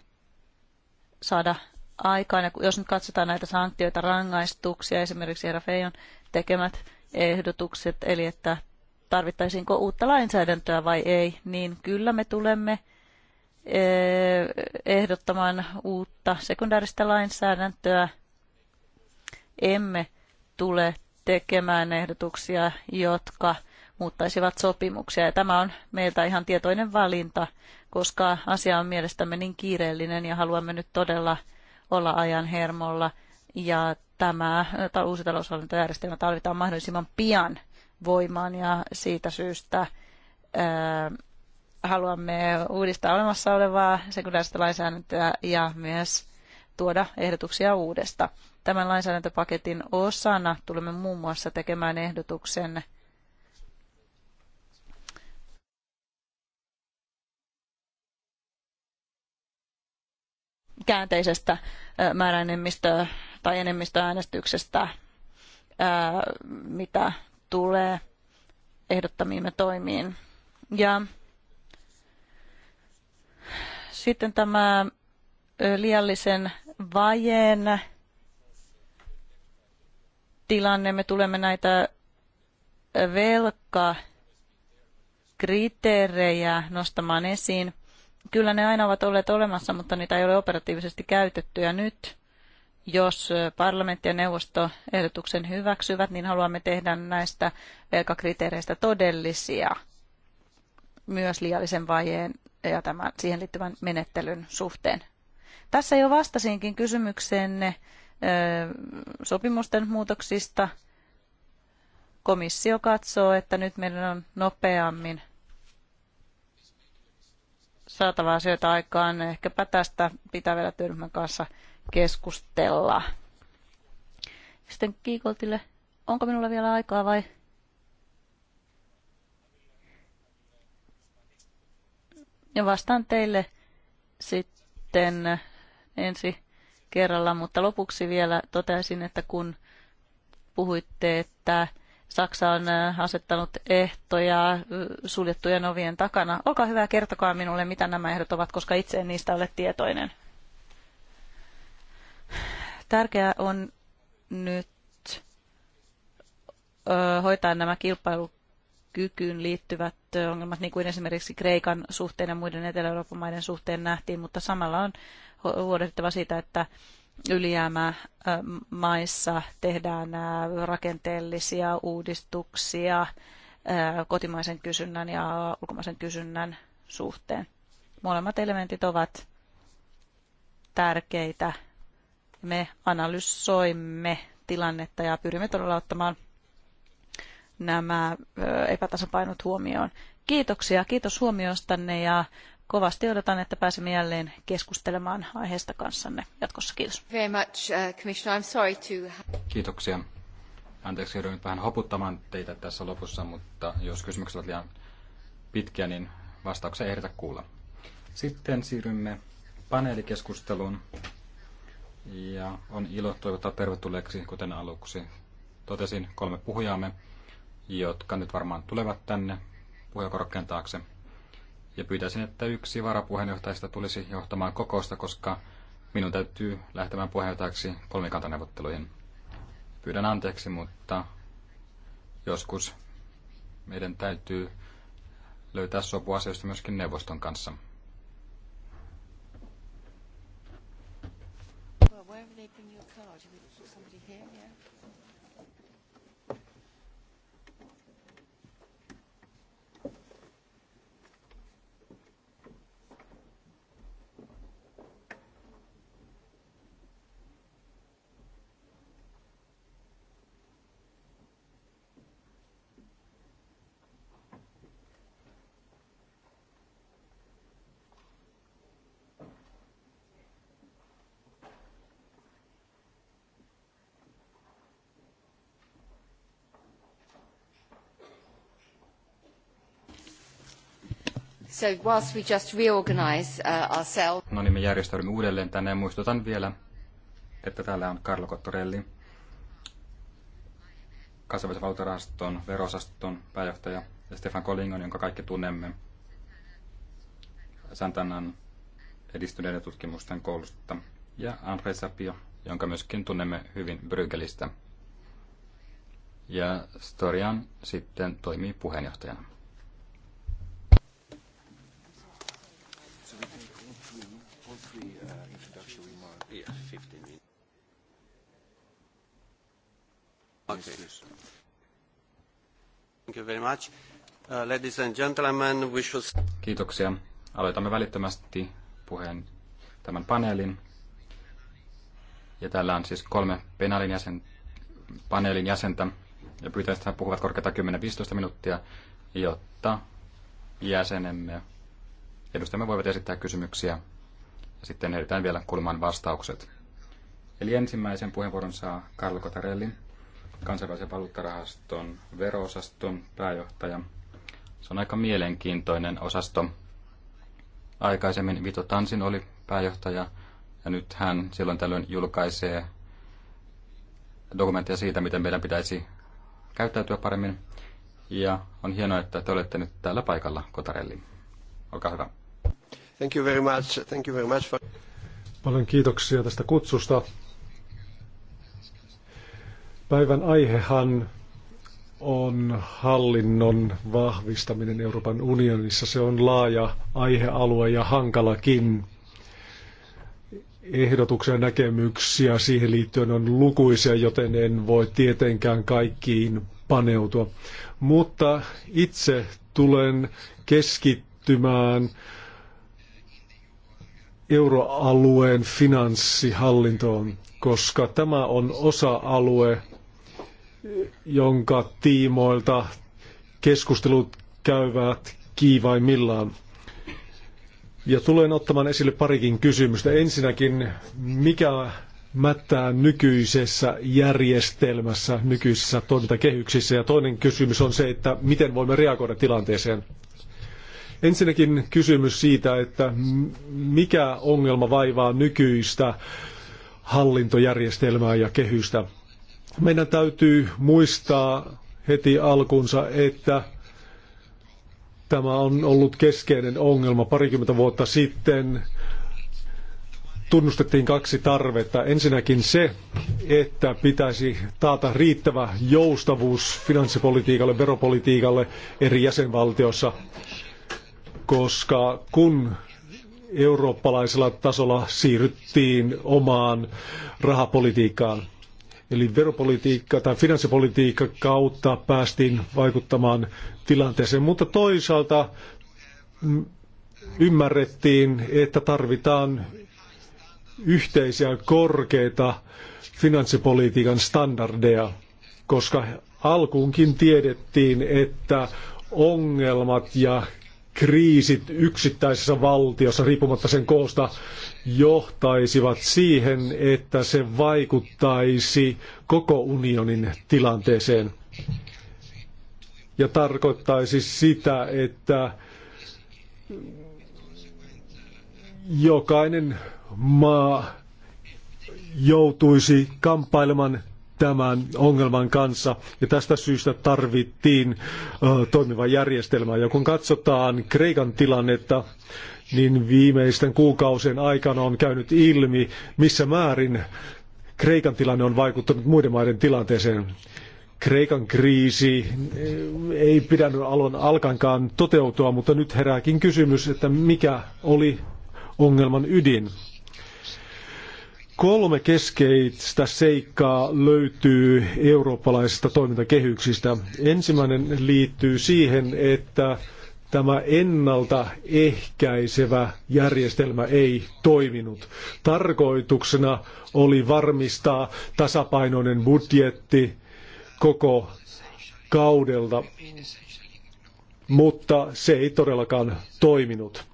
saada aikaan. Ja jos nyt katsotaan näitä sanktioita, rangaistuksia, esimerkiksi Eera Feijon tekemät ehdotukset, eli että tarvittaisiinko uutta lainsäädäntöä vai ei, niin kyllä me tulemme e, ehdottamaan uutta sekundaarista lainsäädäntöä. Emme tule tekemään ehdotuksia, jotka muuttaisivat sopimuksia. Ja tämä on meiltä ihan tietoinen valinta koska asia on mielestämme niin kiireellinen ja haluamme nyt todella olla ajan hermolla. Ja tämä uusi taloushallintojärjestelmä tarvitaan mahdollisimman pian voimaan ja siitä syystä ää, haluamme uudistaa olemassa olevaa sekundäristä lainsäädäntöä ja myös tuoda ehdotuksia uudesta. Tämän lainsäädäntöpaketin osana tulemme muun muassa tekemään ehdotuksen käänteisestä määräenemmistö- tai enemmistöäänestyksestä, mitä tulee ehdottamiimme toimiin. Ja sitten tämä liiallisen vajeen tilanne, me tulemme näitä velkakriteerejä nostamaan esiin kyllä ne aina ovat olleet olemassa, mutta niitä ei ole operatiivisesti käytetty. Ja nyt, jos parlamentti ja neuvosto ehdotuksen hyväksyvät, niin haluamme tehdä näistä velkakriteereistä todellisia myös liiallisen vajeen ja tämän siihen liittyvän menettelyn suhteen. Tässä jo vastasinkin kysymykseenne sopimusten muutoksista. Komissio katsoo, että nyt meidän on nopeammin saatava asioita aikaan. Ehkäpä tästä pitää vielä työryhmän kanssa keskustella. Sitten Kiikoltille, onko minulla vielä aikaa vai? Ja vastaan teille sitten ensi kerralla, mutta lopuksi vielä toteaisin, että kun puhuitte, että Saksa on äh, asettanut ehtoja äh, suljettujen ovien takana. Olkaa hyvä kertokaa minulle, mitä nämä ehdot ovat, koska itse en niistä ole tietoinen. Tärkeää on nyt hoitaa nämä kilpailukykyyn liittyvät ongelmat, niin kuin esimerkiksi Kreikan suhteen ja muiden Etelä-Euroopan maiden suhteen nähtiin, mutta samalla on huolehdittava siitä, että ylijäämä maissa tehdään rakenteellisia uudistuksia kotimaisen kysynnän ja ulkomaisen kysynnän suhteen. Molemmat elementit ovat tärkeitä. Me analysoimme tilannetta ja pyrimme todella ottamaan nämä epätasapainot huomioon. Kiitoksia, kiitos huomiostanne ja kovasti odotan, että pääsemme jälleen keskustelemaan aiheesta kanssanne jatkossa. Kiitos. Very much, uh, I'm sorry to... Kiitoksia. Anteeksi, joudun nyt vähän hoputtamaan teitä tässä lopussa, mutta jos kysymykset ovat liian pitkiä, niin vastauksia ehditä kuulla. Sitten siirrymme paneelikeskusteluun. Ja on ilo toivottaa tervetulleeksi, kuten aluksi totesin, kolme puhujaamme, jotka nyt varmaan tulevat tänne puhujakorokkeen taakse ja pyytäisin, että yksi varapuheenjohtajista tulisi johtamaan kokousta, koska minun täytyy lähtemään puheenjohtajaksi kolmikantaneuvotteluihin. Pyydän anteeksi, mutta joskus meidän täytyy löytää sopua asioista myöskin neuvoston kanssa. So whilst we just reorganize uh, ourselves... No niin, me järjestäydymme uudelleen tänne ja muistutan vielä, että täällä on Carlo Cottorelli, kansainvälisen valuutarahaston verosaston pääjohtaja, ja Stefan Kolingon, jonka kaikki tunnemme Santannan edistyneiden tutkimusten koulusta, ja Andre Sapio, jonka myöskin tunnemme hyvin Brygelistä. Ja Storian sitten toimii puheenjohtajana. Thank you very much. Uh, ladies and gentlemen, we should... Kiitoksia. Aloitamme välittömästi puheen tämän paneelin. Ja täällä on siis kolme penaalin jäsen, paneelin jäsentä. Ja pyytän, että he puhuvat korkeintaan 10-15 minuuttia, jotta jäsenemme, edustamme voivat esittää kysymyksiä. Ja sitten edetään vielä kulman vastaukset. Eli ensimmäisen puheenvuoron saa Karlo Cotarelli, kansainvälisen valuuttarahaston veroosaston pääjohtaja. Se on aika mielenkiintoinen osasto. Aikaisemmin Vito Tansin oli pääjohtaja ja nyt hän silloin tällöin julkaisee dokumentteja siitä, miten meidän pitäisi käyttäytyä paremmin. Ja on hienoa, että te olette nyt täällä paikalla, Kotarelli. Olkaa hyvä. Thank you very much. Thank you very much for... Paljon kiitoksia tästä kutsusta. Päivän aihehan on hallinnon vahvistaminen Euroopan unionissa. Se on laaja aihealue ja hankalakin. Ehdotuksia ja näkemyksiä siihen liittyen on lukuisia, joten en voi tietenkään kaikkiin paneutua. Mutta itse tulen keskittymään euroalueen finanssihallintoon, koska tämä on osa-alue, jonka tiimoilta keskustelut käyvät kiivaimmillaan. Ja tulen ottamaan esille parikin kysymystä. Ensinnäkin, mikä mättää nykyisessä järjestelmässä, nykyisissä toimintakehyksissä? Ja toinen kysymys on se, että miten voimme reagoida tilanteeseen? Ensinnäkin kysymys siitä, että mikä ongelma vaivaa nykyistä hallintojärjestelmää ja kehystä. Meidän täytyy muistaa heti alkunsa, että tämä on ollut keskeinen ongelma parikymmentä vuotta sitten. Tunnustettiin kaksi tarvetta. Ensinnäkin se, että pitäisi taata riittävä joustavuus finanssipolitiikalle, veropolitiikalle eri jäsenvaltioissa, koska kun eurooppalaisella tasolla siirryttiin omaan rahapolitiikkaan, Eli veropolitiikka tai finanssipolitiikka kautta päästiin vaikuttamaan tilanteeseen, mutta toisaalta mm, ymmärrettiin, että tarvitaan yhteisiä korkeita finanssipolitiikan standardeja, koska alkuunkin tiedettiin, että ongelmat ja kriisit yksittäisessä valtiossa, riippumatta sen koosta, johtaisivat siihen, että se vaikuttaisi koko unionin tilanteeseen. Ja tarkoittaisi sitä, että jokainen maa joutuisi kamppailemaan tämän ongelman kanssa ja tästä syystä tarvittiin toimiva järjestelmä. Ja kun katsotaan Kreikan tilannetta, niin viimeisten kuukausien aikana on käynyt ilmi, missä määrin Kreikan tilanne on vaikuttanut muiden maiden tilanteeseen. Kreikan kriisi ei pidänyt alun alkankaan toteutua, mutta nyt herääkin kysymys, että mikä oli ongelman ydin. Kolme keskeistä seikkaa löytyy eurooppalaisista toimintakehyksistä. Ensimmäinen liittyy siihen, että tämä ennalta ehkäisevä järjestelmä ei toiminut. Tarkoituksena oli varmistaa tasapainoinen budjetti koko kaudelta, mutta se ei todellakaan toiminut.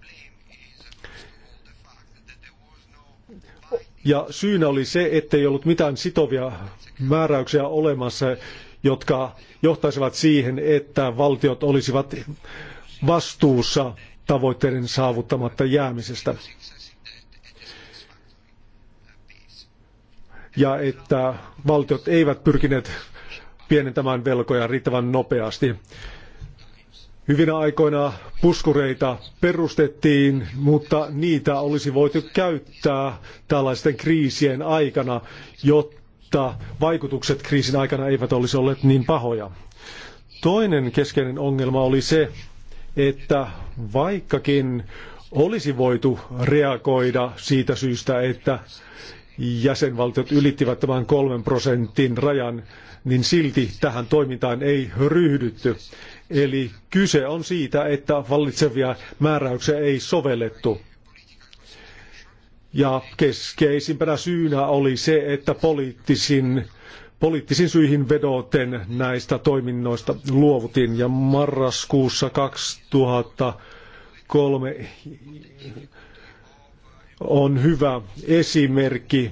Ja syynä oli se, ettei ollut mitään sitovia määräyksiä olemassa, jotka johtaisivat siihen, että valtiot olisivat vastuussa tavoitteiden saavuttamatta jäämisestä. Ja että valtiot eivät pyrkineet pienentämään velkoja riittävän nopeasti. Hyvinä aikoina puskureita perustettiin, mutta niitä olisi voitu käyttää tällaisten kriisien aikana, jotta vaikutukset kriisin aikana eivät olisi olleet niin pahoja. Toinen keskeinen ongelma oli se, että vaikkakin olisi voitu reagoida siitä syystä, että jäsenvaltiot ylittivät tämän kolmen prosentin rajan, niin silti tähän toimintaan ei ryhdytty. Eli kyse on siitä, että vallitsevia määräyksiä ei sovellettu. Ja keskeisimpänä syynä oli se, että poliittisin, poliittisin syihin vedoten näistä toiminnoista luovutin. Ja marraskuussa 2003 on hyvä esimerkki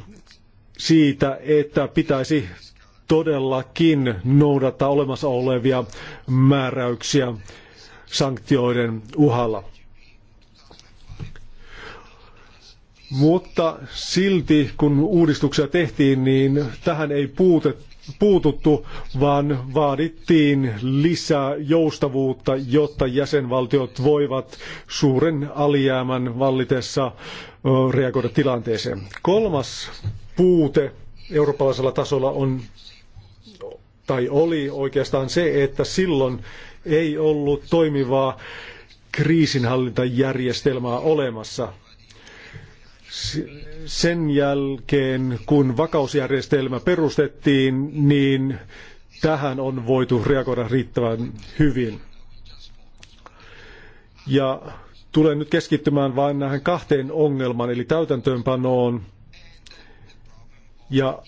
siitä, että pitäisi todellakin noudattaa olemassa olevia määräyksiä sanktioiden uhalla. Mutta silti, kun uudistuksia tehtiin, niin tähän ei puututtu, vaan vaadittiin lisää joustavuutta, jotta jäsenvaltiot voivat suuren alijäämän vallitessa reagoida tilanteeseen. Kolmas puute eurooppalaisella tasolla on, tai oli oikeastaan se, että silloin ei ollut toimivaa kriisinhallintajärjestelmää olemassa. Sen jälkeen, kun vakausjärjestelmä perustettiin, niin tähän on voitu reagoida riittävän hyvin. Ja Tulen nyt keskittymään vain näihin kahteen ongelmaan, eli täytäntöönpanoon ja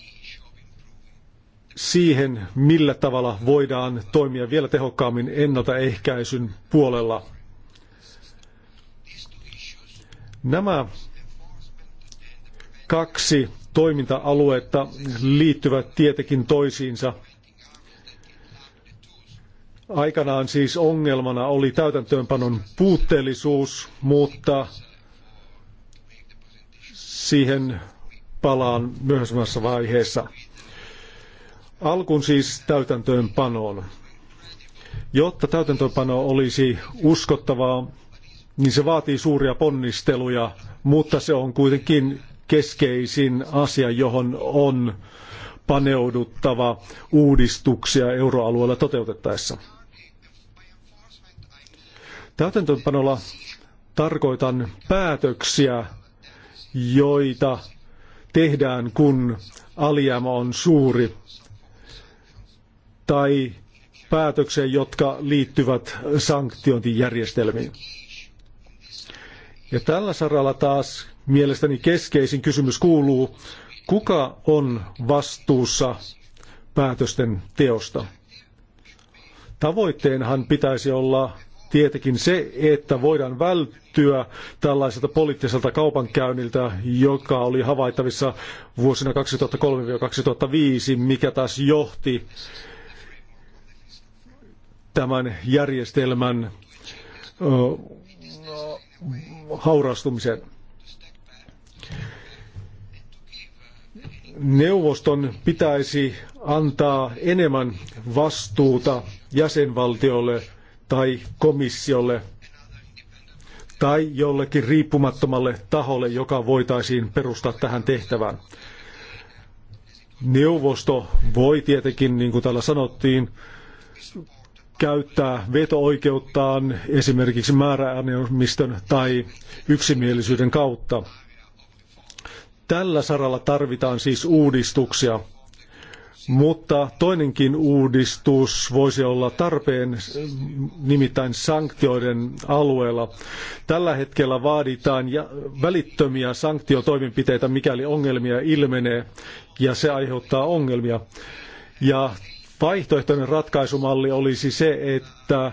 siihen, millä tavalla voidaan toimia vielä tehokkaammin ennaltaehkäisyn puolella. Nämä kaksi toiminta-aluetta liittyvät tietenkin toisiinsa – Aikanaan siis ongelmana oli täytäntöönpanon puutteellisuus, mutta siihen palaan myöhemmässä vaiheessa. Alkuun siis täytäntöönpanoon. Jotta täytäntöönpano olisi uskottavaa, niin se vaatii suuria ponnisteluja, mutta se on kuitenkin keskeisin asia, johon on paneuduttava uudistuksia euroalueella toteutettaessa. Täytäntöönpanolla tarkoitan päätöksiä, joita tehdään, kun alijäämä on suuri, tai päätöksiä, jotka liittyvät sanktiointijärjestelmiin. Ja tällä saralla taas mielestäni keskeisin kysymys kuuluu, kuka on vastuussa päätösten teosta? Tavoitteenhan pitäisi olla tietenkin se, että voidaan välttyä tällaiselta poliittiselta kaupankäynniltä, joka oli havaittavissa vuosina 2003-2005, mikä taas johti tämän järjestelmän haurastumiseen. Neuvoston pitäisi antaa enemmän vastuuta jäsenvaltioille tai komissiolle tai jollekin riippumattomalle taholle, joka voitaisiin perustaa tähän tehtävään. Neuvosto voi tietenkin, niin kuin täällä sanottiin, käyttää veto-oikeuttaan esimerkiksi määräenemmistön tai yksimielisyyden kautta. Tällä saralla tarvitaan siis uudistuksia. Mutta toinenkin uudistus voisi olla tarpeen nimittäin sanktioiden alueella. Tällä hetkellä vaaditaan välittömiä sanktiotoimenpiteitä, mikäli ongelmia ilmenee, ja se aiheuttaa ongelmia. Ja vaihtoehtoinen ratkaisumalli olisi se, että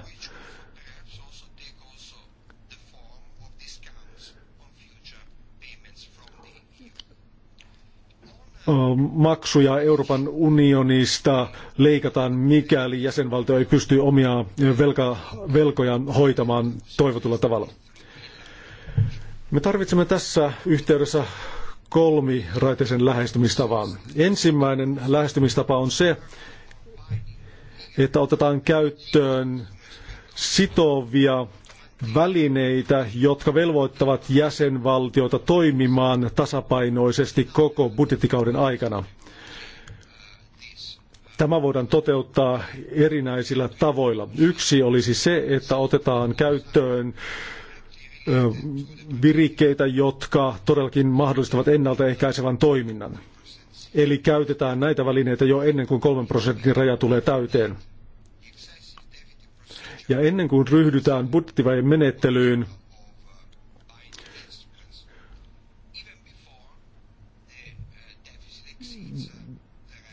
maksuja Euroopan unionista leikataan, mikäli jäsenvaltio ei pysty omia velka, velkojaan hoitamaan toivotulla tavalla. Me tarvitsemme tässä yhteydessä kolmiraiteisen lähestymistavan. Ensimmäinen lähestymistapa on se, että otetaan käyttöön sitovia välineitä, jotka velvoittavat jäsenvaltioita toimimaan tasapainoisesti koko budjettikauden aikana. Tämä voidaan toteuttaa erinäisillä tavoilla. Yksi olisi se, että otetaan käyttöön virikkeitä, jotka todellakin mahdollistavat ennaltaehkäisevän toiminnan. Eli käytetään näitä välineitä jo ennen kuin kolmen prosentin raja tulee täyteen. Ja ennen kuin ryhdytään budjettivajen menettelyyn,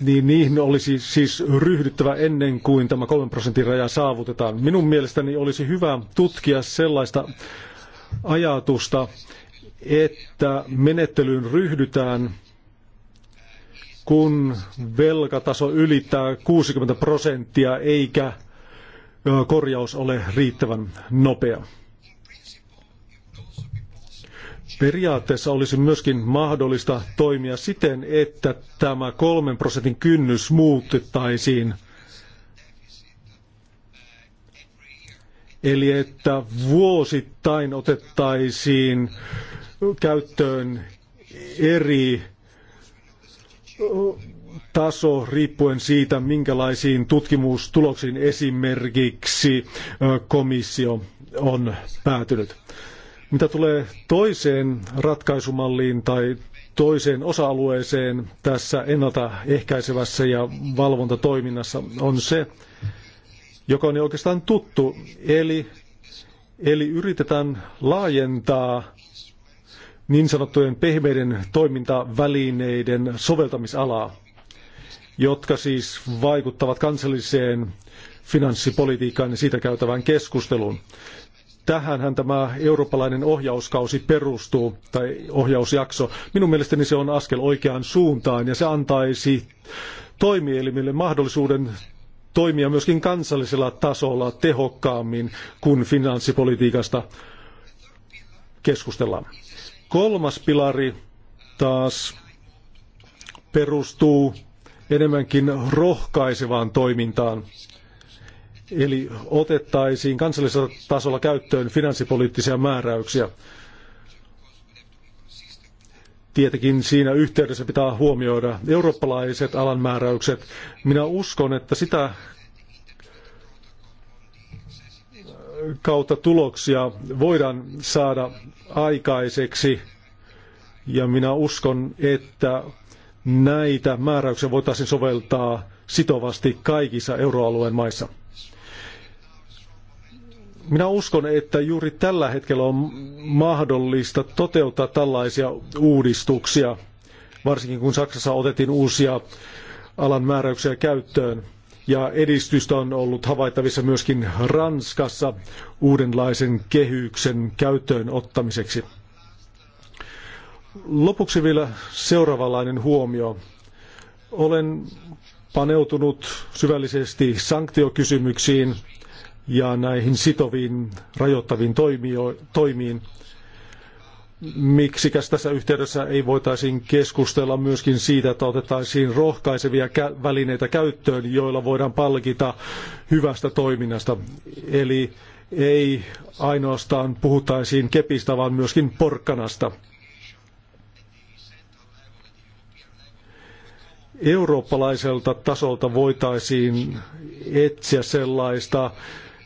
niin niihin olisi siis ryhdyttävä ennen kuin tämä kolmen prosentin raja saavutetaan. Minun mielestäni olisi hyvä tutkia sellaista ajatusta, että menettelyyn ryhdytään, kun velkataso ylittää 60 prosenttia eikä korjaus ole riittävän nopea. Periaatteessa olisi myöskin mahdollista toimia siten, että tämä kolmen prosentin kynnys muutettaisiin. Eli että vuosittain otettaisiin käyttöön eri taso riippuen siitä, minkälaisiin tutkimustuloksiin esimerkiksi komissio on päätynyt. Mitä tulee toiseen ratkaisumalliin tai toiseen osa-alueeseen tässä ennaltaehkäisevässä ja valvontatoiminnassa on se, joka on oikeastaan tuttu, eli, eli yritetään laajentaa niin sanottujen pehmeiden toimintavälineiden soveltamisalaa jotka siis vaikuttavat kansalliseen finanssipolitiikkaan ja siitä käytävään keskusteluun. Tähänhän tämä eurooppalainen ohjauskausi perustuu, tai ohjausjakso. Minun mielestäni se on askel oikeaan suuntaan, ja se antaisi toimielimille mahdollisuuden toimia myöskin kansallisella tasolla tehokkaammin, kun finanssipolitiikasta keskustellaan. Kolmas pilari taas perustuu enemmänkin rohkaisevaan toimintaan. Eli otettaisiin kansallisella tasolla käyttöön finanssipoliittisia määräyksiä. Tietenkin siinä yhteydessä pitää huomioida eurooppalaiset alan määräykset. Minä uskon, että sitä kautta tuloksia voidaan saada aikaiseksi. Ja minä uskon, että näitä määräyksiä voitaisiin soveltaa sitovasti kaikissa euroalueen maissa. Minä uskon, että juuri tällä hetkellä on mahdollista toteuttaa tällaisia uudistuksia, varsinkin kun Saksassa otettiin uusia alan määräyksiä käyttöön. Ja edistystä on ollut havaittavissa myöskin Ranskassa uudenlaisen kehyksen käyttöön ottamiseksi. Lopuksi vielä seuraavanlainen huomio. Olen paneutunut syvällisesti sanktiokysymyksiin ja näihin sitoviin rajoittaviin toimiin. Miksikäs tässä yhteydessä ei voitaisiin keskustella myöskin siitä, että otettaisiin rohkaisevia välineitä käyttöön, joilla voidaan palkita hyvästä toiminnasta. Eli ei ainoastaan puhutaisiin kepistä, vaan myöskin porkkanasta. eurooppalaiselta tasolta voitaisiin etsiä sellaista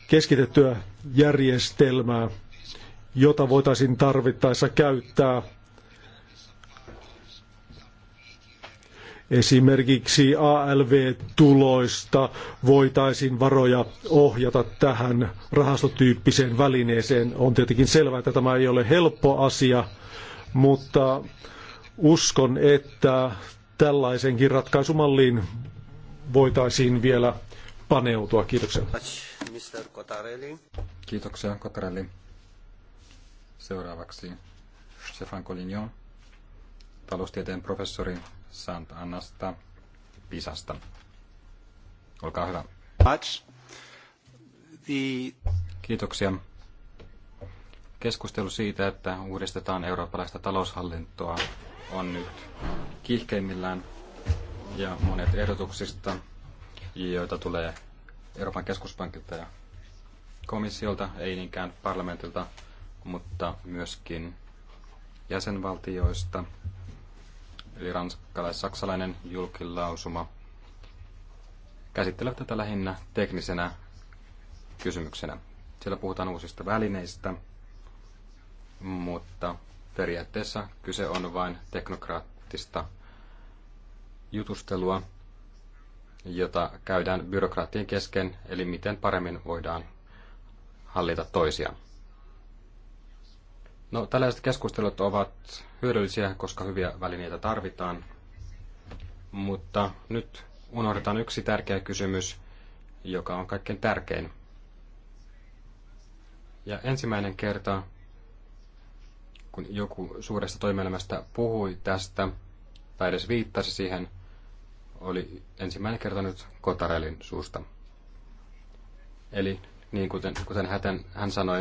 keskitettyä järjestelmää, jota voitaisiin tarvittaessa käyttää esimerkiksi ALV-tuloista voitaisiin varoja ohjata tähän rahastotyyppiseen välineeseen. On tietenkin selvää, että tämä ei ole helppo asia, mutta uskon, että tällaisenkin ratkaisumalliin voitaisiin vielä paneutua. Kiitoksia. Kiitoksia, Cotarelli. Seuraavaksi Stefan Collignon, taloustieteen professori Sant Annasta Pisasta. Olkaa hyvä. Kiitoksia. Keskustelu siitä, että uudistetaan eurooppalaista taloushallintoa on nyt kiihkeimmillään ja monet ehdotuksista, joita tulee Euroopan keskuspankilta ja komissiolta, ei niinkään parlamentilta, mutta myöskin jäsenvaltioista. Eli ranskalais-saksalainen julkilausuma käsittelevät tätä lähinnä teknisenä kysymyksenä. Siellä puhutaan uusista välineistä, mutta periaatteessa kyse on vain teknokraattista jutustelua, jota käydään byrokraattien kesken, eli miten paremmin voidaan hallita toisia. No, tällaiset keskustelut ovat hyödyllisiä, koska hyviä välineitä tarvitaan, mutta nyt unohdetaan yksi tärkeä kysymys, joka on kaikkein tärkein. Ja ensimmäinen kerta kun joku suuresta toimielämästä puhui tästä, tai edes viittasi siihen, oli ensimmäinen kerta nyt Kotarelin suusta. Eli niin kuten, kuten häten, hän sanoi,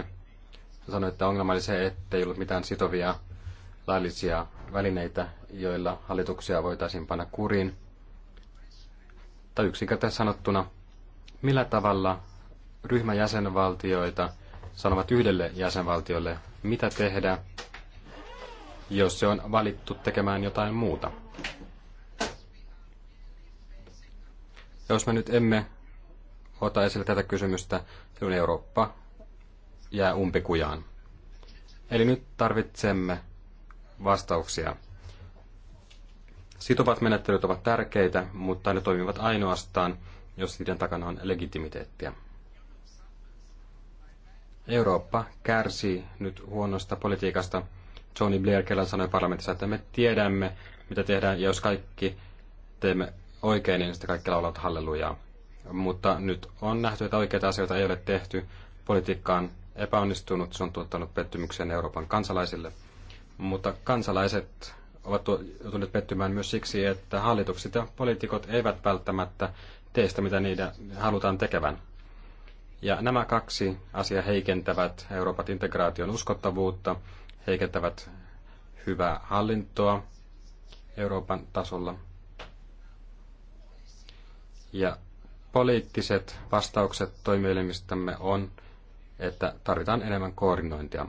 hän sanoi, että ongelma oli se, ettei ollut mitään sitovia laillisia välineitä, joilla hallituksia voitaisiin panna kuriin. Tai yksinkertaisesti sanottuna, millä tavalla ryhmäjäsenvaltioita jäsenvaltioita sanovat yhdelle jäsenvaltiolle, mitä tehdä, jos se on valittu tekemään jotain muuta. Jos me nyt emme ota esille tätä kysymystä, silloin Eurooppa jää umpikujaan. Eli nyt tarvitsemme vastauksia. Sitovat menettelyt ovat tärkeitä, mutta ne toimivat ainoastaan, jos niiden takana on legitimiteettiä. Eurooppa kärsii nyt huonosta politiikasta, Tony Blair kerran sanoi parlamentissa, että me tiedämme, mitä tehdään, ja jos kaikki teemme oikein, niin sitten kaikki laulavat hallelujaa. Mutta nyt on nähty, että oikeita asioita ei ole tehty. Politiikka on epäonnistunut, se on tuottanut pettymyksen Euroopan kansalaisille. Mutta kansalaiset ovat joutuneet pettymään myös siksi, että hallitukset ja poliitikot eivät välttämättä tee sitä, mitä niitä halutaan tekevän. Ja nämä kaksi asiaa heikentävät Euroopan integraation uskottavuutta heikentävät hyvää hallintoa Euroopan tasolla. Ja poliittiset vastaukset toimielimistämme on, että tarvitaan enemmän koordinointia.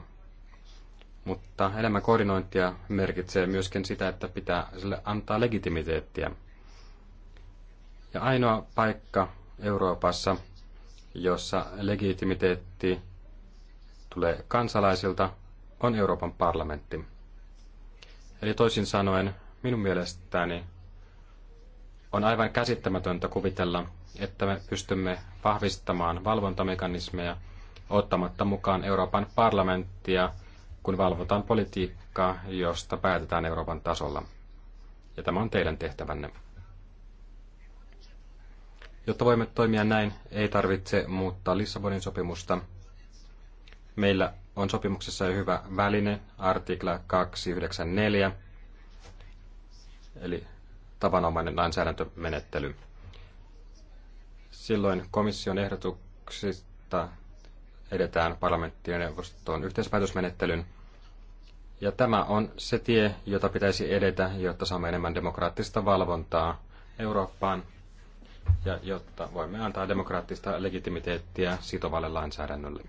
Mutta enemmän koordinointia merkitsee myöskin sitä, että pitää sille antaa legitimiteettiä. Ja ainoa paikka Euroopassa, jossa legitimiteetti tulee kansalaisilta, on Euroopan parlamentti. Eli toisin sanoen, minun mielestäni on aivan käsittämätöntä kuvitella, että me pystymme vahvistamaan valvontamekanismeja ottamatta mukaan Euroopan parlamenttia, kun valvotaan politiikkaa, josta päätetään Euroopan tasolla. Ja tämä on teidän tehtävänne. Jotta voimme toimia näin, ei tarvitse muuttaa Lissabonin sopimusta. Meillä on sopimuksessa hyvä väline, artikla 294, eli tavanomainen lainsäädäntömenettely. Silloin komission ehdotuksista edetään parlamenttien neuvostoon yhteispäätösmenettelyn. Ja tämä on se tie, jota pitäisi edetä, jotta saamme enemmän demokraattista valvontaa Eurooppaan ja jotta voimme antaa demokraattista legitimiteettiä sitovalle lainsäädännölle.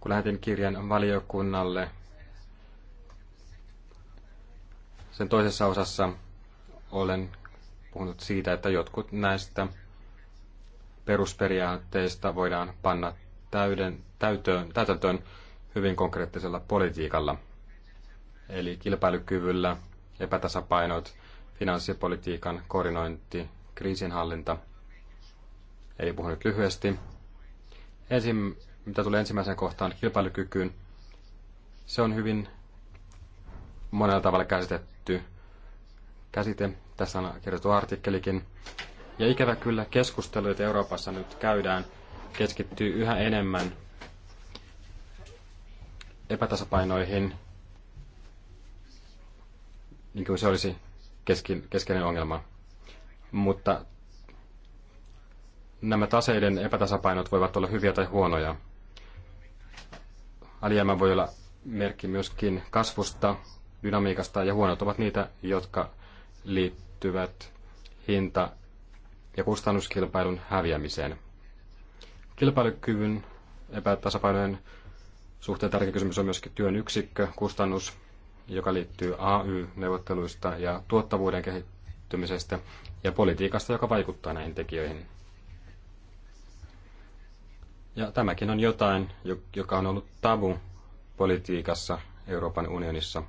kun lähetin kirjan valiokunnalle, sen toisessa osassa olen puhunut siitä, että jotkut näistä perusperiaatteista voidaan panna täyden, täytöön, täytäntöön hyvin konkreettisella politiikalla, eli kilpailukyvyllä, epätasapainot, finanssipolitiikan koordinointi, kriisinhallinta. Eli puhun nyt lyhyesti. Ensin mitä tulee ensimmäiseen kohtaan, kilpailukykyyn, se on hyvin monella tavalla käsitetty käsite. Tässä on kirjoitettu artikkelikin. Ja ikävä kyllä keskustelu, jota Euroopassa nyt käydään, keskittyy yhä enemmän epätasapainoihin, niin kuin se olisi keskeinen ongelma. Mutta nämä taseiden epätasapainot voivat olla hyviä tai huonoja. Alijäämä voi olla merkki myöskin kasvusta, dynamiikasta ja huonot ovat niitä, jotka liittyvät hinta- ja kustannuskilpailun häviämiseen. Kilpailukyvyn epätasapainojen suhteen tärkeä kysymys on myöskin työn yksikkö, kustannus, joka liittyy AY-neuvotteluista ja tuottavuuden kehittymisestä ja politiikasta, joka vaikuttaa näihin tekijöihin. Ja tämäkin on jotain, joka on ollut tabu politiikassa Euroopan unionissa.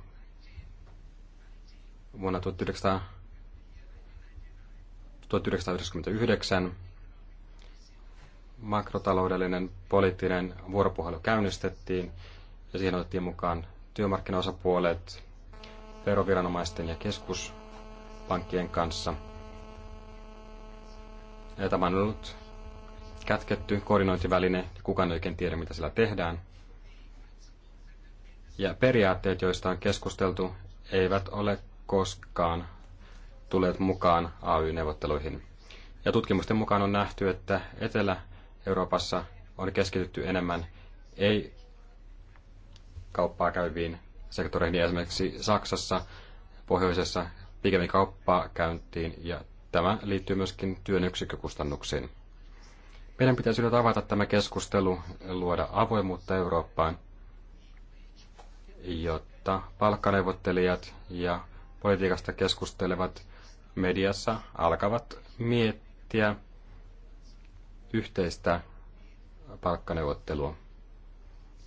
Vuonna 1999 makrotaloudellinen poliittinen vuoropuhelu käynnistettiin ja siihen otettiin mukaan työmarkkinaosapuolet veroviranomaisten ja keskuspankkien kanssa. Ja tämä on ollut kätketty koordinointiväline, kukaan ei oikein tiedä, mitä sillä tehdään. Ja periaatteet, joista on keskusteltu, eivät ole koskaan tulleet mukaan AY-neuvotteluihin. Ja tutkimusten mukaan on nähty, että Etelä-Euroopassa on keskitytty enemmän ei kauppaa käyviin sektoreihin, ja esimerkiksi Saksassa, pohjoisessa pikemmin kauppaa käyntiin, ja tämä liittyy myöskin työn yksikkökustannuksiin. Meidän pitäisi nyt avata tämä keskustelu, luoda avoimuutta Eurooppaan, jotta palkkaneuvottelijat ja politiikasta keskustelevat mediassa alkavat miettiä yhteistä palkkaneuvottelua.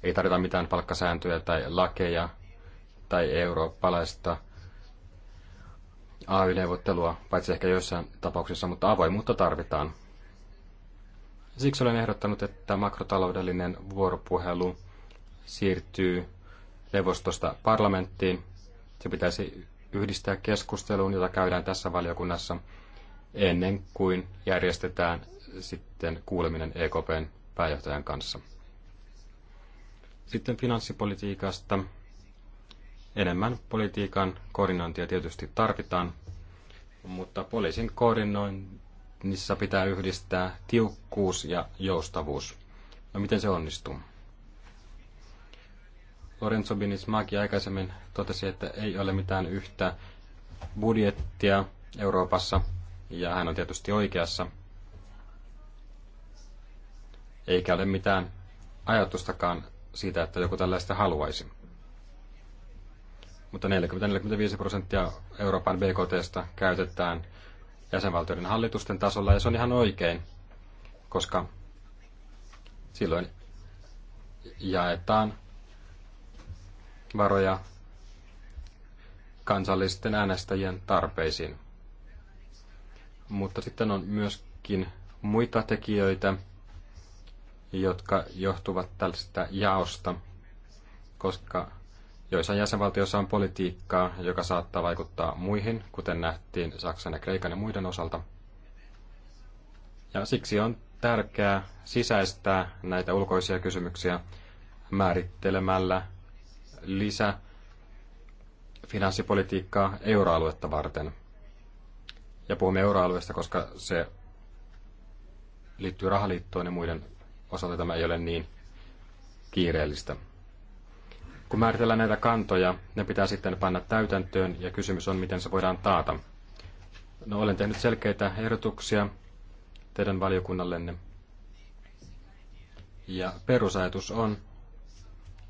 Ei tarvita mitään palkkasääntöjä tai lakeja tai eurooppalaista AY-neuvottelua, paitsi ehkä joissain tapauksissa, mutta avoimuutta tarvitaan. Siksi olen ehdottanut, että makrotaloudellinen vuoropuhelu siirtyy neuvostosta parlamenttiin. Se pitäisi yhdistää keskusteluun, jota käydään tässä valiokunnassa ennen kuin järjestetään sitten kuuleminen EKPn pääjohtajan kanssa. Sitten finanssipolitiikasta. Enemmän politiikan koordinointia tietysti tarvitaan, mutta poliisin koordinointi niissä pitää yhdistää tiukkuus ja joustavuus. No miten se onnistuu? Lorenzo Binismaki aikaisemmin totesi, että ei ole mitään yhtä budjettia Euroopassa, ja hän on tietysti oikeassa. Eikä ole mitään ajatustakaan siitä, että joku tällaista haluaisi. Mutta 40-45 prosenttia Euroopan BKTstä käytetään jäsenvaltioiden hallitusten tasolla, ja se on ihan oikein, koska silloin jaetaan varoja kansallisten äänestäjien tarpeisiin. Mutta sitten on myöskin muita tekijöitä, jotka johtuvat tällaista jaosta, koska joissa jäsenvaltioissa on politiikkaa, joka saattaa vaikuttaa muihin, kuten nähtiin Saksan ja Kreikan ja muiden osalta. Ja siksi on tärkeää sisäistää näitä ulkoisia kysymyksiä määrittelemällä lisä finanssipolitiikkaa euroaluetta varten. Ja puhumme euroalueesta, koska se liittyy rahaliittoon ja muiden osalta tämä ei ole niin kiireellistä. Kun määritellään näitä kantoja, ne pitää sitten panna täytäntöön ja kysymys on, miten se voidaan taata. No, olen tehnyt selkeitä ehdotuksia teidän valiokunnallenne. Ja perusajatus on,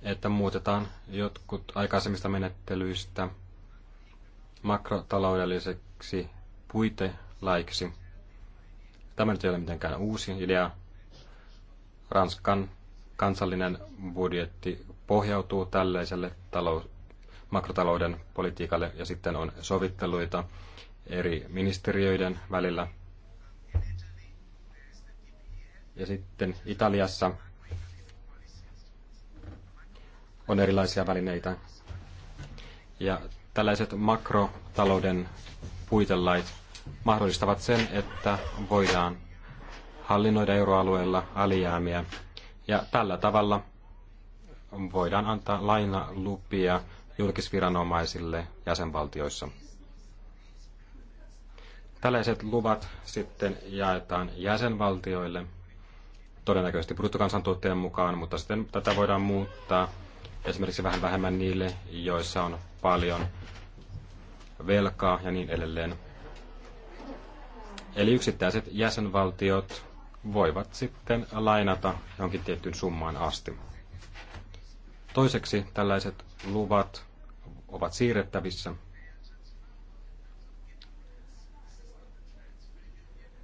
että muutetaan jotkut aikaisemmista menettelyistä makrotaloudelliseksi puitelaiksi. Tämä nyt ei ole mitenkään uusi idea. Ranskan kansallinen budjetti pohjautuu tällaiselle talous, makrotalouden politiikalle ja sitten on sovitteluita eri ministeriöiden välillä. Ja sitten Italiassa on erilaisia välineitä. Ja tällaiset makrotalouden puitelait mahdollistavat sen, että voidaan hallinnoida euroalueella alijäämiä. Ja tällä tavalla voidaan antaa lainalupia julkisviranomaisille jäsenvaltioissa. Tällaiset luvat sitten jaetaan jäsenvaltioille, todennäköisesti bruttokansantuotteen mukaan, mutta sitten tätä voidaan muuttaa esimerkiksi vähän vähemmän niille, joissa on paljon velkaa ja niin edelleen. Eli yksittäiset jäsenvaltiot voivat sitten lainata jonkin tiettyyn summaan asti. Toiseksi tällaiset luvat ovat siirrettävissä.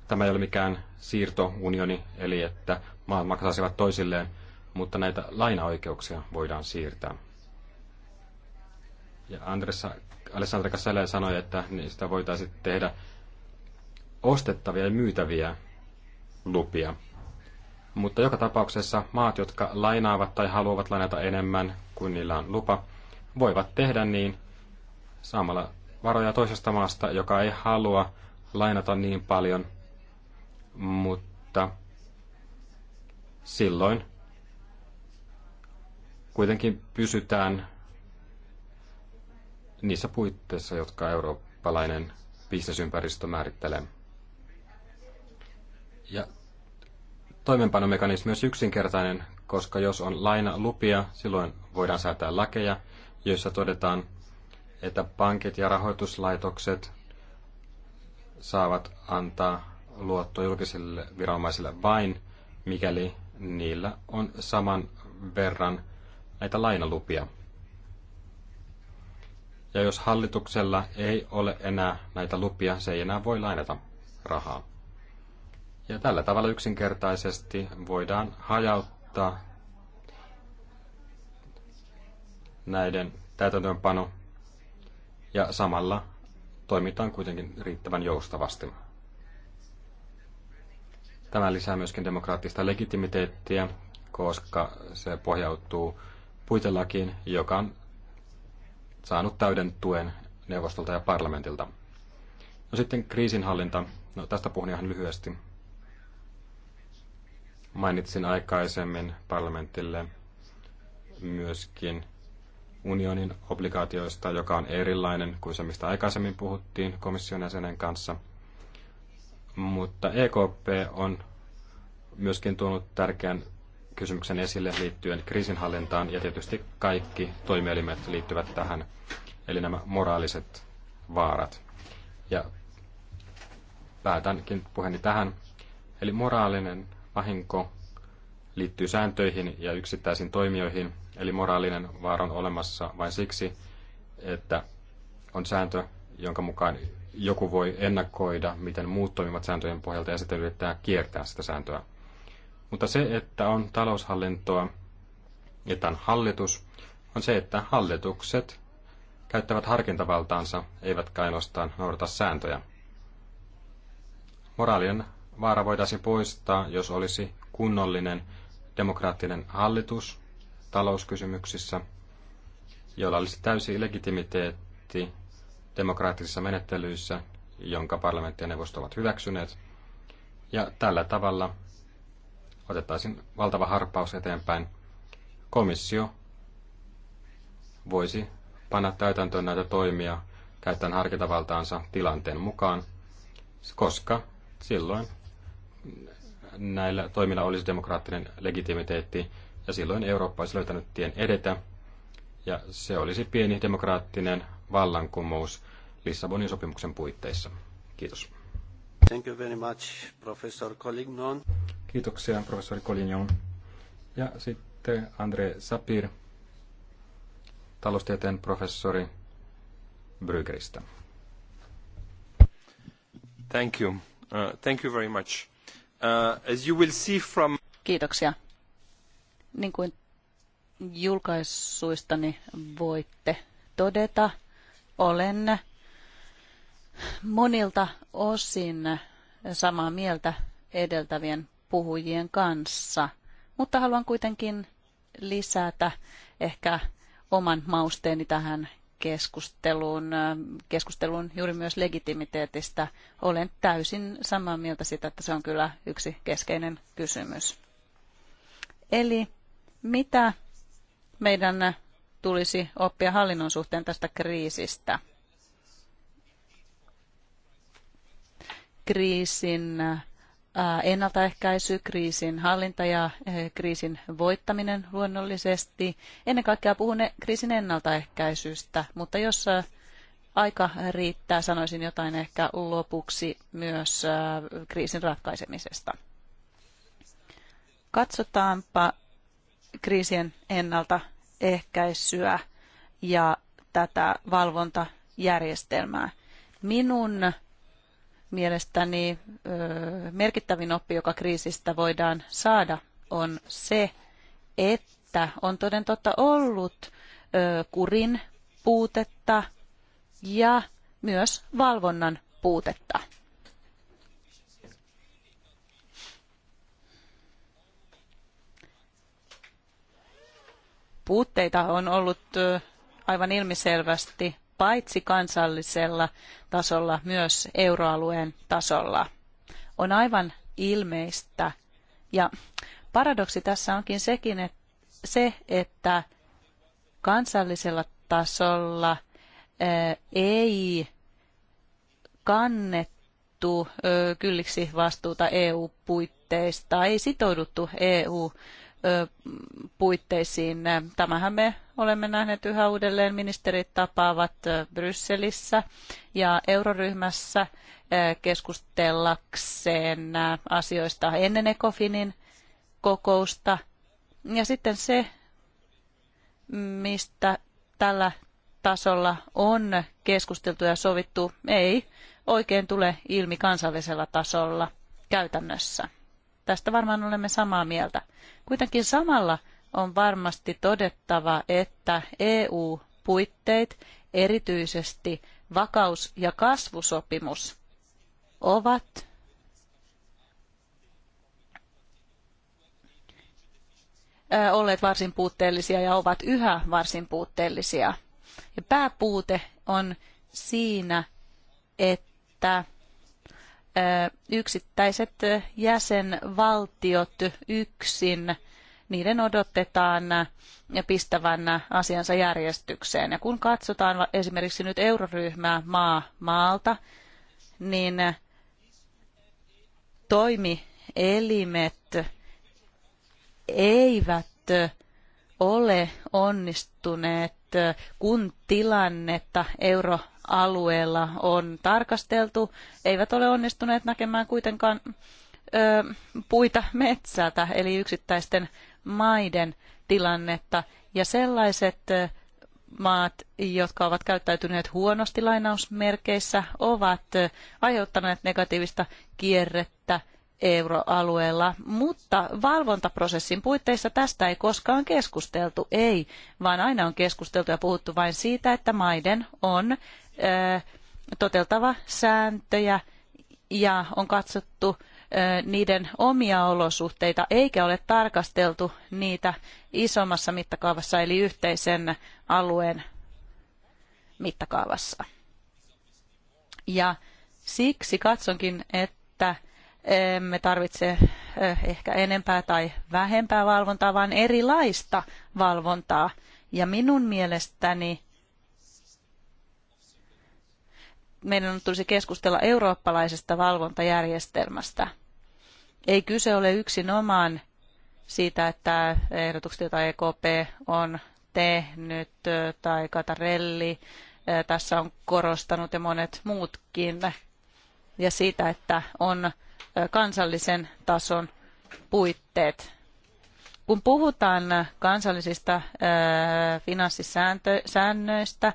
Tämä ei ole mikään siirtounioni, eli että maat maksaisivat toisilleen, mutta näitä lainaoikeuksia voidaan siirtää. Ja Andressa, Alessandra Cassale sanoi, että niistä voitaisiin tehdä ostettavia ja myytäviä lupia. Mutta joka tapauksessa maat, jotka lainaavat tai haluavat lainata enemmän kuin niillä on lupa, voivat tehdä niin saamalla varoja toisesta maasta, joka ei halua lainata niin paljon, mutta silloin kuitenkin pysytään niissä puitteissa, jotka eurooppalainen bisnesympäristö määrittelee. Ja toimenpanomekanismi olisi yksinkertainen, koska jos on laina lupia, silloin voidaan säätää lakeja, joissa todetaan, että pankit ja rahoituslaitokset saavat antaa luotto julkisille viranomaisille vain, mikäli niillä on saman verran näitä lainalupia. Ja jos hallituksella ei ole enää näitä lupia, se ei enää voi lainata rahaa. Ja tällä tavalla yksinkertaisesti voidaan hajauttaa näiden täytäntöönpano ja samalla toimitaan kuitenkin riittävän joustavasti. Tämä lisää myöskin demokraattista legitimiteettiä, koska se pohjautuu puitelakiin, joka on saanut täyden tuen neuvostolta ja parlamentilta. No sitten kriisinhallinta. No, tästä puhun ihan lyhyesti. Mainitsin aikaisemmin parlamentille myöskin unionin obligaatioista, joka on erilainen kuin se, mistä aikaisemmin puhuttiin komission jäsenen kanssa. Mutta EKP on myöskin tuonut tärkeän kysymyksen esille liittyen kriisinhallintaan, ja tietysti kaikki toimielimet liittyvät tähän, eli nämä moraaliset vaarat. Ja päätänkin puheeni tähän. Eli moraalinen vahinko liittyy sääntöihin ja yksittäisiin toimijoihin, eli moraalinen vaara on olemassa vain siksi, että on sääntö, jonka mukaan joku voi ennakoida, miten muut toimivat sääntöjen pohjalta ja sitten yrittää kiertää sitä sääntöä. Mutta se, että on taloushallintoa, että on hallitus, on se, että hallitukset käyttävät harkintavaltaansa, eivätkä ainoastaan noudata sääntöjä. Moraalinen vaara voitaisiin poistaa, jos olisi kunnollinen demokraattinen hallitus talouskysymyksissä, jolla olisi täysi legitimiteetti demokraattisissa menettelyissä, jonka parlamentti ja neuvosto ovat hyväksyneet. Ja tällä tavalla otettaisiin valtava harppaus eteenpäin. Komissio voisi panna täytäntöön näitä toimia käyttäen harkintavaltaansa tilanteen mukaan, koska silloin näillä toimilla olisi demokraattinen legitimiteetti, ja silloin Eurooppa olisi löytänyt tien edetä, ja se olisi pieni demokraattinen vallankumous Lissabonin sopimuksen puitteissa. Kiitos. Thank you very much, professor Collignon. Kiitoksia, professori Collignon. Ja sitten Andre Sapir, taloustieteen professori Brygeristä. Thank you. Uh, thank you very much. Uh, as you will see from... Kiitoksia. Niin kuin julkaisuistani voitte todeta, olen monilta osin samaa mieltä edeltävien puhujien kanssa, mutta haluan kuitenkin lisätä ehkä oman mausteeni tähän keskustelun, keskustelun juuri myös legitimiteetistä. Olen täysin samaa mieltä siitä, että se on kyllä yksi keskeinen kysymys. Eli mitä meidän tulisi oppia hallinnon suhteen tästä kriisistä? Kriisin Äh, ennaltaehkäisy, kriisin hallinta ja äh, kriisin voittaminen luonnollisesti. Ennen kaikkea puhun e- kriisin ennaltaehkäisystä, mutta jos äh, aika riittää, sanoisin jotain ehkä lopuksi myös kriisin ratkaisemisesta. Katsotaanpa kriisien ennaltaehkäisyä ja tätä valvontajärjestelmää. Minun mielestäni merkittävin oppi, joka kriisistä voidaan saada, on se, että on toden totta ollut kurin puutetta ja myös valvonnan puutetta. Puutteita on ollut aivan ilmiselvästi paitsi kansallisella tasolla myös euroalueen tasolla. On aivan ilmeistä ja paradoksi tässä onkin sekin, että se, että kansallisella tasolla ei kannettu kylliksi vastuuta EU-puitteista, ei sitouduttu EU-puitteista puitteisiin. Tämähän me olemme nähneet yhä uudelleen. Ministerit tapaavat Brysselissä ja euroryhmässä keskustellakseen asioista ennen Ecofinin kokousta. Ja sitten se, mistä tällä tasolla on keskusteltu ja sovittu, ei oikein tule ilmi kansallisella tasolla käytännössä. Tästä varmaan olemme samaa mieltä. Kuitenkin samalla on varmasti todettava, että EU-puitteet, erityisesti vakaus- ja kasvusopimus, ovat olleet varsin puutteellisia ja ovat yhä varsin puutteellisia. Ja pääpuute on siinä, että yksittäiset jäsenvaltiot yksin, niiden odotetaan pistävän asiansa järjestykseen. Ja kun katsotaan esimerkiksi nyt euroryhmää maa maalta, niin toimielimet eivät ole onnistuneet, kun tilannetta euro alueella on tarkasteltu, eivät ole onnistuneet näkemään kuitenkaan ö, puita metsältä, eli yksittäisten maiden tilannetta. Ja sellaiset maat, jotka ovat käyttäytyneet huonosti lainausmerkeissä, ovat aiheuttaneet negatiivista kierrettä euroalueella, mutta valvontaprosessin puitteissa tästä ei koskaan keskusteltu, ei, vaan aina on keskusteltu ja puhuttu vain siitä, että maiden on toteltava sääntöjä ja on katsottu niiden omia olosuhteita eikä ole tarkasteltu niitä isommassa mittakaavassa eli yhteisen alueen mittakaavassa. Ja siksi katsonkin, että emme tarvitse ehkä enempää tai vähempää valvontaa, vaan erilaista valvontaa. Ja minun mielestäni meidän tulisi keskustella eurooppalaisesta valvontajärjestelmästä. Ei kyse ole yksinomaan siitä, että ehdotukset, joita EKP on tehnyt tai Katarelli tässä on korostanut ja monet muutkin ja siitä, että on kansallisen tason puitteet. Kun puhutaan kansallisista finanssisäännöistä,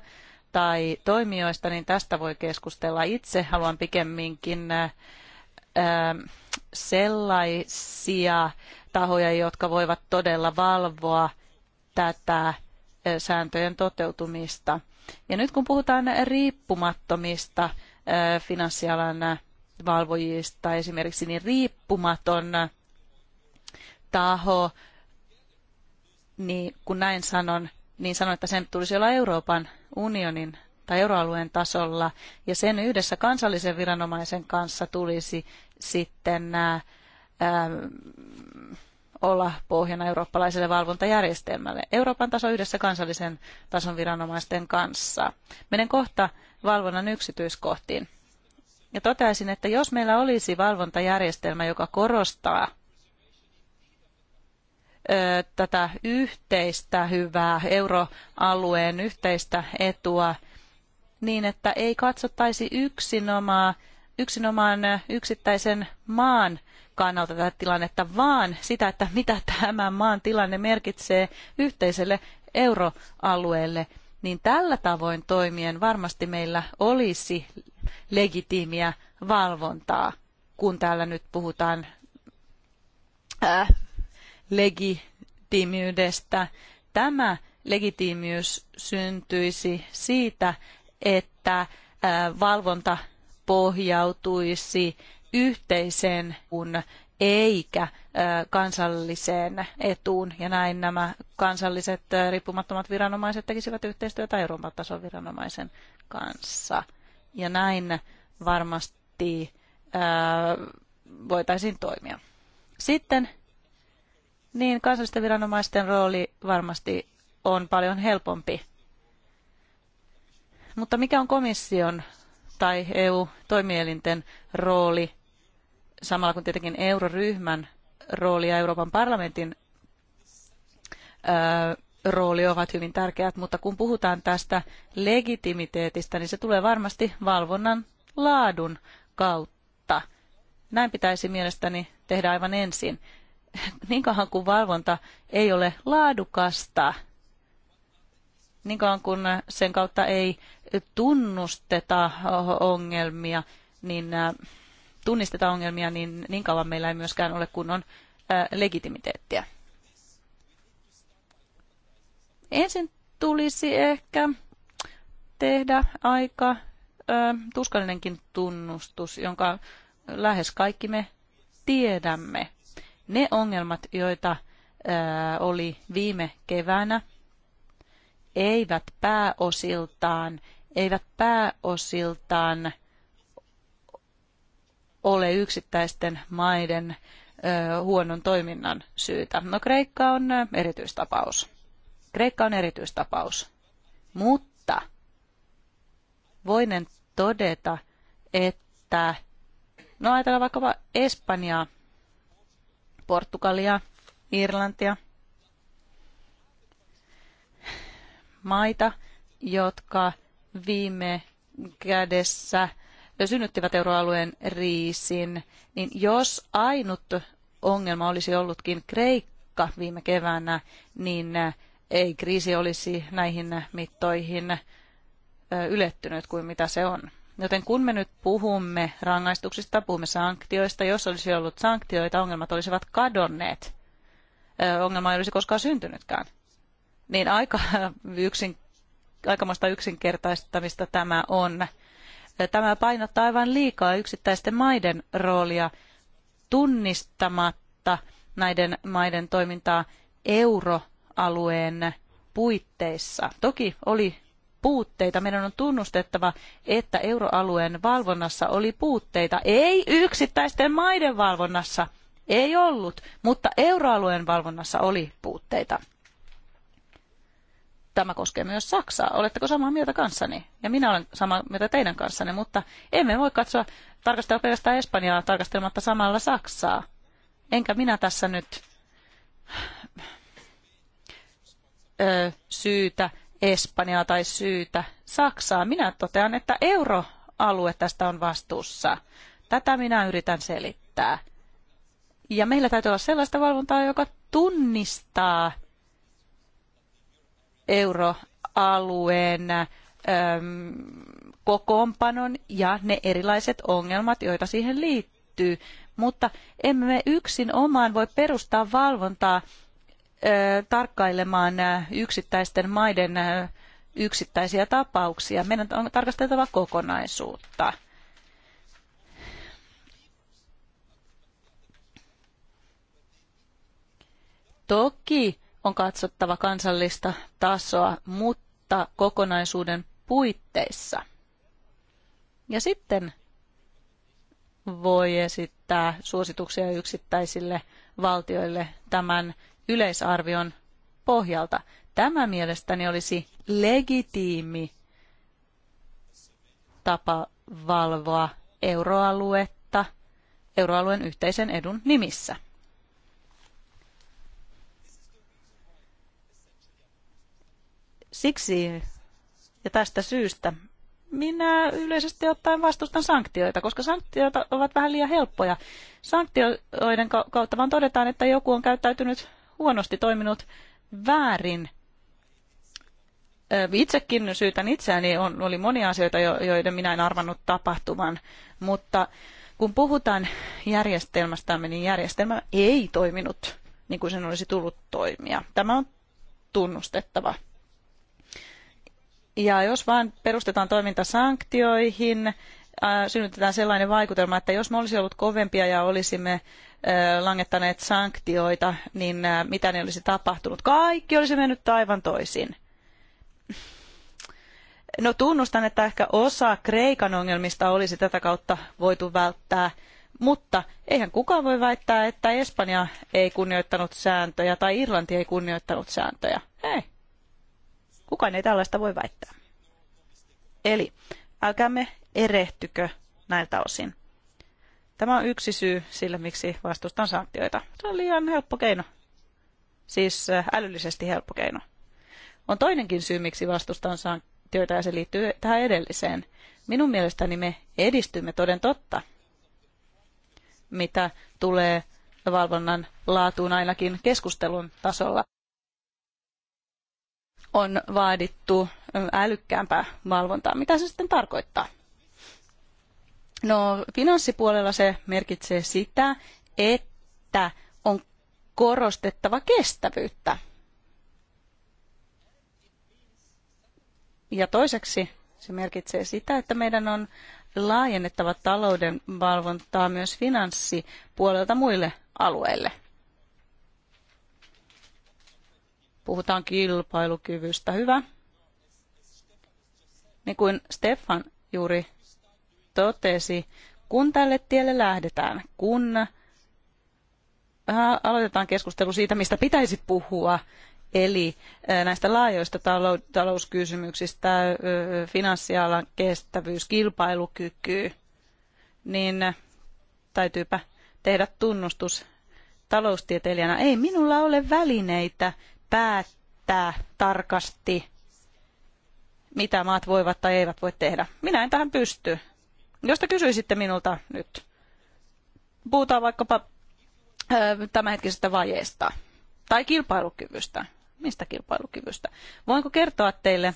tai toimijoista, niin tästä voi keskustella. Itse haluan pikemminkin sellaisia tahoja, jotka voivat todella valvoa tätä sääntöjen toteutumista. Ja nyt kun puhutaan riippumattomista finanssialan valvojista esimerkiksi, niin riippumaton taho, niin kun näin sanon, niin sanon, että sen tulisi olla Euroopan unionin tai euroalueen tasolla ja sen yhdessä kansallisen viranomaisen kanssa tulisi sitten ää, olla pohjana eurooppalaiselle valvontajärjestelmälle. Euroopan taso yhdessä kansallisen tason viranomaisten kanssa. Menen kohta valvonnan yksityiskohtiin. Ja toteaisin, että jos meillä olisi valvontajärjestelmä, joka korostaa tätä yhteistä hyvää, euroalueen yhteistä etua, niin että ei katsottaisi yksinomaan, yksinomaan yksittäisen maan kannalta tätä tilannetta, vaan sitä, että mitä tämän maan tilanne merkitsee yhteiselle euroalueelle, niin tällä tavoin toimien varmasti meillä olisi legitiimiä valvontaa, kun täällä nyt puhutaan legitiimiydestä. Tämä legitiimiys syntyisi siitä, että valvonta pohjautuisi yhteiseen kun eikä kansalliseen etuun. Ja näin nämä kansalliset riippumattomat viranomaiset tekisivät yhteistyötä Euroopan tason viranomaisen kanssa. Ja näin varmasti voitaisiin toimia. Sitten niin kansallisten viranomaisten rooli varmasti on paljon helpompi. Mutta mikä on komission tai EU-toimielinten rooli, samalla kun tietenkin euroryhmän rooli ja Euroopan parlamentin rooli ovat hyvin tärkeät, mutta kun puhutaan tästä legitimiteetistä, niin se tulee varmasti valvonnan laadun kautta. Näin pitäisi mielestäni tehdä aivan ensin. niin kauan kuin valvonta ei ole laadukasta, niin kauan kuin sen kautta ei tunnusteta ongelmia, niin äh, tunnisteta ongelmia, niin, niin kauan meillä ei myöskään ole kunnon äh, legitimiteettiä. Ensin tulisi ehkä tehdä aika äh, tuskallinenkin tunnustus, jonka lähes kaikki me tiedämme ne ongelmat, joita oli viime keväänä, eivät pääosiltaan, eivät pääosiltaan ole yksittäisten maiden huonon toiminnan syytä. No Kreikka on erityistapaus. Kreikka on erityistapaus. Mutta voinen todeta, että no ajatellaan vaikka Espanjaa Portugalia, Irlantia, maita, jotka viime kädessä synnyttivät euroalueen riisin, niin jos ainut ongelma olisi ollutkin Kreikka viime keväänä, niin ei kriisi olisi näihin mittoihin ylettynyt kuin mitä se on. Joten kun me nyt puhumme rangaistuksista, puhumme sanktioista, jos olisi ollut sanktioita, ongelmat olisivat kadonneet. Ongelma ei olisi koskaan syntynytkään. Niin aika yksin, aikamoista yksinkertaistamista tämä on. Tämä painottaa aivan liikaa yksittäisten maiden roolia tunnistamatta näiden maiden toimintaa euroalueen puitteissa. Toki oli puutteita. Meidän on tunnustettava, että euroalueen valvonnassa oli puutteita. Ei yksittäisten maiden valvonnassa, ei ollut, mutta euroalueen valvonnassa oli puutteita. Tämä koskee myös Saksaa. Oletteko samaa mieltä kanssani? Ja minä olen samaa mieltä teidän kanssanne, mutta emme voi katsoa, tarkastella pelkästään Espanjaa tarkastelematta samalla Saksaa. Enkä minä tässä nyt ö, syytä Espanjaa tai syytä Saksaa. Minä totean, että euroalue tästä on vastuussa. Tätä minä yritän selittää. Ja meillä täytyy olla sellaista valvontaa, joka tunnistaa euroalueen äm, kokoonpanon ja ne erilaiset ongelmat, joita siihen liittyy. Mutta emme me yksin omaan voi perustaa valvontaa tarkkailemaan yksittäisten maiden yksittäisiä tapauksia. Meidän on tarkasteltava kokonaisuutta. Toki on katsottava kansallista tasoa, mutta kokonaisuuden puitteissa. Ja sitten voi esittää suosituksia yksittäisille valtioille tämän yleisarvion pohjalta. Tämä mielestäni olisi legitiimi tapa valvoa euroaluetta euroalueen yhteisen edun nimissä. Siksi ja tästä syystä minä yleisesti ottaen vastustan sanktioita, koska sanktioita ovat vähän liian helppoja. Sanktioiden kautta vaan todetaan, että joku on käyttäytynyt huonosti toiminut väärin. Itsekin syytän itseäni, on, oli monia asioita, joiden minä en arvannut tapahtuvan, mutta kun puhutaan järjestelmästä, niin järjestelmä ei toiminut niin kuin sen olisi tullut toimia. Tämä on tunnustettava. Ja jos vain perustetaan toiminta sanktioihin, Äh, synnytetään sellainen vaikutelma, että jos me olisimme olleet kovempia ja olisimme äh, langettaneet sanktioita, niin äh, mitä ne olisi tapahtunut? Kaikki olisi mennyt aivan toisin. No tunnustan, että ehkä osa Kreikan ongelmista olisi tätä kautta voitu välttää, mutta eihän kukaan voi väittää, että Espanja ei kunnioittanut sääntöjä tai Irlanti ei kunnioittanut sääntöjä. Ei. Kukaan ei tällaista voi väittää. Eli älkäämme erehtykö näiltä osin. Tämä on yksi syy sille, miksi vastustan sanktioita. Se on liian helppo keino. Siis äh, älyllisesti helppo keino. On toinenkin syy, miksi vastustan sanktioita ja se liittyy tähän edelliseen. Minun mielestäni me edistymme toden totta, mitä tulee valvonnan laatuun ainakin keskustelun tasolla. On vaadittu äh, älykkäämpää valvontaa. Mitä se sitten tarkoittaa? No finanssipuolella se merkitsee sitä, että on korostettava kestävyyttä. Ja toiseksi se merkitsee sitä, että meidän on laajennettava talouden valvontaa myös finanssipuolelta muille alueille. Puhutaan kilpailukyvystä, hyvä? Niin kuin Stefan juuri totesi, kun tälle tielle lähdetään, kun äh, aloitetaan keskustelu siitä, mistä pitäisi puhua, eli äh, näistä laajoista talouskysymyksistä, äh, finanssialan kestävyys, kilpailukyky, niin täytyypä tehdä tunnustus taloustieteilijänä. Ei minulla ole välineitä päättää tarkasti, mitä maat voivat tai eivät voi tehdä. Minä en tähän pysty. Jos te kysyisitte minulta nyt, puhutaan vaikkapa tämänhetkisestä vajeesta tai kilpailukyvystä. Mistä kilpailukyvystä? Voinko kertoa teille,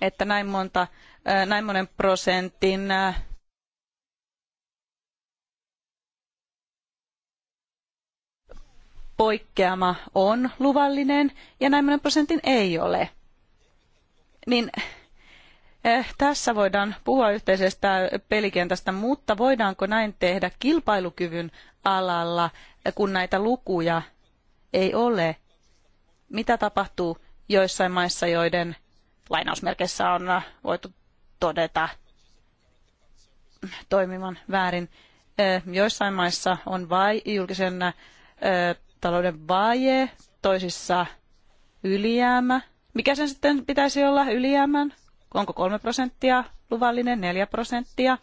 että näin, monta, näin monen prosentin poikkeama on luvallinen ja näin monen prosentin ei ole. Niin Eh, tässä voidaan puhua yhteisestä pelikentästä, mutta voidaanko näin tehdä kilpailukyvyn alalla, kun näitä lukuja ei ole? Mitä tapahtuu joissain maissa, joiden lainausmerkeissä on äh, voitu todeta toimivan väärin? Eh, joissain maissa on vai, julkisen eh, talouden vaje, toisissa ylijäämä. Mikä sen sitten pitäisi olla ylijäämän onko kolme prosenttia luvallinen, neljä prosenttia.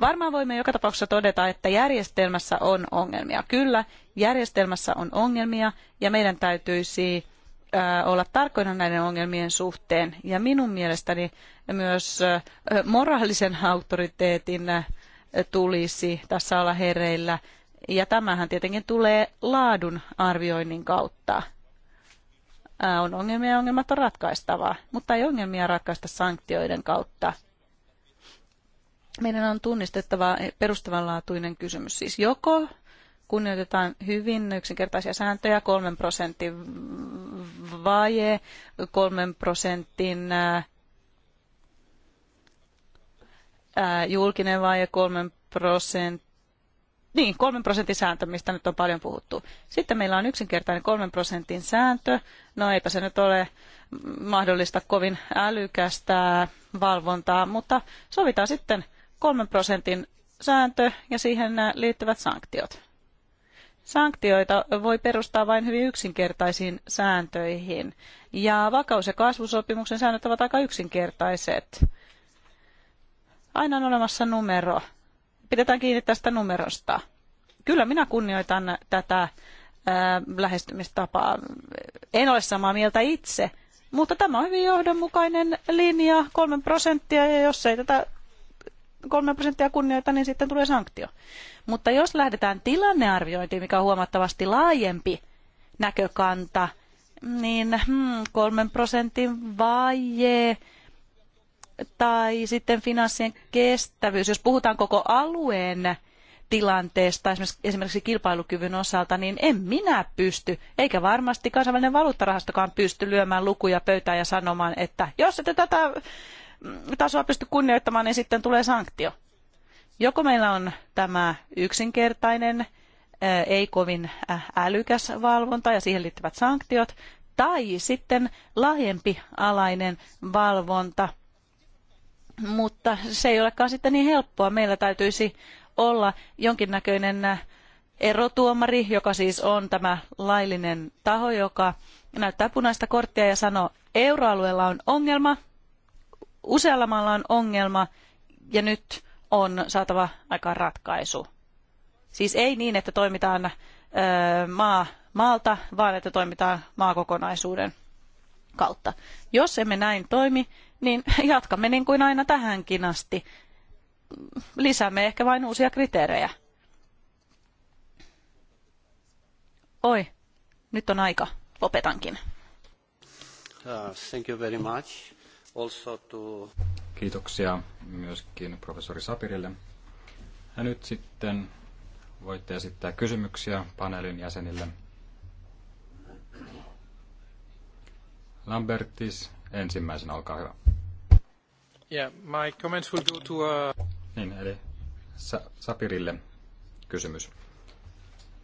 Varmaan voimme joka tapauksessa todeta, että järjestelmässä on ongelmia. Kyllä, järjestelmässä on ongelmia ja meidän täytyisi olla tarkkoina näiden ongelmien suhteen. Ja minun mielestäni myös moraalisen auktoriteetin tulisi tässä olla hereillä. Ja tämähän tietenkin tulee laadun arvioinnin kautta on ongelmia ja ongelmat on ratkaistavaa, mutta ei ongelmia ratkaista sanktioiden kautta. Meidän on tunnistettava perustavanlaatuinen kysymys, siis joko kunnioitetaan hyvin yksinkertaisia sääntöjä, kolmen prosentin vaje, kolmen prosentin julkinen vaje, kolmen prosentin niin, kolmen prosentin sääntö, mistä nyt on paljon puhuttu. Sitten meillä on yksinkertainen kolmen prosentin sääntö. No eipä se nyt ole mahdollista kovin älykästä valvontaa, mutta sovitaan sitten kolmen prosentin sääntö ja siihen liittyvät sanktiot. Sanktioita voi perustaa vain hyvin yksinkertaisiin sääntöihin. Ja vakaus- ja kasvusopimuksen säännöt ovat aika yksinkertaiset. Aina on olemassa numero pidetään kiinni tästä numerosta. Kyllä minä kunnioitan tätä lähestymistapaa. En ole samaa mieltä itse, mutta tämä on hyvin johdonmukainen linja, kolme prosenttia, ja jos ei tätä kolme prosenttia kunnioita, niin sitten tulee sanktio. Mutta jos lähdetään tilannearviointiin, mikä on huomattavasti laajempi näkökanta, niin hmm, kolmen prosentin vaje tai sitten finanssien kestävyys. Jos puhutaan koko alueen tilanteesta esimerkiksi kilpailukyvyn osalta, niin en minä pysty, eikä varmasti kansainvälinen valuuttarahastokaan pysty lyömään lukuja pöytään ja sanomaan, että jos ette tätä mm, tasoa pysty kunnioittamaan, niin sitten tulee sanktio. Joko meillä on tämä yksinkertainen, eh, ei kovin eh, älykäs valvonta ja siihen liittyvät sanktiot, tai sitten laajempi alainen valvonta – mutta se ei olekaan sitten niin helppoa. Meillä täytyisi olla jonkinnäköinen erotuomari, joka siis on tämä laillinen taho, joka näyttää punaista korttia ja sanoo, euroalueella on ongelma, usealla maalla on ongelma ja nyt on saatava aikaan ratkaisu. Siis ei niin, että toimitaan ö, maa maalta, vaan että toimitaan maakokonaisuuden kautta. Jos emme näin toimi, niin jatkamme niin kuin aina tähänkin asti. Lisäämme ehkä vain uusia kriteerejä. Oi, nyt on aika. Lopetankin. Uh, thank you very much. Also to... Kiitoksia myöskin professori Sapirille. Ja nyt sitten voitte esittää kysymyksiä paneelin jäsenille. Lambertis ensimmäisenä, olkaa hyvä. Yeah, my comments will go to, uh... Niin, eli Sa- Sapirille kysymys.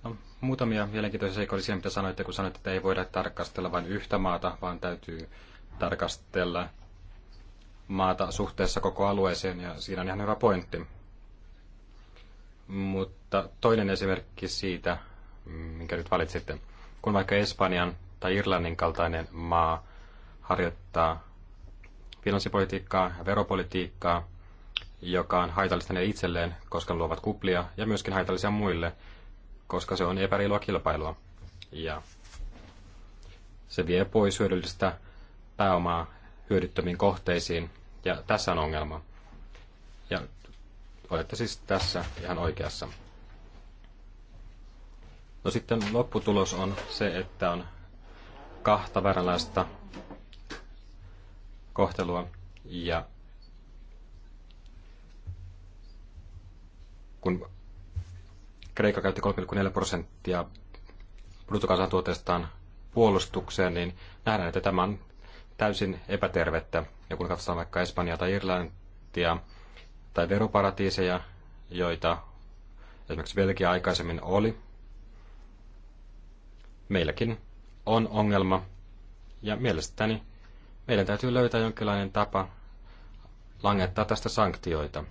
No, muutamia mielenkiintoisia seikkoja siihen, mitä sanoitte, kun sanoitte, että ei voida tarkastella vain yhtä maata, vaan täytyy tarkastella maata suhteessa koko alueeseen, ja siinä on ihan hyvä pointti. Mutta toinen esimerkki siitä, minkä nyt valitsitte, kun vaikka Espanjan tai Irlannin kaltainen maa harjoittaa finanssipolitiikkaa ja veropolitiikkaa, joka on haitallista ne itselleen, koska ne luovat kuplia, ja myöskin haitallisia muille, koska se on epäreilua kilpailua. Ja se vie pois hyödyllistä pääomaa hyödyttömiin kohteisiin, ja tässä on ongelma. Ja olette siis tässä ihan oikeassa. No sitten lopputulos on se, että on kahta vääränlaista kohtelua ja kun Kreikka käytti 3,4 prosenttia bruttokansantuotteestaan puolustukseen, niin nähdään, että tämä on täysin epätervettä. Ja kun katsotaan vaikka Espanjaa tai Irlantia tai veroparatiiseja, joita esimerkiksi Belgia aikaisemmin oli, meilläkin on ongelma. Ja mielestäni meidän täytyy löytää jonkinlainen tapa langettaa tästä sanktioita.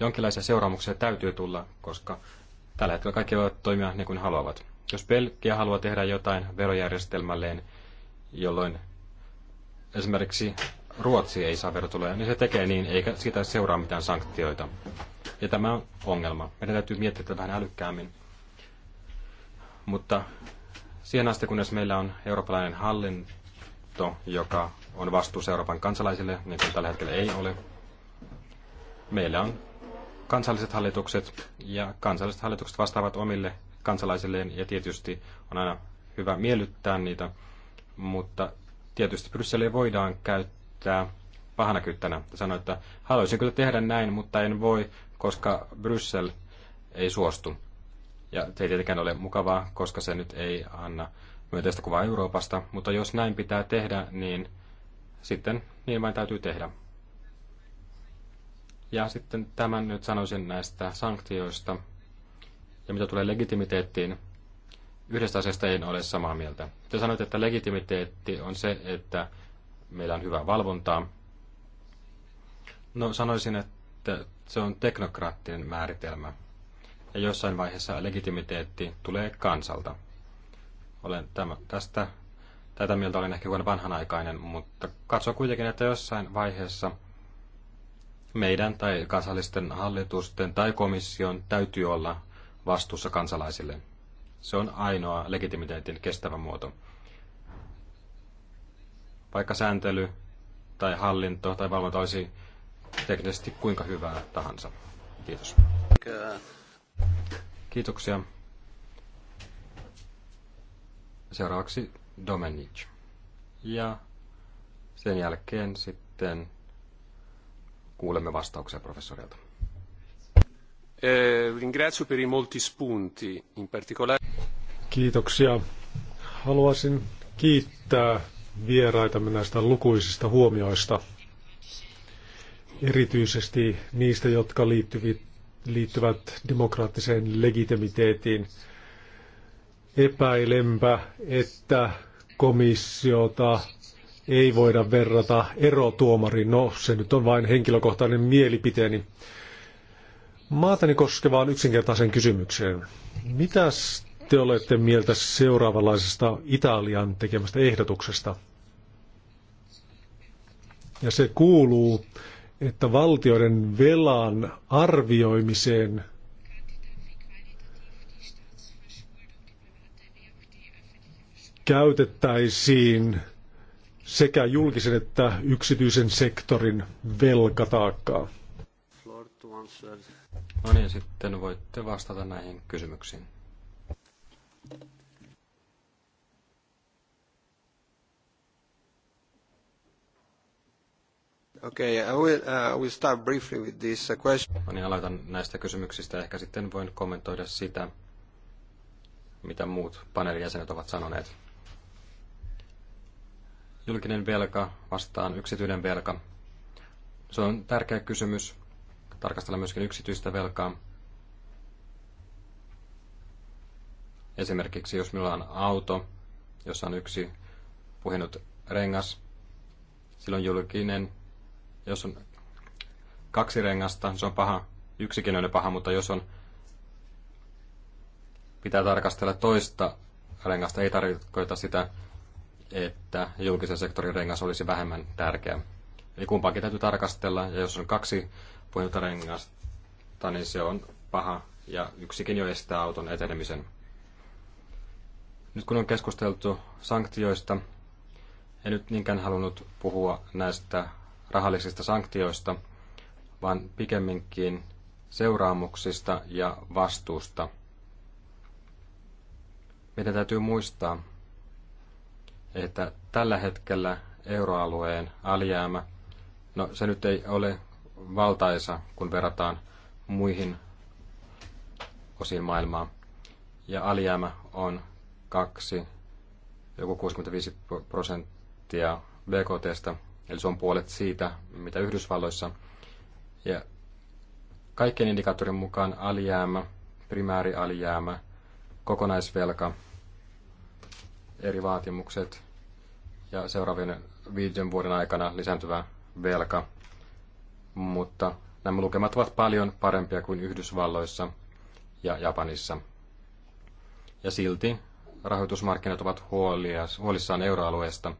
Jonkinlaisia seuraamuksia täytyy tulla, koska tällä hetkellä kaikki voivat toimia niin kuin haluavat. Jos Belgia haluaa tehdä jotain verojärjestelmälleen, jolloin esimerkiksi Ruotsi ei saa verotuloja, niin se tekee niin, eikä siitä seuraa mitään sanktioita. Ja tämä on ongelma. Meidän täytyy miettiä tätä vähän älykkäämmin. Mutta siihen asti, kunnes meillä on eurooppalainen hallinto, liitto, joka on vastuussa Euroopan kansalaisille, niin kuin tällä hetkellä ei ole. Meillä on kansalliset hallitukset ja kansalliset hallitukset vastaavat omille kansalaisilleen ja tietysti on aina hyvä miellyttää niitä, mutta tietysti Brysseliä voidaan käyttää pahana kyttänä. Sanoin, että haluaisin kyllä tehdä näin, mutta en voi, koska Bryssel ei suostu. Ja se ei tietenkään ole mukavaa, koska se nyt ei anna myönteistä kuvaa Euroopasta, mutta jos näin pitää tehdä, niin sitten niin vain täytyy tehdä. Ja sitten tämän nyt sanoisin näistä sanktioista ja mitä tulee legitimiteettiin. Yhdestä asiasta en ole samaa mieltä. Te sanoitte, että legitimiteetti on se, että meillä on hyvää valvontaa. No sanoisin, että se on teknokraattinen määritelmä. Ja jossain vaiheessa legitimiteetti tulee kansalta. Olen tämä, tästä, tätä mieltä olen ehkä vähän vanhanaikainen, mutta katso kuitenkin, että jossain vaiheessa meidän tai kansallisten hallitusten tai komission täytyy olla vastuussa kansalaisille. Se on ainoa legitimiteetin kestävä muoto. Vaikka sääntely tai hallinto tai valvonta olisi teknisesti kuinka hyvää tahansa. Kiitos. Kiitoksia. Seuraavaksi Domenic. Ja sen jälkeen sitten kuulemme vastauksia professorilta. Eh, ringrazio per i molti spunti, in particolare... Kiitoksia. Haluaisin kiittää vieraita näistä lukuisista huomioista, erityisesti niistä, jotka liittyvät, liittyvät demokraattiseen legitimiteettiin – Epäilempä, että komissiota ei voida verrata erotuomariin. No, se nyt on vain henkilökohtainen mielipiteeni. Maatani koskevaan yksinkertaisen kysymykseen. Mitäs te olette mieltä seuraavanlaisesta Italian tekemästä ehdotuksesta? Ja se kuuluu, että valtioiden velan arvioimiseen käytettäisiin sekä julkisen että yksityisen sektorin velkataakkaa. No niin, sitten voitte vastata näihin kysymyksiin. Okay, I will, uh, will start briefly with this uh, question. No niin, aloitan näistä kysymyksistä. Ehkä sitten voin kommentoida sitä, mitä muut paneelin jäsenet ovat sanoneet julkinen velka vastaan yksityinen velka. Se on tärkeä kysymys. Tarkastella myöskin yksityistä velkaa. Esimerkiksi jos minulla on auto, jossa on yksi puhinut rengas, silloin julkinen, jos on kaksi rengasta, se on paha, yksikin on paha, mutta jos on, pitää tarkastella toista rengasta, ei tarkoita sitä, että julkisen sektorin rengas olisi vähemmän tärkeä. Eli kumpaakin täytyy tarkastella, ja jos on kaksi puhelinta rengasta, niin se on paha, ja yksikin jo estää auton etenemisen. Nyt kun on keskusteltu sanktioista, en nyt niinkään halunnut puhua näistä rahallisista sanktioista, vaan pikemminkin seuraamuksista ja vastuusta. Meidän täytyy muistaa, että tällä hetkellä euroalueen alijäämä, no se nyt ei ole valtaisa, kun verrataan muihin osiin maailmaa. Ja alijäämä on kaksi, joku 65 prosenttia BKTstä, eli se on puolet siitä, mitä Yhdysvalloissa. Ja kaikkien indikaattorin mukaan alijäämä, primäärialijäämä, kokonaisvelka eri vaatimukset ja seuraavien viiden vuoden aikana lisääntyvä velka. Mutta nämä lukemat ovat paljon parempia kuin Yhdysvalloissa ja Japanissa. Ja silti rahoitusmarkkinat ovat huolissaan euroalueesta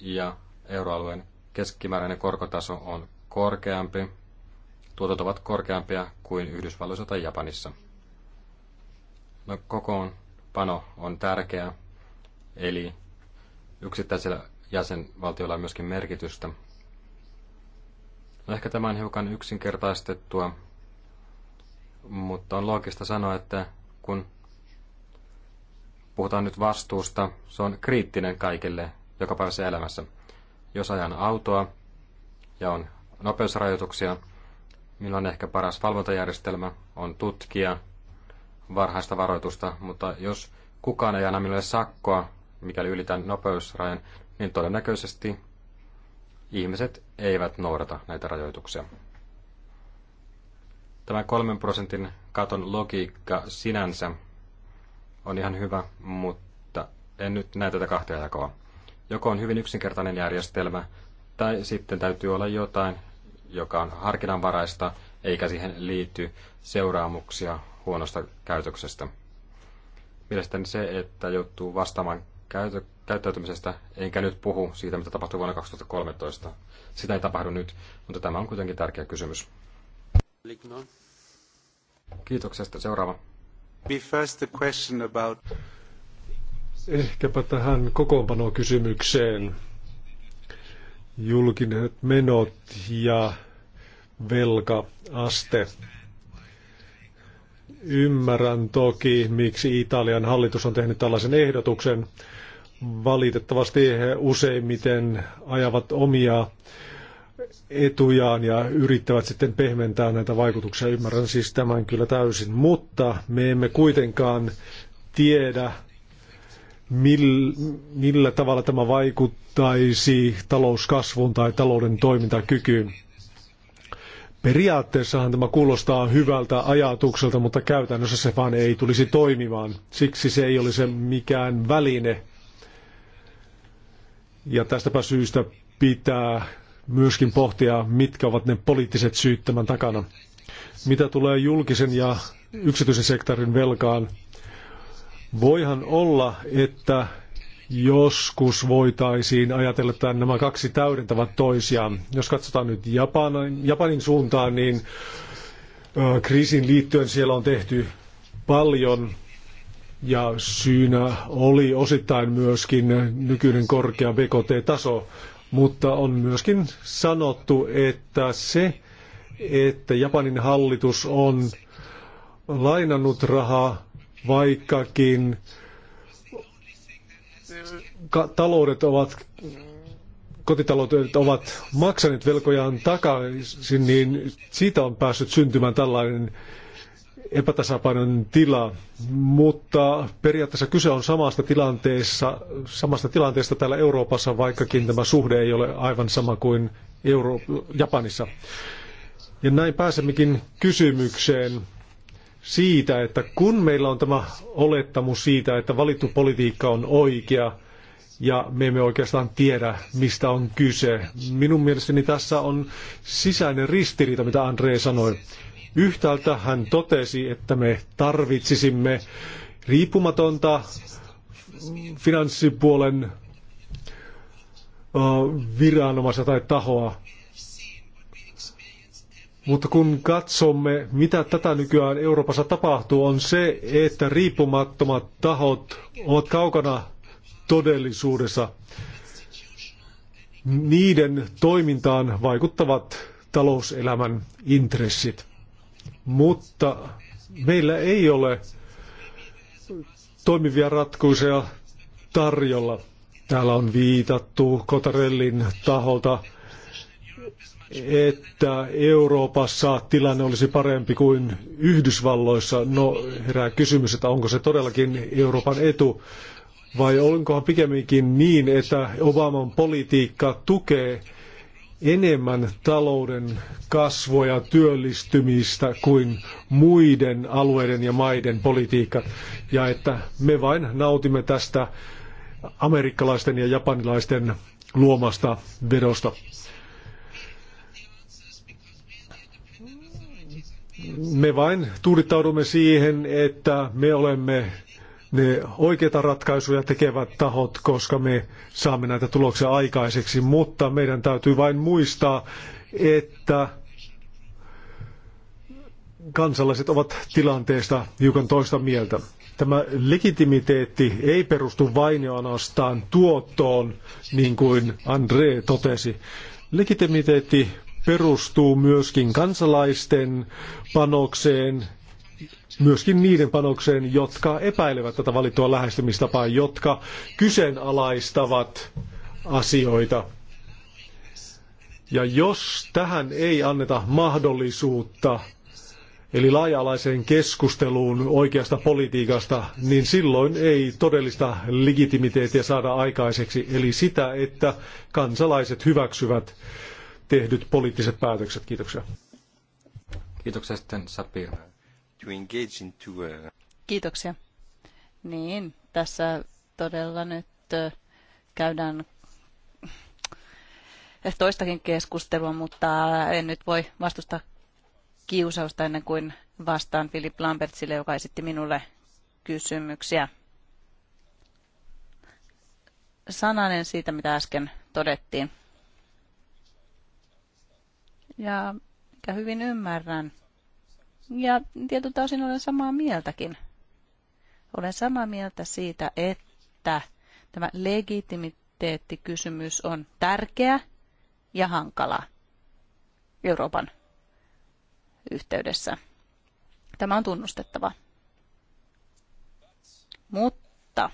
ja euroalueen keskimääräinen korkotaso on korkeampi, tuotot ovat korkeampia kuin Yhdysvalloissa tai Japanissa. No, kokoon Pano on tärkeä, eli yksittäisellä jäsenvaltiolla on myöskin merkitystä. No ehkä tämä on hiukan yksinkertaistettua, mutta on loogista sanoa, että kun puhutaan nyt vastuusta, se on kriittinen kaikille päivässä elämässä. Jos ajan autoa ja on nopeusrajoituksia, milloin ehkä paras valvontajärjestelmä on tutkia varhaista varoitusta, mutta jos kukaan ei anna minulle sakkoa, mikäli ylitän nopeusrajan, niin todennäköisesti ihmiset eivät noudata näitä rajoituksia. Tämä kolmen prosentin katon logiikka sinänsä on ihan hyvä, mutta en nyt näe tätä kahtia jakoa. Joko on hyvin yksinkertainen järjestelmä, tai sitten täytyy olla jotain, joka on harkinnanvaraista, eikä siihen liity seuraamuksia huonosta käytöksestä. Mielestäni se, että joutuu vastaamaan käytö- käyttäytymisestä, enkä nyt puhu siitä, mitä tapahtui vuonna 2013. Sitä ei tapahdu nyt, mutta tämä on kuitenkin tärkeä kysymys. Kiitoksesta. Seuraava. Ehkäpä tähän kokoonpanokysymykseen. Julkiset menot ja velkaaste. Ymmärrän toki, miksi Italian hallitus on tehnyt tällaisen ehdotuksen. Valitettavasti he useimmiten ajavat omia etujaan ja yrittävät sitten pehmentää näitä vaikutuksia. Ymmärrän siis tämän kyllä täysin, mutta me emme kuitenkaan tiedä, millä tavalla tämä vaikuttaisi talouskasvuun tai talouden toimintakykyyn. Periaatteessahan tämä kuulostaa hyvältä ajatukselta, mutta käytännössä se vaan ei tulisi toimimaan. Siksi se ei olisi mikään väline. Ja tästäpä syystä pitää myöskin pohtia, mitkä ovat ne poliittiset syyt tämän takana. Mitä tulee julkisen ja yksityisen sektorin velkaan, voihan olla, että joskus voitaisiin ajatella, että nämä kaksi täydentävät toisiaan. Jos katsotaan nyt Japanin, Japanin suuntaan, niin kriisin liittyen siellä on tehty paljon ja syynä oli osittain myöskin nykyinen korkea BKT-taso, mutta on myöskin sanottu, että se, että Japanin hallitus on lainannut rahaa, vaikkakin taloudet ovat, kotitaloudet ovat maksaneet velkojaan takaisin, niin siitä on päässyt syntymään tällainen epätasapainon tila, mutta periaatteessa kyse on samasta, tilanteessa, samasta tilanteesta täällä Euroopassa, vaikkakin tämä suhde ei ole aivan sama kuin Euro- Japanissa. Ja näin pääsemmekin kysymykseen siitä, että kun meillä on tämä olettamus siitä, että valittu politiikka on oikea, ja me emme oikeastaan tiedä, mistä on kyse. Minun mielestäni tässä on sisäinen ristiriita, mitä Andre sanoi. Yhtäältä hän totesi, että me tarvitsisimme riippumatonta finanssipuolen viranomaista tai tahoa. Mutta kun katsomme, mitä tätä nykyään Euroopassa tapahtuu, on se, että riippumattomat tahot ovat kaukana todellisuudessa. Niiden toimintaan vaikuttavat talouselämän intressit. Mutta meillä ei ole toimivia ratkaisuja tarjolla. Täällä on viitattu Kotarellin taholta, että Euroopassa tilanne olisi parempi kuin Yhdysvalloissa. No herää kysymys, että onko se todellakin Euroopan etu. Vai onkohan pikemminkin niin, että Obaman politiikka tukee enemmän talouden kasvua ja työllistymistä kuin muiden alueiden ja maiden politiikat. Ja että me vain nautimme tästä amerikkalaisten ja japanilaisten luomasta vedosta. Me vain tuudittaudumme siihen, että me olemme ne oikeita ratkaisuja tekevät tahot, koska me saamme näitä tuloksia aikaiseksi, mutta meidän täytyy vain muistaa, että kansalaiset ovat tilanteesta hiukan toista mieltä. Tämä legitimiteetti ei perustu vain ja ainoastaan tuottoon, niin kuin Andre totesi. Legitimiteetti perustuu myöskin kansalaisten panokseen myöskin niiden panokseen, jotka epäilevät tätä valittua lähestymistapaa, jotka kyseenalaistavat asioita. Ja jos tähän ei anneta mahdollisuutta, eli laaja-alaiseen keskusteluun oikeasta politiikasta, niin silloin ei todellista legitimiteettiä saada aikaiseksi, eli sitä, että kansalaiset hyväksyvät tehdyt poliittiset päätökset. Kiitoksia. Kiitoksia sitten Sapir engage into a... Uh, Kiitoksia. Niin, tässä todella nyt käydään eh, toistakin keskustelua, mutta en nyt voi vastustaa kiusausta ennen kuin vastaan Philip Lambertsille, joka esitti minulle kysymyksiä. Sananen siitä, mitä äsken todettiin. Ja mikä hyvin ymmärrän, ja tietyltä osin olen samaa mieltäkin. Olen samaa mieltä siitä, että tämä legitimiteettikysymys on tärkeä ja hankala Euroopan yhteydessä. Tämä on tunnustettava. Mutta,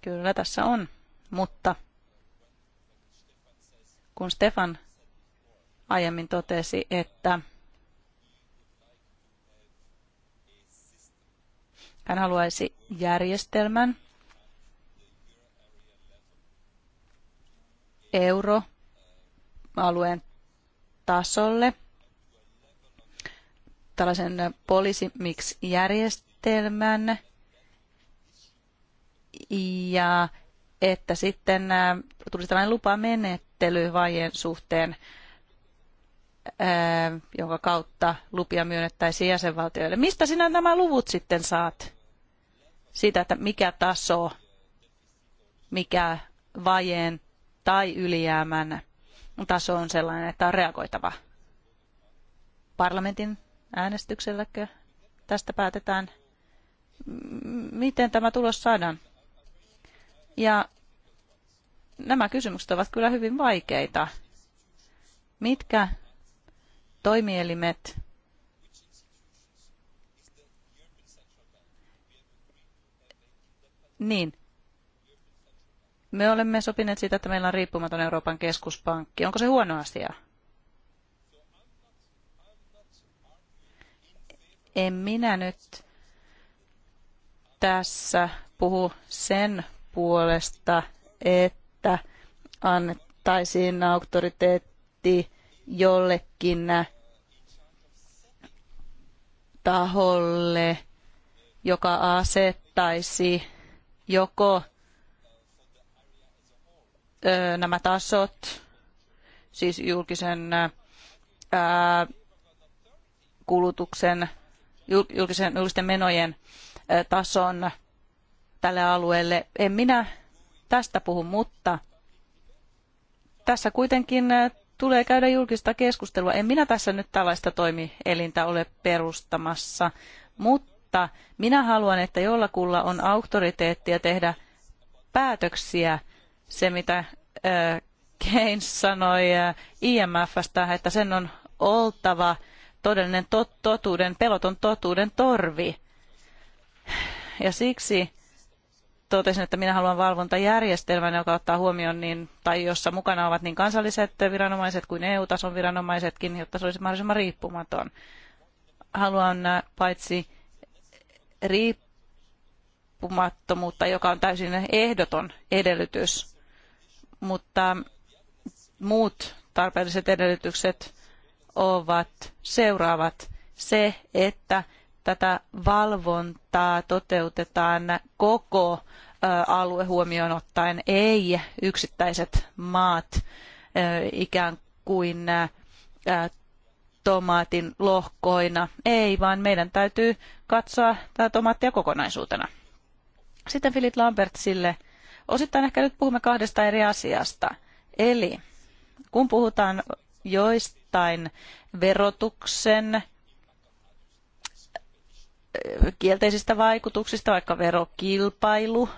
kyllä tässä on, mutta kun Stefan aiemmin totesi, että Hän haluaisi järjestelmän, euroalueen tasolle, tällaisen poliisimix-järjestelmän, ja että sitten äh, tulisi tällainen lupamenettely vajeen suhteen, äh, jonka kautta lupia myönnettäisiin jäsenvaltioille. Mistä sinä nämä luvut sitten saat? siitä, että mikä taso, mikä vajeen tai ylijäämän taso on sellainen, että on reagoitava. Parlamentin äänestykselläkö tästä päätetään? Miten tämä tulos saadaan? Ja nämä kysymykset ovat kyllä hyvin vaikeita. Mitkä toimielimet Niin. Me olemme sopineet siitä, että meillä on riippumaton Euroopan keskuspankki. Onko se huono asia? En minä nyt tässä puhu sen puolesta, että annettaisiin auktoriteetti jollekin taholle, joka asettaisi joko nämä tasot, siis julkisen kulutuksen, julkisen, julkisten menojen tason tälle alueelle. En minä tästä puhu, mutta tässä kuitenkin tulee käydä julkista keskustelua. En minä tässä nyt tällaista toimielintä ole perustamassa, mutta mutta minä haluan, että jollakulla on auktoriteettia tehdä päätöksiä, se mitä Keynes sanoi IMFstä, että sen on oltava todellinen totuuden, peloton totuuden torvi. Ja siksi totesin, että minä haluan valvontajärjestelmän, joka ottaa huomioon, niin, tai jossa mukana ovat niin kansalliset viranomaiset kuin EU-tason viranomaisetkin, jotta se olisi mahdollisimman riippumaton. Haluan paitsi riippumattomuutta, joka on täysin ehdoton edellytys, mutta muut tarpeelliset edellytykset ovat seuraavat. Se, että tätä valvontaa toteutetaan koko alue huomioon ottaen, ei yksittäiset maat ikään kuin tomaatin lohkoina. Ei, vaan meidän täytyy katsoa tätä tomaattia kokonaisuutena. Sitten Philip sille. Osittain ehkä nyt puhumme kahdesta eri asiasta. Eli kun puhutaan joistain verotuksen kielteisistä vaikutuksista, vaikka verokilpailu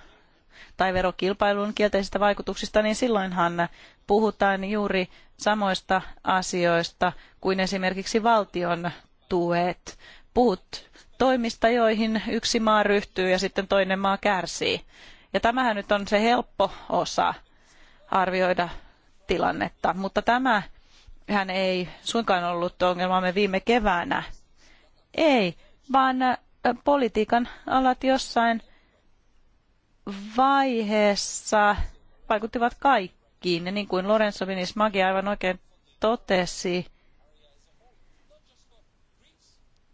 tai verokilpailun kielteisistä vaikutuksista, niin silloinhan puhutaan juuri samoista asioista kuin esimerkiksi valtion tuet. Puhut toimista, joihin yksi maa ryhtyy ja sitten toinen maa kärsii. Ja tämähän nyt on se helppo osa arvioida tilannetta, mutta tämä hän ei suinkaan ollut ongelmamme viime keväänä. Ei, vaan äh, politiikan alat jossain vaiheessa vaikuttivat kaikki kiinni. Niin kuin Lorenzo Magi aivan oikein totesi,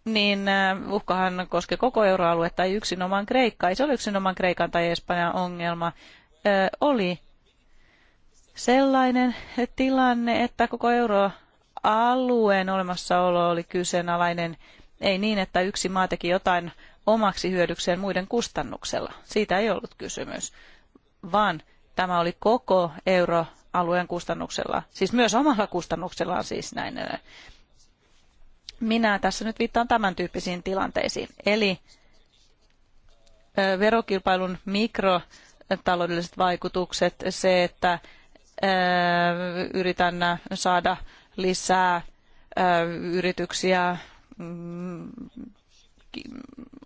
niin äh, uhkahan koske koko euroaluetta, tai yksinomaan Kreikkaa. Ei se ole yksinomaan Kreikan tai Espanjan ongelma. Ö, äh, oli sellainen tilanne, että koko euroalueen olemassaolo oli kyseenalainen. Ei niin, että yksi maa teki jotain omaksi hyödykseen muiden kustannuksella. Siitä ei ollut kysymys, vaan tämä oli koko euroalueen kustannuksella, siis myös omalla kustannuksellaan siis näin. Minä tässä nyt viittaan tämän tyyppisiin tilanteisiin. Eli verokilpailun mikrotaloudelliset vaikutukset, se, että yritän saada lisää yrityksiä mm,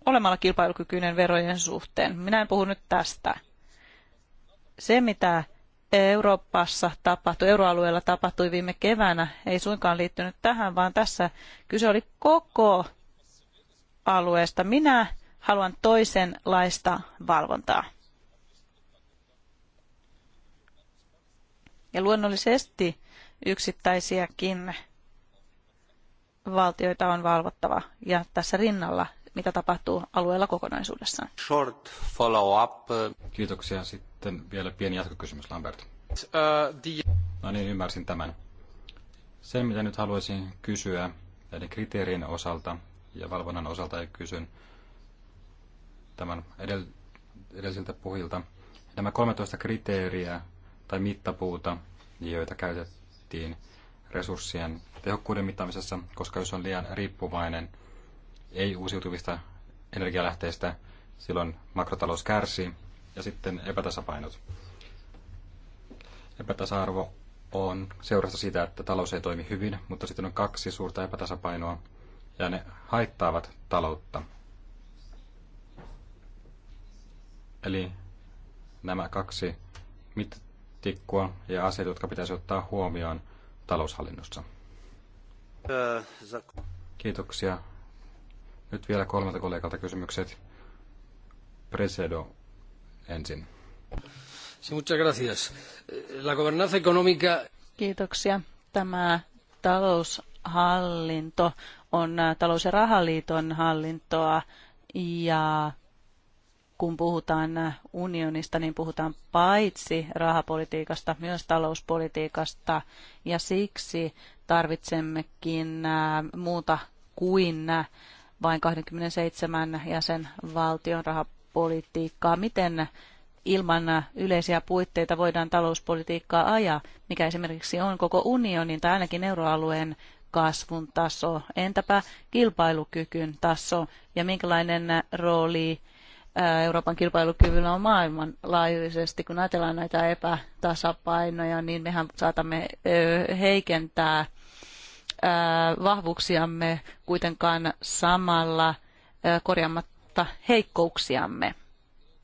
olemalla kilpailukykyinen verojen suhteen. Minä en puhu nyt tästä se, mitä Euroopassa tapahtui, euroalueella tapahtui viime keväänä, ei suinkaan liittynyt tähän, vaan tässä kyse oli koko alueesta. Minä haluan toisenlaista valvontaa. Ja luonnollisesti yksittäisiäkin valtioita on valvottava ja tässä rinnalla mitä tapahtuu alueella kokonaisuudessaan. Short follow up. Uh, Kiitoksia. Sitten vielä pieni jatkokysymys, Lambert. Uh, no niin, ymmärsin tämän. Sen, mitä nyt haluaisin kysyä näiden kriteerien osalta ja valvonnan osalta, ja kysyn tämän edellisiltä puhilta. Nämä 13 kriteeriä tai mittapuuta, joita käytettiin resurssien tehokkuuden mittaamisessa, koska jos on liian riippuvainen – ei-uusiutuvista energialähteistä, silloin makrotalous kärsii ja sitten epätasapainot. Epätasa-arvo on seurasta sitä, että talous ei toimi hyvin, mutta sitten on kaksi suurta epätasapainoa ja ne haittaavat taloutta. Eli nämä kaksi mittatikkua ja asiat, jotka pitäisi ottaa huomioon taloushallinnossa. Kiitoksia nyt vielä kolmelta kollegalta kysymykset. Presedo ensin. Muchas gracias. La gobernanza económica... Kiitoksia. Tämä taloushallinto on talous- ja rahaliiton hallintoa ja kun puhutaan unionista, niin puhutaan paitsi rahapolitiikasta, myös talouspolitiikasta ja siksi tarvitsemmekin muuta kuin vain 27 jäsenvaltion rahapolitiikkaa. Miten ilman yleisiä puitteita voidaan talouspolitiikkaa ajaa, mikä esimerkiksi on koko unionin tai ainakin euroalueen kasvun taso, entäpä kilpailukykyn taso ja minkälainen rooli Euroopan kilpailukyvyllä on maailmanlaajuisesti. Kun ajatellaan näitä epätasapainoja, niin mehän saatamme heikentää vahvuuksiamme kuitenkaan samalla korjaamatta heikkouksiamme.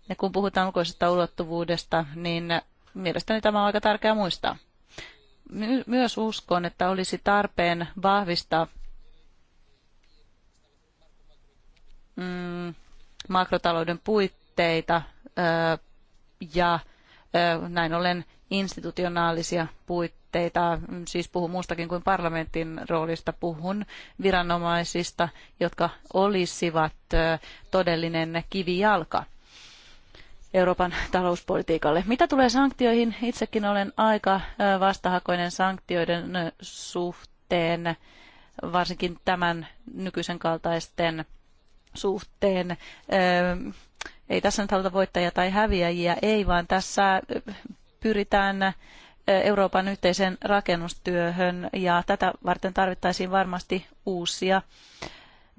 Ja kun puhutaan ulkoisesta ulottuvuudesta, niin mielestäni tämä on aika tärkeää muistaa. My- myös uskon, että olisi tarpeen vahvistaa mm, makrotalouden puitteita ö, ja ö, näin ollen institutionaalisia puitteita aloitteita, siis puhun muustakin kuin parlamentin roolista, puhun viranomaisista, jotka olisivat todellinen kivijalka Euroopan talouspolitiikalle. Mitä tulee sanktioihin, itsekin olen aika vastahakoinen sanktioiden suhteen, varsinkin tämän nykyisen kaltaisten suhteen ei tässä nyt haluta voittajia tai häviäjiä, ei, vaan tässä pyritään Euroopan yhteiseen rakennustyöhön ja tätä varten tarvittaisiin varmasti uusia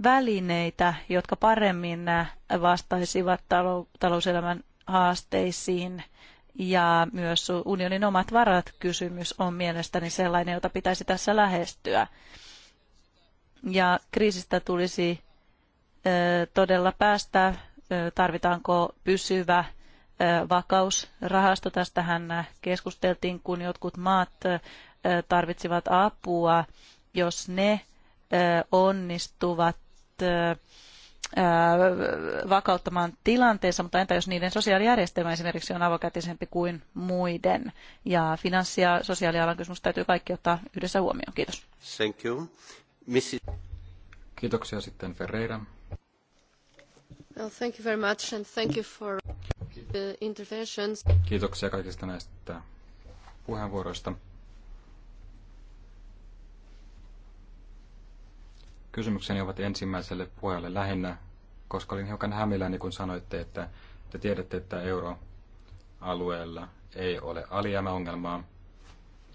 välineitä, jotka paremmin vastaisivat talouselämän haasteisiin ja myös unionin omat varat kysymys on mielestäni sellainen, jota pitäisi tässä lähestyä. Ja kriisistä tulisi todella päästä, tarvitaanko pysyvä vakausrahasto. Tästähän keskusteltiin, kun jotkut maat tarvitsivat apua, jos ne onnistuvat vakauttamaan tilanteensa, mutta entä jos niiden sosiaalijärjestelmä esimerkiksi on avokätisempi kuin muiden? Ja finanssi- ja sosiaalialan kysymys täytyy kaikki ottaa yhdessä huomioon. Kiitos. Thank you. Miss... Kiitoksia sitten Ferreira. Well, thank you very much and thank you for... Uh, Kiitoksia kaikista näistä puheenvuoroista. Kysymykseni ovat ensimmäiselle puheelle lähinnä, koska olin hiukan hämilläni, kun sanoitte, että te tiedätte, että euroalueella ei ole alijäämäongelmaa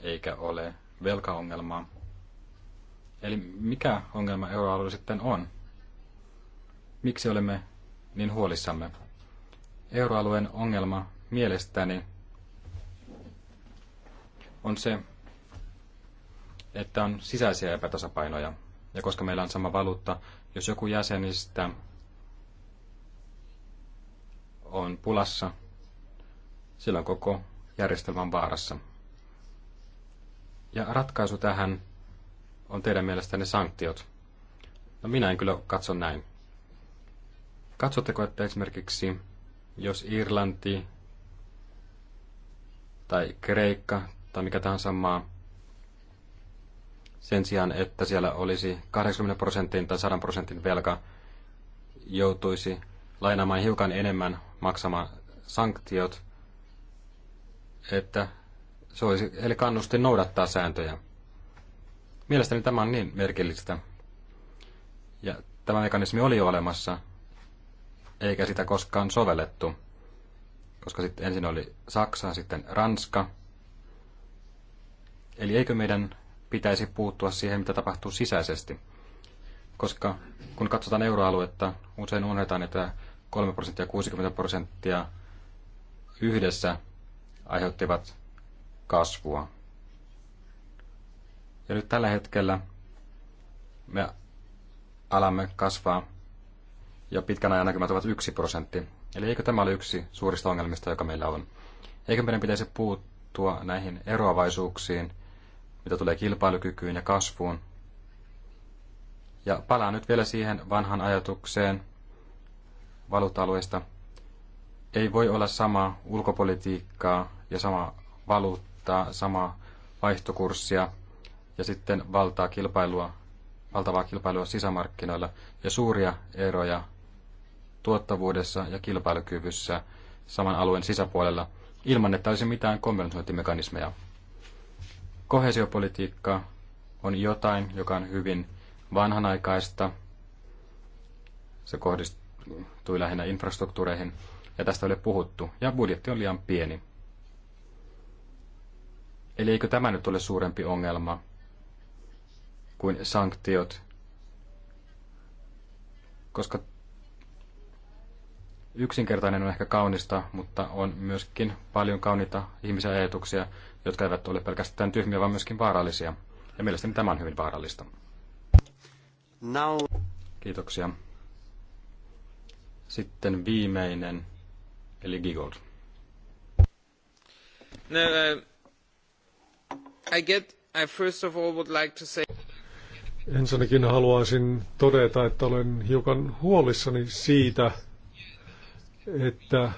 eikä ole velkaongelmaa. Eli mikä ongelma euroalue sitten on? Miksi olemme niin huolissamme? euroalueen ongelma mielestäni on se, että on sisäisiä epätasapainoja. Ja koska meillä on sama valuutta, jos joku jäsenistä on pulassa, silloin koko järjestelmä on vaarassa. Ja ratkaisu tähän on teidän mielestänne sanktiot. No minä en kyllä katso näin. Katsotteko, että esimerkiksi jos Irlanti tai Kreikka tai mikä tahansa maa, sen sijaan, että siellä olisi 80 prosentin tai 100 prosentin velka, joutuisi lainaamaan hiukan enemmän maksamaan sanktiot, että se olisi, eli kannustin noudattaa sääntöjä. Mielestäni tämä on niin merkillistä. Ja tämä mekanismi oli jo olemassa eikä sitä koskaan sovellettu, koska sitten ensin oli Saksa, sitten Ranska. Eli eikö meidän pitäisi puuttua siihen, mitä tapahtuu sisäisesti? Koska kun katsotaan euroaluetta, usein unohdetaan, että 3 prosenttia ja 60 prosenttia yhdessä aiheuttivat kasvua. Ja nyt tällä hetkellä me alamme kasvaa ja pitkän ajan näkymät ovat yksi prosentti. Eli eikö tämä ole yksi suurista ongelmista, joka meillä on? Eikö meidän pitäisi puuttua näihin eroavaisuuksiin, mitä tulee kilpailukykyyn ja kasvuun? Ja palaan nyt vielä siihen vanhan ajatukseen valuutta Ei voi olla sama ulkopolitiikkaa ja sama valuuttaa, sama vaihtokurssia ja sitten valtaa kilpailua, valtavaa kilpailua sisämarkkinoilla ja suuria eroja tuottavuudessa ja kilpailukyvyssä saman alueen sisäpuolella ilman, että olisi mitään kompensointimekanismeja. Kohesiopolitiikka on jotain, joka on hyvin vanhanaikaista. Se kohdistui lähinnä infrastruktuureihin ja tästä oli puhuttu. Ja budjetti on liian pieni. Eli eikö tämä nyt ole suurempi ongelma kuin sanktiot? Koska yksinkertainen on ehkä kaunista, mutta on myöskin paljon kauniita ihmisiä ajatuksia, jotka eivät ole pelkästään tyhmiä, vaan myöskin vaarallisia. Ja mielestäni tämä on hyvin vaarallista. Now. Kiitoksia. Sitten viimeinen, eli Gigold. No, uh, I get, I first of all would like to say... Ensinnäkin haluaisin todeta, että olen hiukan huolissani siitä, että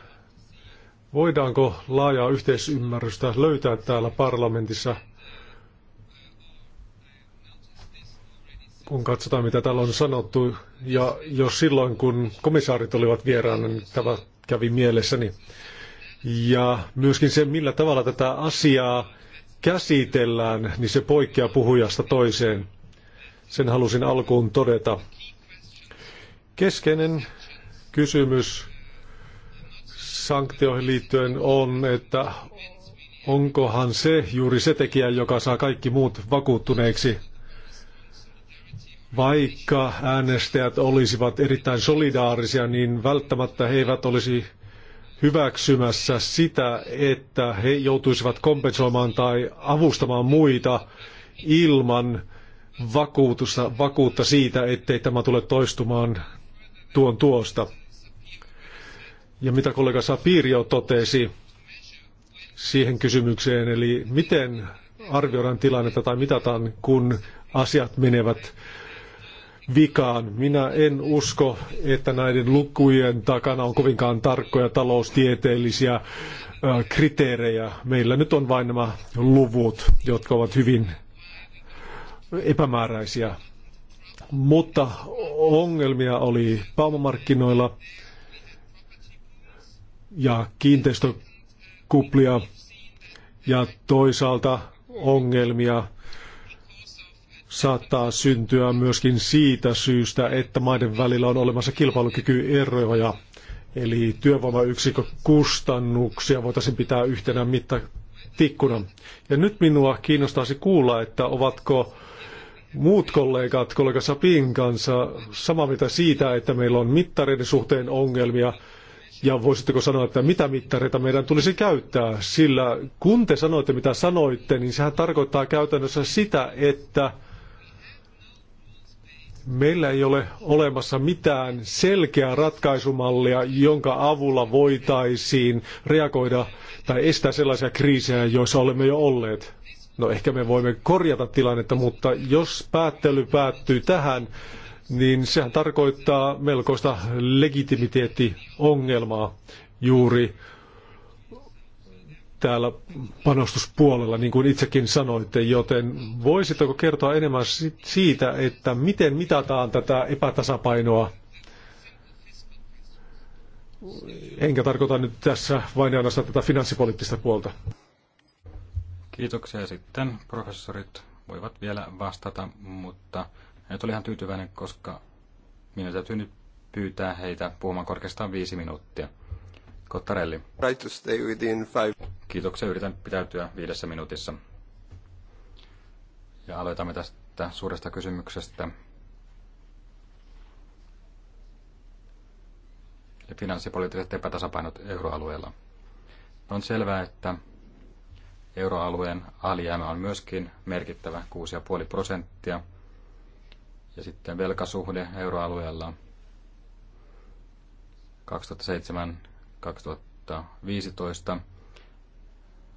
voidaanko laajaa yhteisymmärrystä löytää täällä parlamentissa, kun katsotaan mitä täällä on sanottu. Ja jos silloin, kun komissaarit olivat vieraana, niin tämä kävi mielessäni. Ja myöskin se, millä tavalla tätä asiaa käsitellään, niin se poikkeaa puhujasta toiseen. Sen halusin alkuun todeta. Keskeinen kysymys sanktioihin liittyen on, että onkohan se juuri se tekijä, joka saa kaikki muut vakuuttuneiksi, vaikka äänestäjät olisivat erittäin solidaarisia, niin välttämättä he eivät olisi hyväksymässä sitä, että he joutuisivat kompensoimaan tai avustamaan muita ilman vakuutusta, vakuutta siitä, ettei tämä tule toistumaan tuon tuosta. Ja mitä kollega jo totesi siihen kysymykseen, eli miten arvioidaan tilannetta tai mitataan, kun asiat menevät vikaan. Minä en usko, että näiden lukujen takana on kovinkaan tarkkoja taloustieteellisiä kriteerejä. Meillä nyt on vain nämä luvut, jotka ovat hyvin epämääräisiä. Mutta ongelmia oli pääomamarkkinoilla, ja kiinteistökuplia ja toisaalta ongelmia saattaa syntyä myöskin siitä syystä, että maiden välillä on olemassa kilpailukykyeroja. Eli työvoimayksikkökustannuksia voitaisiin pitää yhtenä mittatikkuna. Ja nyt minua kiinnostaisi kuulla, että ovatko muut kollegat, kollega Sapin kanssa, samaa mitä siitä, että meillä on mittareiden suhteen ongelmia – ja voisitteko sanoa, että mitä mittareita meidän tulisi käyttää? Sillä kun te sanoitte, mitä sanoitte, niin sehän tarkoittaa käytännössä sitä, että meillä ei ole olemassa mitään selkeää ratkaisumallia, jonka avulla voitaisiin reagoida tai estää sellaisia kriisejä, joissa olemme jo olleet. No ehkä me voimme korjata tilannetta, mutta jos päättely päättyy tähän, niin sehän tarkoittaa melkoista legitimiteettiongelmaa juuri täällä panostuspuolella, niin kuin itsekin sanoitte, joten voisitteko kertoa enemmän siitä, että miten mitataan tätä epätasapainoa? Enkä tarkoita nyt tässä vain ainoastaan tätä finanssipoliittista puolta. Kiitoksia sitten. Professorit voivat vielä vastata, mutta nyt oli ihan tyytyväinen, koska minun täytyy nyt pyytää heitä puhumaan korkeastaan viisi minuuttia. Kottarelli. Try to stay within five. Kiitoksia, yritän pitäytyä viidessä minuutissa. Ja aloitamme tästä suuresta kysymyksestä. Eli finanssipoliittiset epätasapainot euroalueella. On selvää, että euroalueen alijäämä on myöskin merkittävä 6,5 prosenttia – ja sitten velkasuhde euroalueella 2007-2015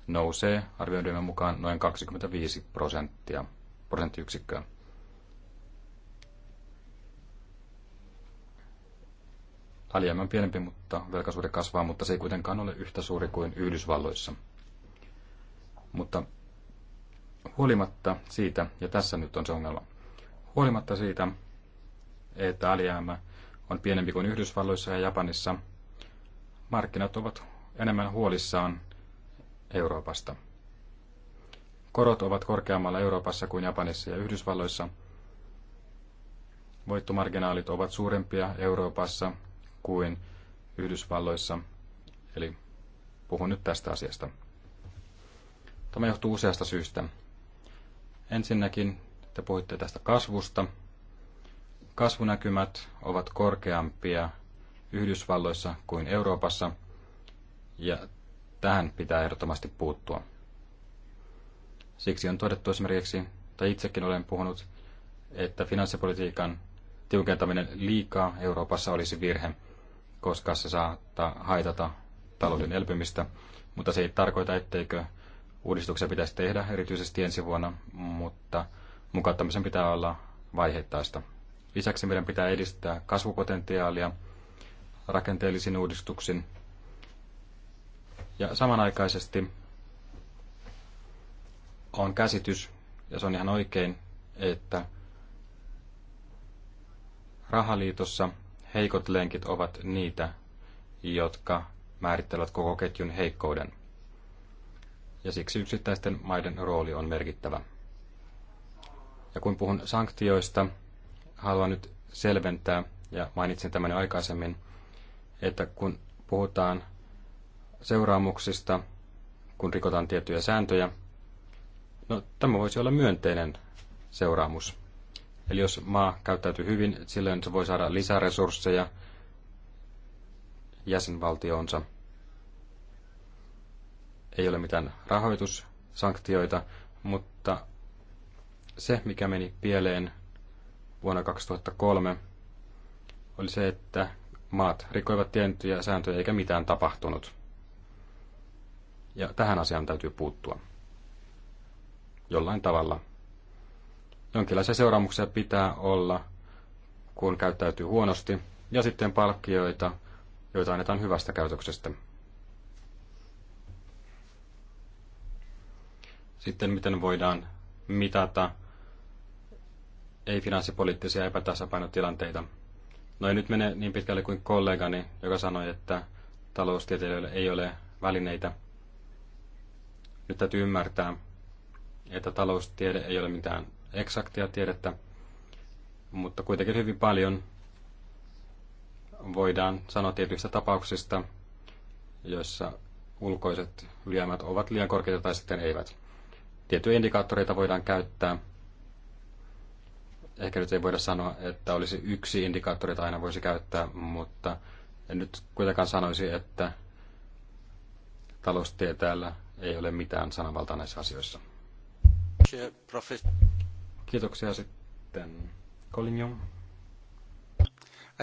nousee arvioidujemme mukaan noin 25 prosenttia, prosenttiyksikköä. Alijäämä on pienempi, mutta velkasuhde kasvaa, mutta se ei kuitenkaan ole yhtä suuri kuin Yhdysvalloissa. Mutta huolimatta siitä, ja tässä nyt on se ongelma, Huolimatta siitä, että alijäämä on pienempi kuin Yhdysvalloissa ja Japanissa, markkinat ovat enemmän huolissaan Euroopasta. Korot ovat korkeammalla Euroopassa kuin Japanissa ja Yhdysvalloissa. Voittomarginaalit ovat suurempia Euroopassa kuin Yhdysvalloissa. Eli puhun nyt tästä asiasta. Tämä johtuu useasta syystä. Ensinnäkin te puhuitte tästä kasvusta. Kasvunäkymät ovat korkeampia Yhdysvalloissa kuin Euroopassa, ja tähän pitää ehdottomasti puuttua. Siksi on todettu esimerkiksi, tai itsekin olen puhunut, että finanssipolitiikan tiukentaminen liikaa Euroopassa olisi virhe, koska se saattaa haitata talouden elpymistä, mutta se ei tarkoita, etteikö uudistuksia pitäisi tehdä erityisesti ensi vuonna, mutta mukauttamisen pitää olla vaiheittaista. Lisäksi meidän pitää edistää kasvupotentiaalia rakenteellisin uudistuksin. Ja samanaikaisesti on käsitys, ja se on ihan oikein, että rahaliitossa heikot lenkit ovat niitä, jotka määrittelevät koko ketjun heikkouden. Ja siksi yksittäisten maiden rooli on merkittävä. Ja kun puhun sanktioista, haluan nyt selventää, ja mainitsin tämän jo aikaisemmin, että kun puhutaan seuraamuksista, kun rikotaan tiettyjä sääntöjä, no tämä voisi olla myönteinen seuraamus. Eli jos maa käyttäytyy hyvin, silloin se voi saada lisäresursseja jäsenvaltioonsa. Ei ole mitään rahoitussanktioita, mutta se, mikä meni pieleen vuonna 2003, oli se, että maat rikoivat tiettyjä sääntöjä eikä mitään tapahtunut. Ja tähän asiaan täytyy puuttua. Jollain tavalla. Jonkinlaisia seuraamuksia pitää olla, kun käyttäytyy huonosti, ja sitten palkkioita, joita annetaan hyvästä käytöksestä. Sitten miten voidaan mitata ei-finanssipoliittisia epätasapainotilanteita. No ei nyt mene niin pitkälle kuin kollegani, joka sanoi, että taloustieteilijöille ei ole välineitä. Nyt täytyy ymmärtää, että taloustiede ei ole mitään eksaktia tiedettä, mutta kuitenkin hyvin paljon voidaan sanoa tietyistä tapauksista, joissa ulkoiset ylijäämät ovat liian korkeita tai sitten eivät. Tiettyjä indikaattoreita voidaan käyttää – ehkä nyt ei voida sanoa, että olisi yksi indikaattori, jota aina voisi käyttää, mutta en nyt kuitenkaan sanoisi, että taloustieteellä ei ole mitään sananvaltaa näissä asioissa. Kiitoksia sitten Collignon.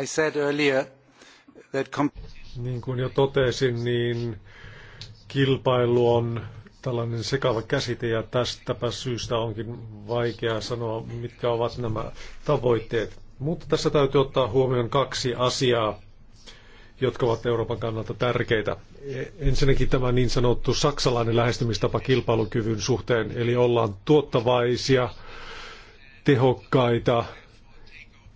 I said earlier that niin kuin jo totesin, niin kilpailu on tällainen sekava käsite ja tästäpä syystä onkin vaikea sanoa, mitkä ovat nämä tavoitteet. Mutta tässä täytyy ottaa huomioon kaksi asiaa, jotka ovat Euroopan kannalta tärkeitä. Ensinnäkin tämä niin sanottu saksalainen lähestymistapa kilpailukyvyn suhteen, eli ollaan tuottavaisia, tehokkaita,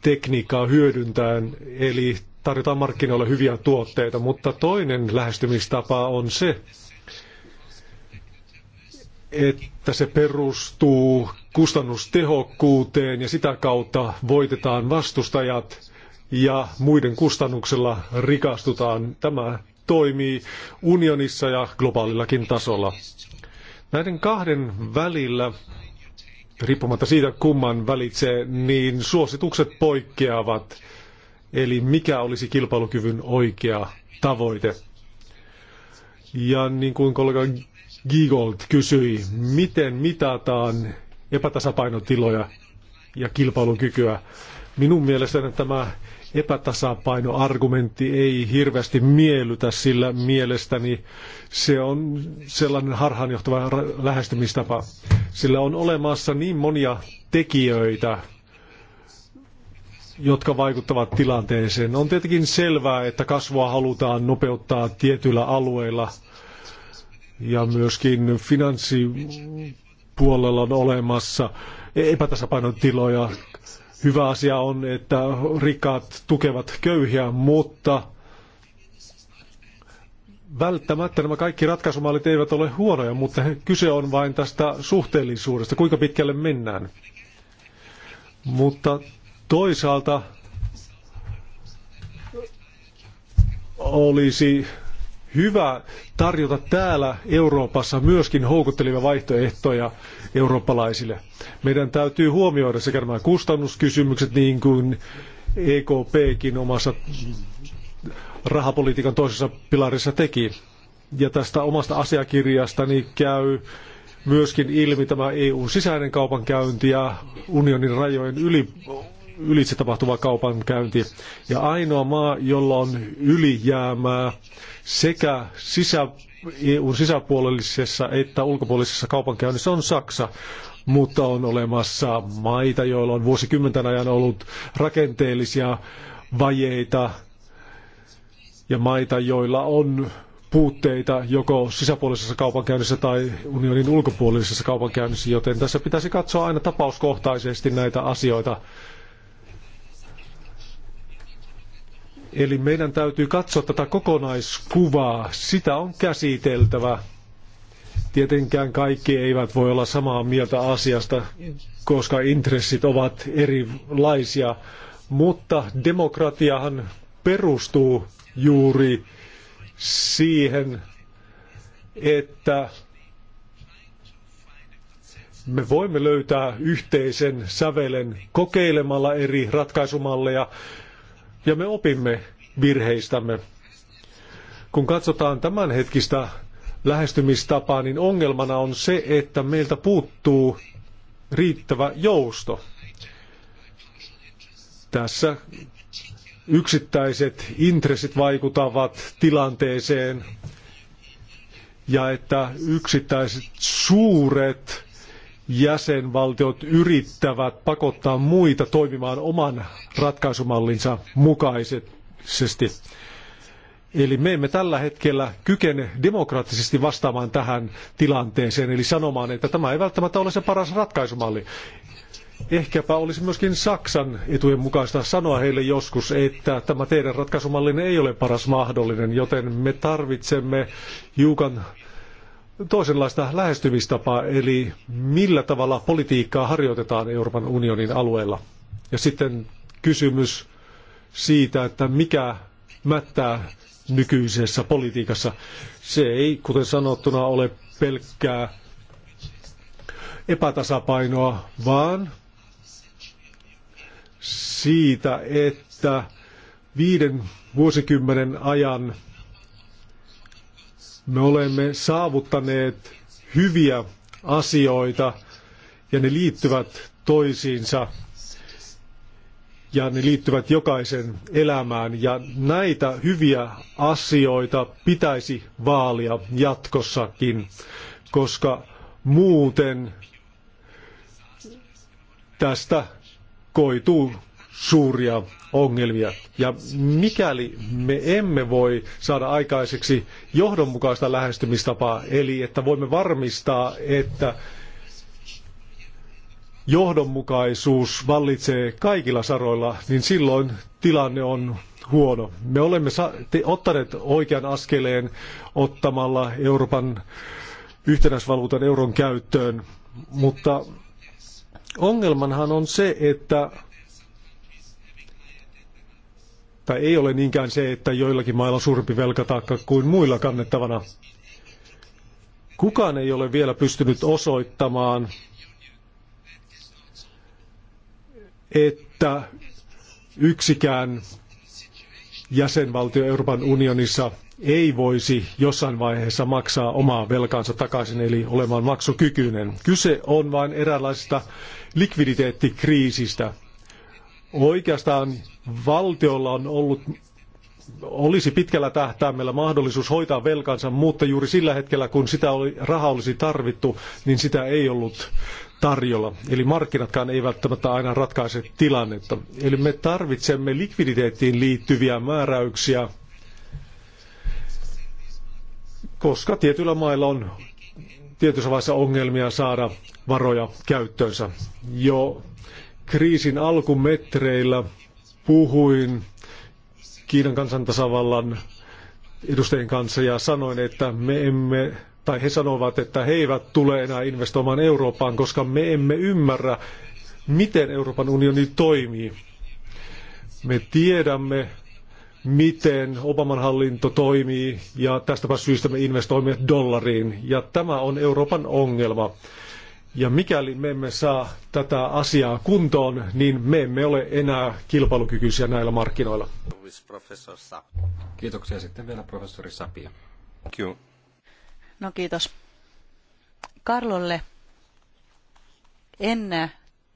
tekniikkaa hyödyntäen, eli tarjotaan markkinoille hyviä tuotteita, mutta toinen lähestymistapa on se, että se perustuu kustannustehokkuuteen ja sitä kautta voitetaan vastustajat ja muiden kustannuksella rikastutaan. Tämä toimii unionissa ja globaalillakin tasolla. Näiden kahden välillä, riippumatta siitä kumman välitse, niin suositukset poikkeavat. Eli mikä olisi kilpailukyvyn oikea tavoite? Ja niin kuin kollega Giegold kysyi, miten mitataan epätasapainotiloja ja kilpailukykyä. Minun mielestäni tämä epätasapainoargumentti ei hirveästi miellytä, sillä mielestäni se on sellainen harhaanjohtava lähestymistapa. Sillä on olemassa niin monia tekijöitä, jotka vaikuttavat tilanteeseen. On tietenkin selvää, että kasvua halutaan nopeuttaa tietyillä alueilla – ja myöskin finanssipuolella on olemassa epätasapainotiloja. Hyvä asia on, että rikkaat tukevat köyhiä, mutta välttämättä nämä kaikki ratkaisumallit eivät ole huonoja, mutta kyse on vain tästä suhteellisuudesta, kuinka pitkälle mennään. Mutta toisaalta olisi hyvä tarjota täällä Euroopassa myöskin houkuttelevia vaihtoehtoja eurooppalaisille. Meidän täytyy huomioida sekä nämä kustannuskysymykset niin kuin EKPkin omassa rahapolitiikan toisessa pilarissa teki. Ja tästä omasta asiakirjastani käy myöskin ilmi tämä EUn sisäinen kaupankäynti ja unionin rajojen yli ylitse tapahtuva kaupankäynti. Ja ainoa maa, jolla on ylijäämää sekä sisä, EUn sisäpuolellisessa että ulkopuolisessa kaupankäynnissä on Saksa mutta on olemassa maita, joilla on vuosikymmenten ajan ollut rakenteellisia vajeita ja maita, joilla on puutteita joko sisäpuolisessa kaupankäynnissä tai unionin ulkopuolisessa kaupankäynnissä, joten tässä pitäisi katsoa aina tapauskohtaisesti näitä asioita. Eli meidän täytyy katsoa tätä kokonaiskuvaa. Sitä on käsiteltävä. Tietenkään kaikki eivät voi olla samaa mieltä asiasta, koska intressit ovat erilaisia. Mutta demokratiahan perustuu juuri siihen, että me voimme löytää yhteisen sävelen kokeilemalla eri ratkaisumalleja ja me opimme virheistämme. Kun katsotaan tämänhetkistä lähestymistapaa, niin ongelmana on se, että meiltä puuttuu riittävä jousto. Tässä yksittäiset intressit vaikuttavat tilanteeseen ja että yksittäiset suuret jäsenvaltiot yrittävät pakottaa muita toimimaan oman ratkaisumallinsa mukaisesti. Eli me emme tällä hetkellä kykene demokraattisesti vastaamaan tähän tilanteeseen, eli sanomaan, että tämä ei välttämättä ole se paras ratkaisumalli. Ehkäpä olisi myöskin Saksan etujen mukaista sanoa heille joskus, että tämä teidän ratkaisumallinne ei ole paras mahdollinen, joten me tarvitsemme hiukan toisenlaista lähestymistapaa, eli millä tavalla politiikkaa harjoitetaan Euroopan unionin alueella. Ja sitten kysymys siitä, että mikä mättää nykyisessä politiikassa. Se ei, kuten sanottuna, ole pelkkää epätasapainoa, vaan siitä, että viiden vuosikymmenen ajan – me olemme saavuttaneet hyviä asioita ja ne liittyvät toisiinsa ja ne liittyvät jokaisen elämään ja näitä hyviä asioita pitäisi vaalia jatkossakin, koska muuten tästä koituu suuria ongelmia. Ja mikäli me emme voi saada aikaiseksi johdonmukaista lähestymistapaa, eli että voimme varmistaa, että johdonmukaisuus vallitsee kaikilla saroilla, niin silloin tilanne on huono. Me olemme ottaneet oikean askeleen ottamalla Euroopan yhtenäisvaluutan euron käyttöön, mutta ongelmanhan on se, että tai ei ole niinkään se, että joillakin mailla on suurempi velkataakka kuin muilla kannettavana. Kukaan ei ole vielä pystynyt osoittamaan, että yksikään jäsenvaltio Euroopan unionissa ei voisi jossain vaiheessa maksaa omaa velkaansa takaisin, eli olemaan maksukykyinen. Kyse on vain eräänlaisesta likviditeettikriisistä – Oikeastaan valtiolla on ollut olisi pitkällä tähtäimellä mahdollisuus hoitaa velkansa, mutta juuri sillä hetkellä, kun sitä oli, raha olisi tarvittu, niin sitä ei ollut tarjolla. Eli markkinatkaan ei välttämättä aina ratkaise tilannetta. Eli me tarvitsemme likviditeettiin liittyviä määräyksiä, koska tietyillä mailla on tietyssä vaiheessa ongelmia saada varoja käyttöönsä. Jo kriisin alkumetreillä puhuin Kiinan kansantasavallan edustajien kanssa ja sanoin, että me emme, tai he sanovat, että he eivät tule enää investoimaan Eurooppaan, koska me emme ymmärrä, miten Euroopan unioni toimii. Me tiedämme, miten Obaman hallinto toimii ja tästäpä syystä me investoimme dollariin. Ja tämä on Euroopan ongelma. Ja mikäli me emme saa tätä asiaa kuntoon, niin me emme ole enää kilpailukykyisiä näillä markkinoilla. Kiitoksia sitten vielä professori Sapia. Kiitos. No kiitos. Karlolle en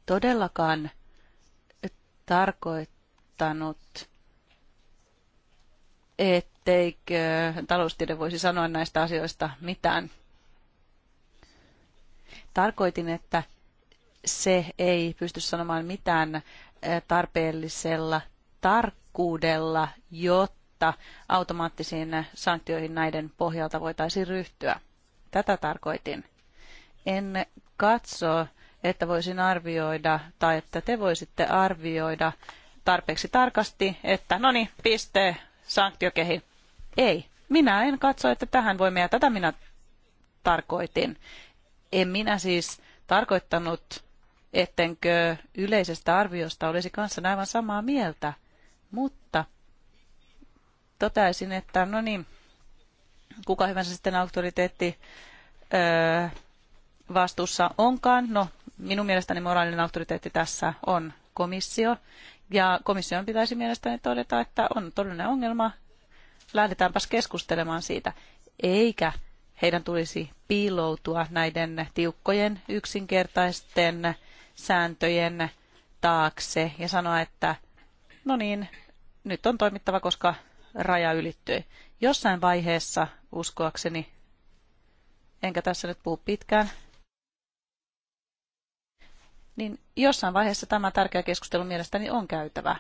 todellakaan tarkoittanut, etteikö taloustiede voisi sanoa näistä asioista mitään. Tarkoitin, että se ei pysty sanomaan mitään eh, tarpeellisella tarkkuudella, jotta automaattisiin sanktioihin näiden pohjalta voitaisiin ryhtyä. Tätä tarkoitin. En katso, että voisin arvioida tai että te voisitte arvioida tarpeeksi tarkasti, että no niin, piste, sanktiokehi. Ei, minä en katso, että tähän voimme ja tätä minä tarkoitin. En minä siis tarkoittanut, ettenkö yleisestä arviosta olisi kanssa aivan samaa mieltä, mutta toteaisin, että no niin, kuka hyvänsä sitten auktoriteetti öö, vastuussa onkaan. No, minun mielestäni moraalinen auktoriteetti tässä on komissio. Ja komission pitäisi mielestäni todeta, että on todellinen ongelma, lähdetäänpäs keskustelemaan siitä, eikä heidän tulisi piiloutua näiden tiukkojen yksinkertaisten sääntöjen taakse ja sanoa, että no niin, nyt on toimittava, koska raja ylittyi. Jossain vaiheessa, uskoakseni, enkä tässä nyt puhu pitkään, niin jossain vaiheessa tämä tärkeä keskustelu mielestäni on käytävä.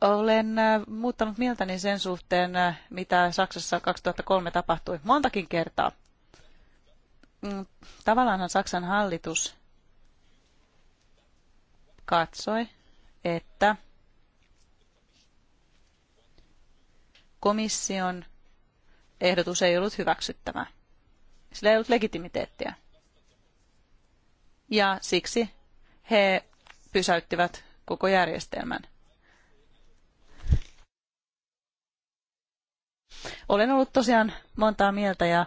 Olen äh, muuttanut mieltäni sen suhteen, äh, mitä Saksassa 2003 tapahtui montakin kertaa. Mm, Tavallaan Saksan hallitus katsoi, että komission ehdotus ei ollut hyväksyttävä, Sillä ei ollut legitimiteettiä. Ja siksi he pysäyttivät koko järjestelmän. Olen ollut tosiaan montaa mieltä ja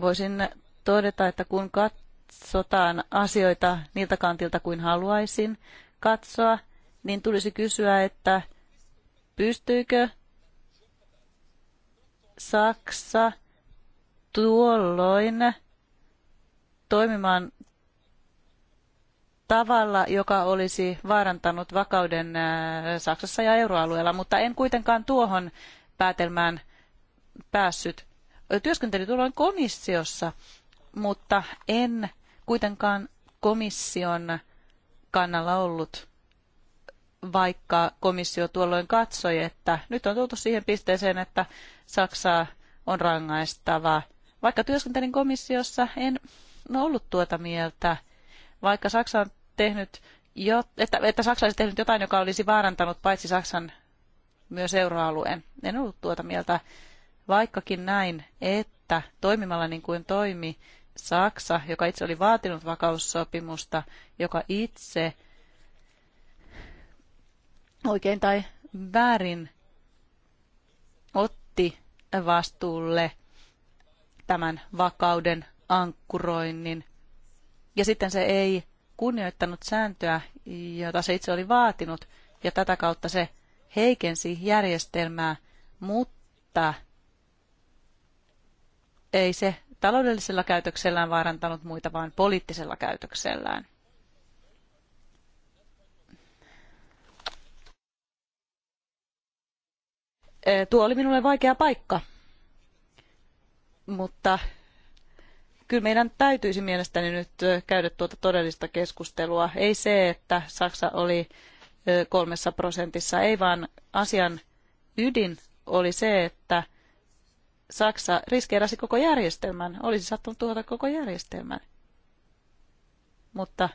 voisin todeta, että kun katsotaan asioita niiltä kantilta kuin haluaisin katsoa, niin tulisi kysyä, että pystyykö Saksa tuolloin toimimaan tavalla, joka olisi vaarantanut vakauden äh, Saksassa ja euroalueella, mutta en kuitenkaan tuohon päätelmään päässyt. Työskenteli tuolloin komissiossa, mutta en kuitenkaan komission kannalla ollut, vaikka komissio tuolloin katsoi, että nyt on tultu siihen pisteeseen, että Saksaa on rangaistava. Vaikka työskentelin komissiossa, en ollut tuota mieltä, vaikka Saksa on tehnyt jo, että, että Saksa olisi tehnyt jotain, joka olisi vaarantanut paitsi Saksan myös euroalueen. En ollut tuota mieltä vaikkakin näin, että toimimalla niin kuin toimi Saksa, joka itse oli vaatinut vakaussopimusta, joka itse oikein tai väärin otti vastuulle tämän vakauden ankkuroinnin. Ja sitten se ei kunnioittanut sääntöä, jota se itse oli vaatinut, ja tätä kautta se heikensi järjestelmää, mutta ei se taloudellisella käytöksellään vaarantanut muita, vaan poliittisella käytöksellään. Tuo oli minulle vaikea paikka, mutta kyllä meidän täytyisi mielestäni nyt käydä tuota todellista keskustelua. Ei se, että Saksa oli kolmessa prosentissa, ei vaan asian ydin oli se, että – Saksa riskeerasi koko järjestelmän, olisi sattunut tuhota koko järjestelmän. Mutta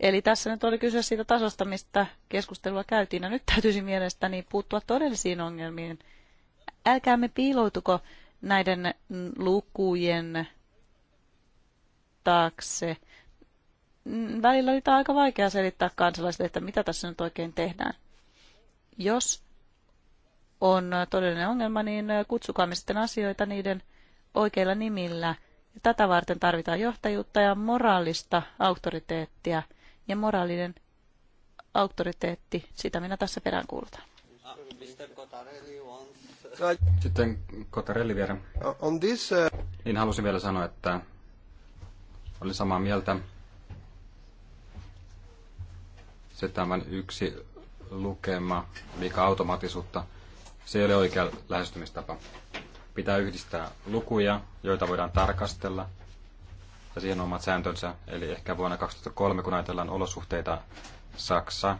Eli tässä nyt oli kyse siitä tasosta, mistä keskustelua käytiin, ja nyt täytyisi mielestäni puuttua todellisiin ongelmiin. Älkäämme piiloutuko näiden lukujen taakse. Välillä oli aika vaikea selittää kansalaisille, että mitä tässä nyt oikein tehdään. Jos on todellinen ongelma, niin kutsukaamme sitten asioita niiden oikeilla nimillä. Tätä varten tarvitaan johtajuutta ja moraalista auktoriteettia. Ja moraalinen auktoriteetti, sitä minä tässä peräänkuulutan. Sitten Kotarelli vielä. On this, uh... Niin halusin vielä sanoa, että olin samaa mieltä. Se tämän yksi lukema, mikä automaattisuutta se ei ole oikea lähestymistapa. Pitää yhdistää lukuja, joita voidaan tarkastella, ja siihen omat sääntönsä. Eli ehkä vuonna 2003, kun ajatellaan olosuhteita, Saksa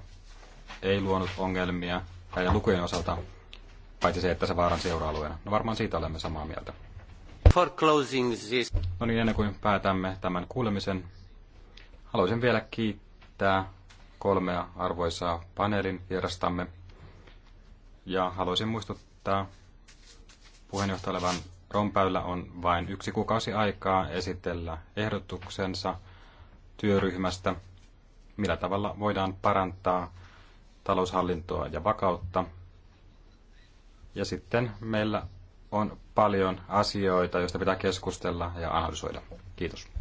ei luonut ongelmia näiden lukujen osalta, paitsi se, että se vaaran seura-alueena. No varmaan siitä olemme samaa mieltä. For closing this. No niin, ennen kuin päätämme tämän kuulemisen, haluaisin vielä kiittää kolmea arvoisaa paneelin vierastamme. Ja haluaisin muistuttaa puheenjohtaja olevan Rompäyllä on vain yksi kuukausi aikaa esitellä ehdotuksensa työryhmästä, millä tavalla voidaan parantaa taloushallintoa ja vakautta. Ja sitten meillä on paljon asioita, joista pitää keskustella ja analysoida. Kiitos.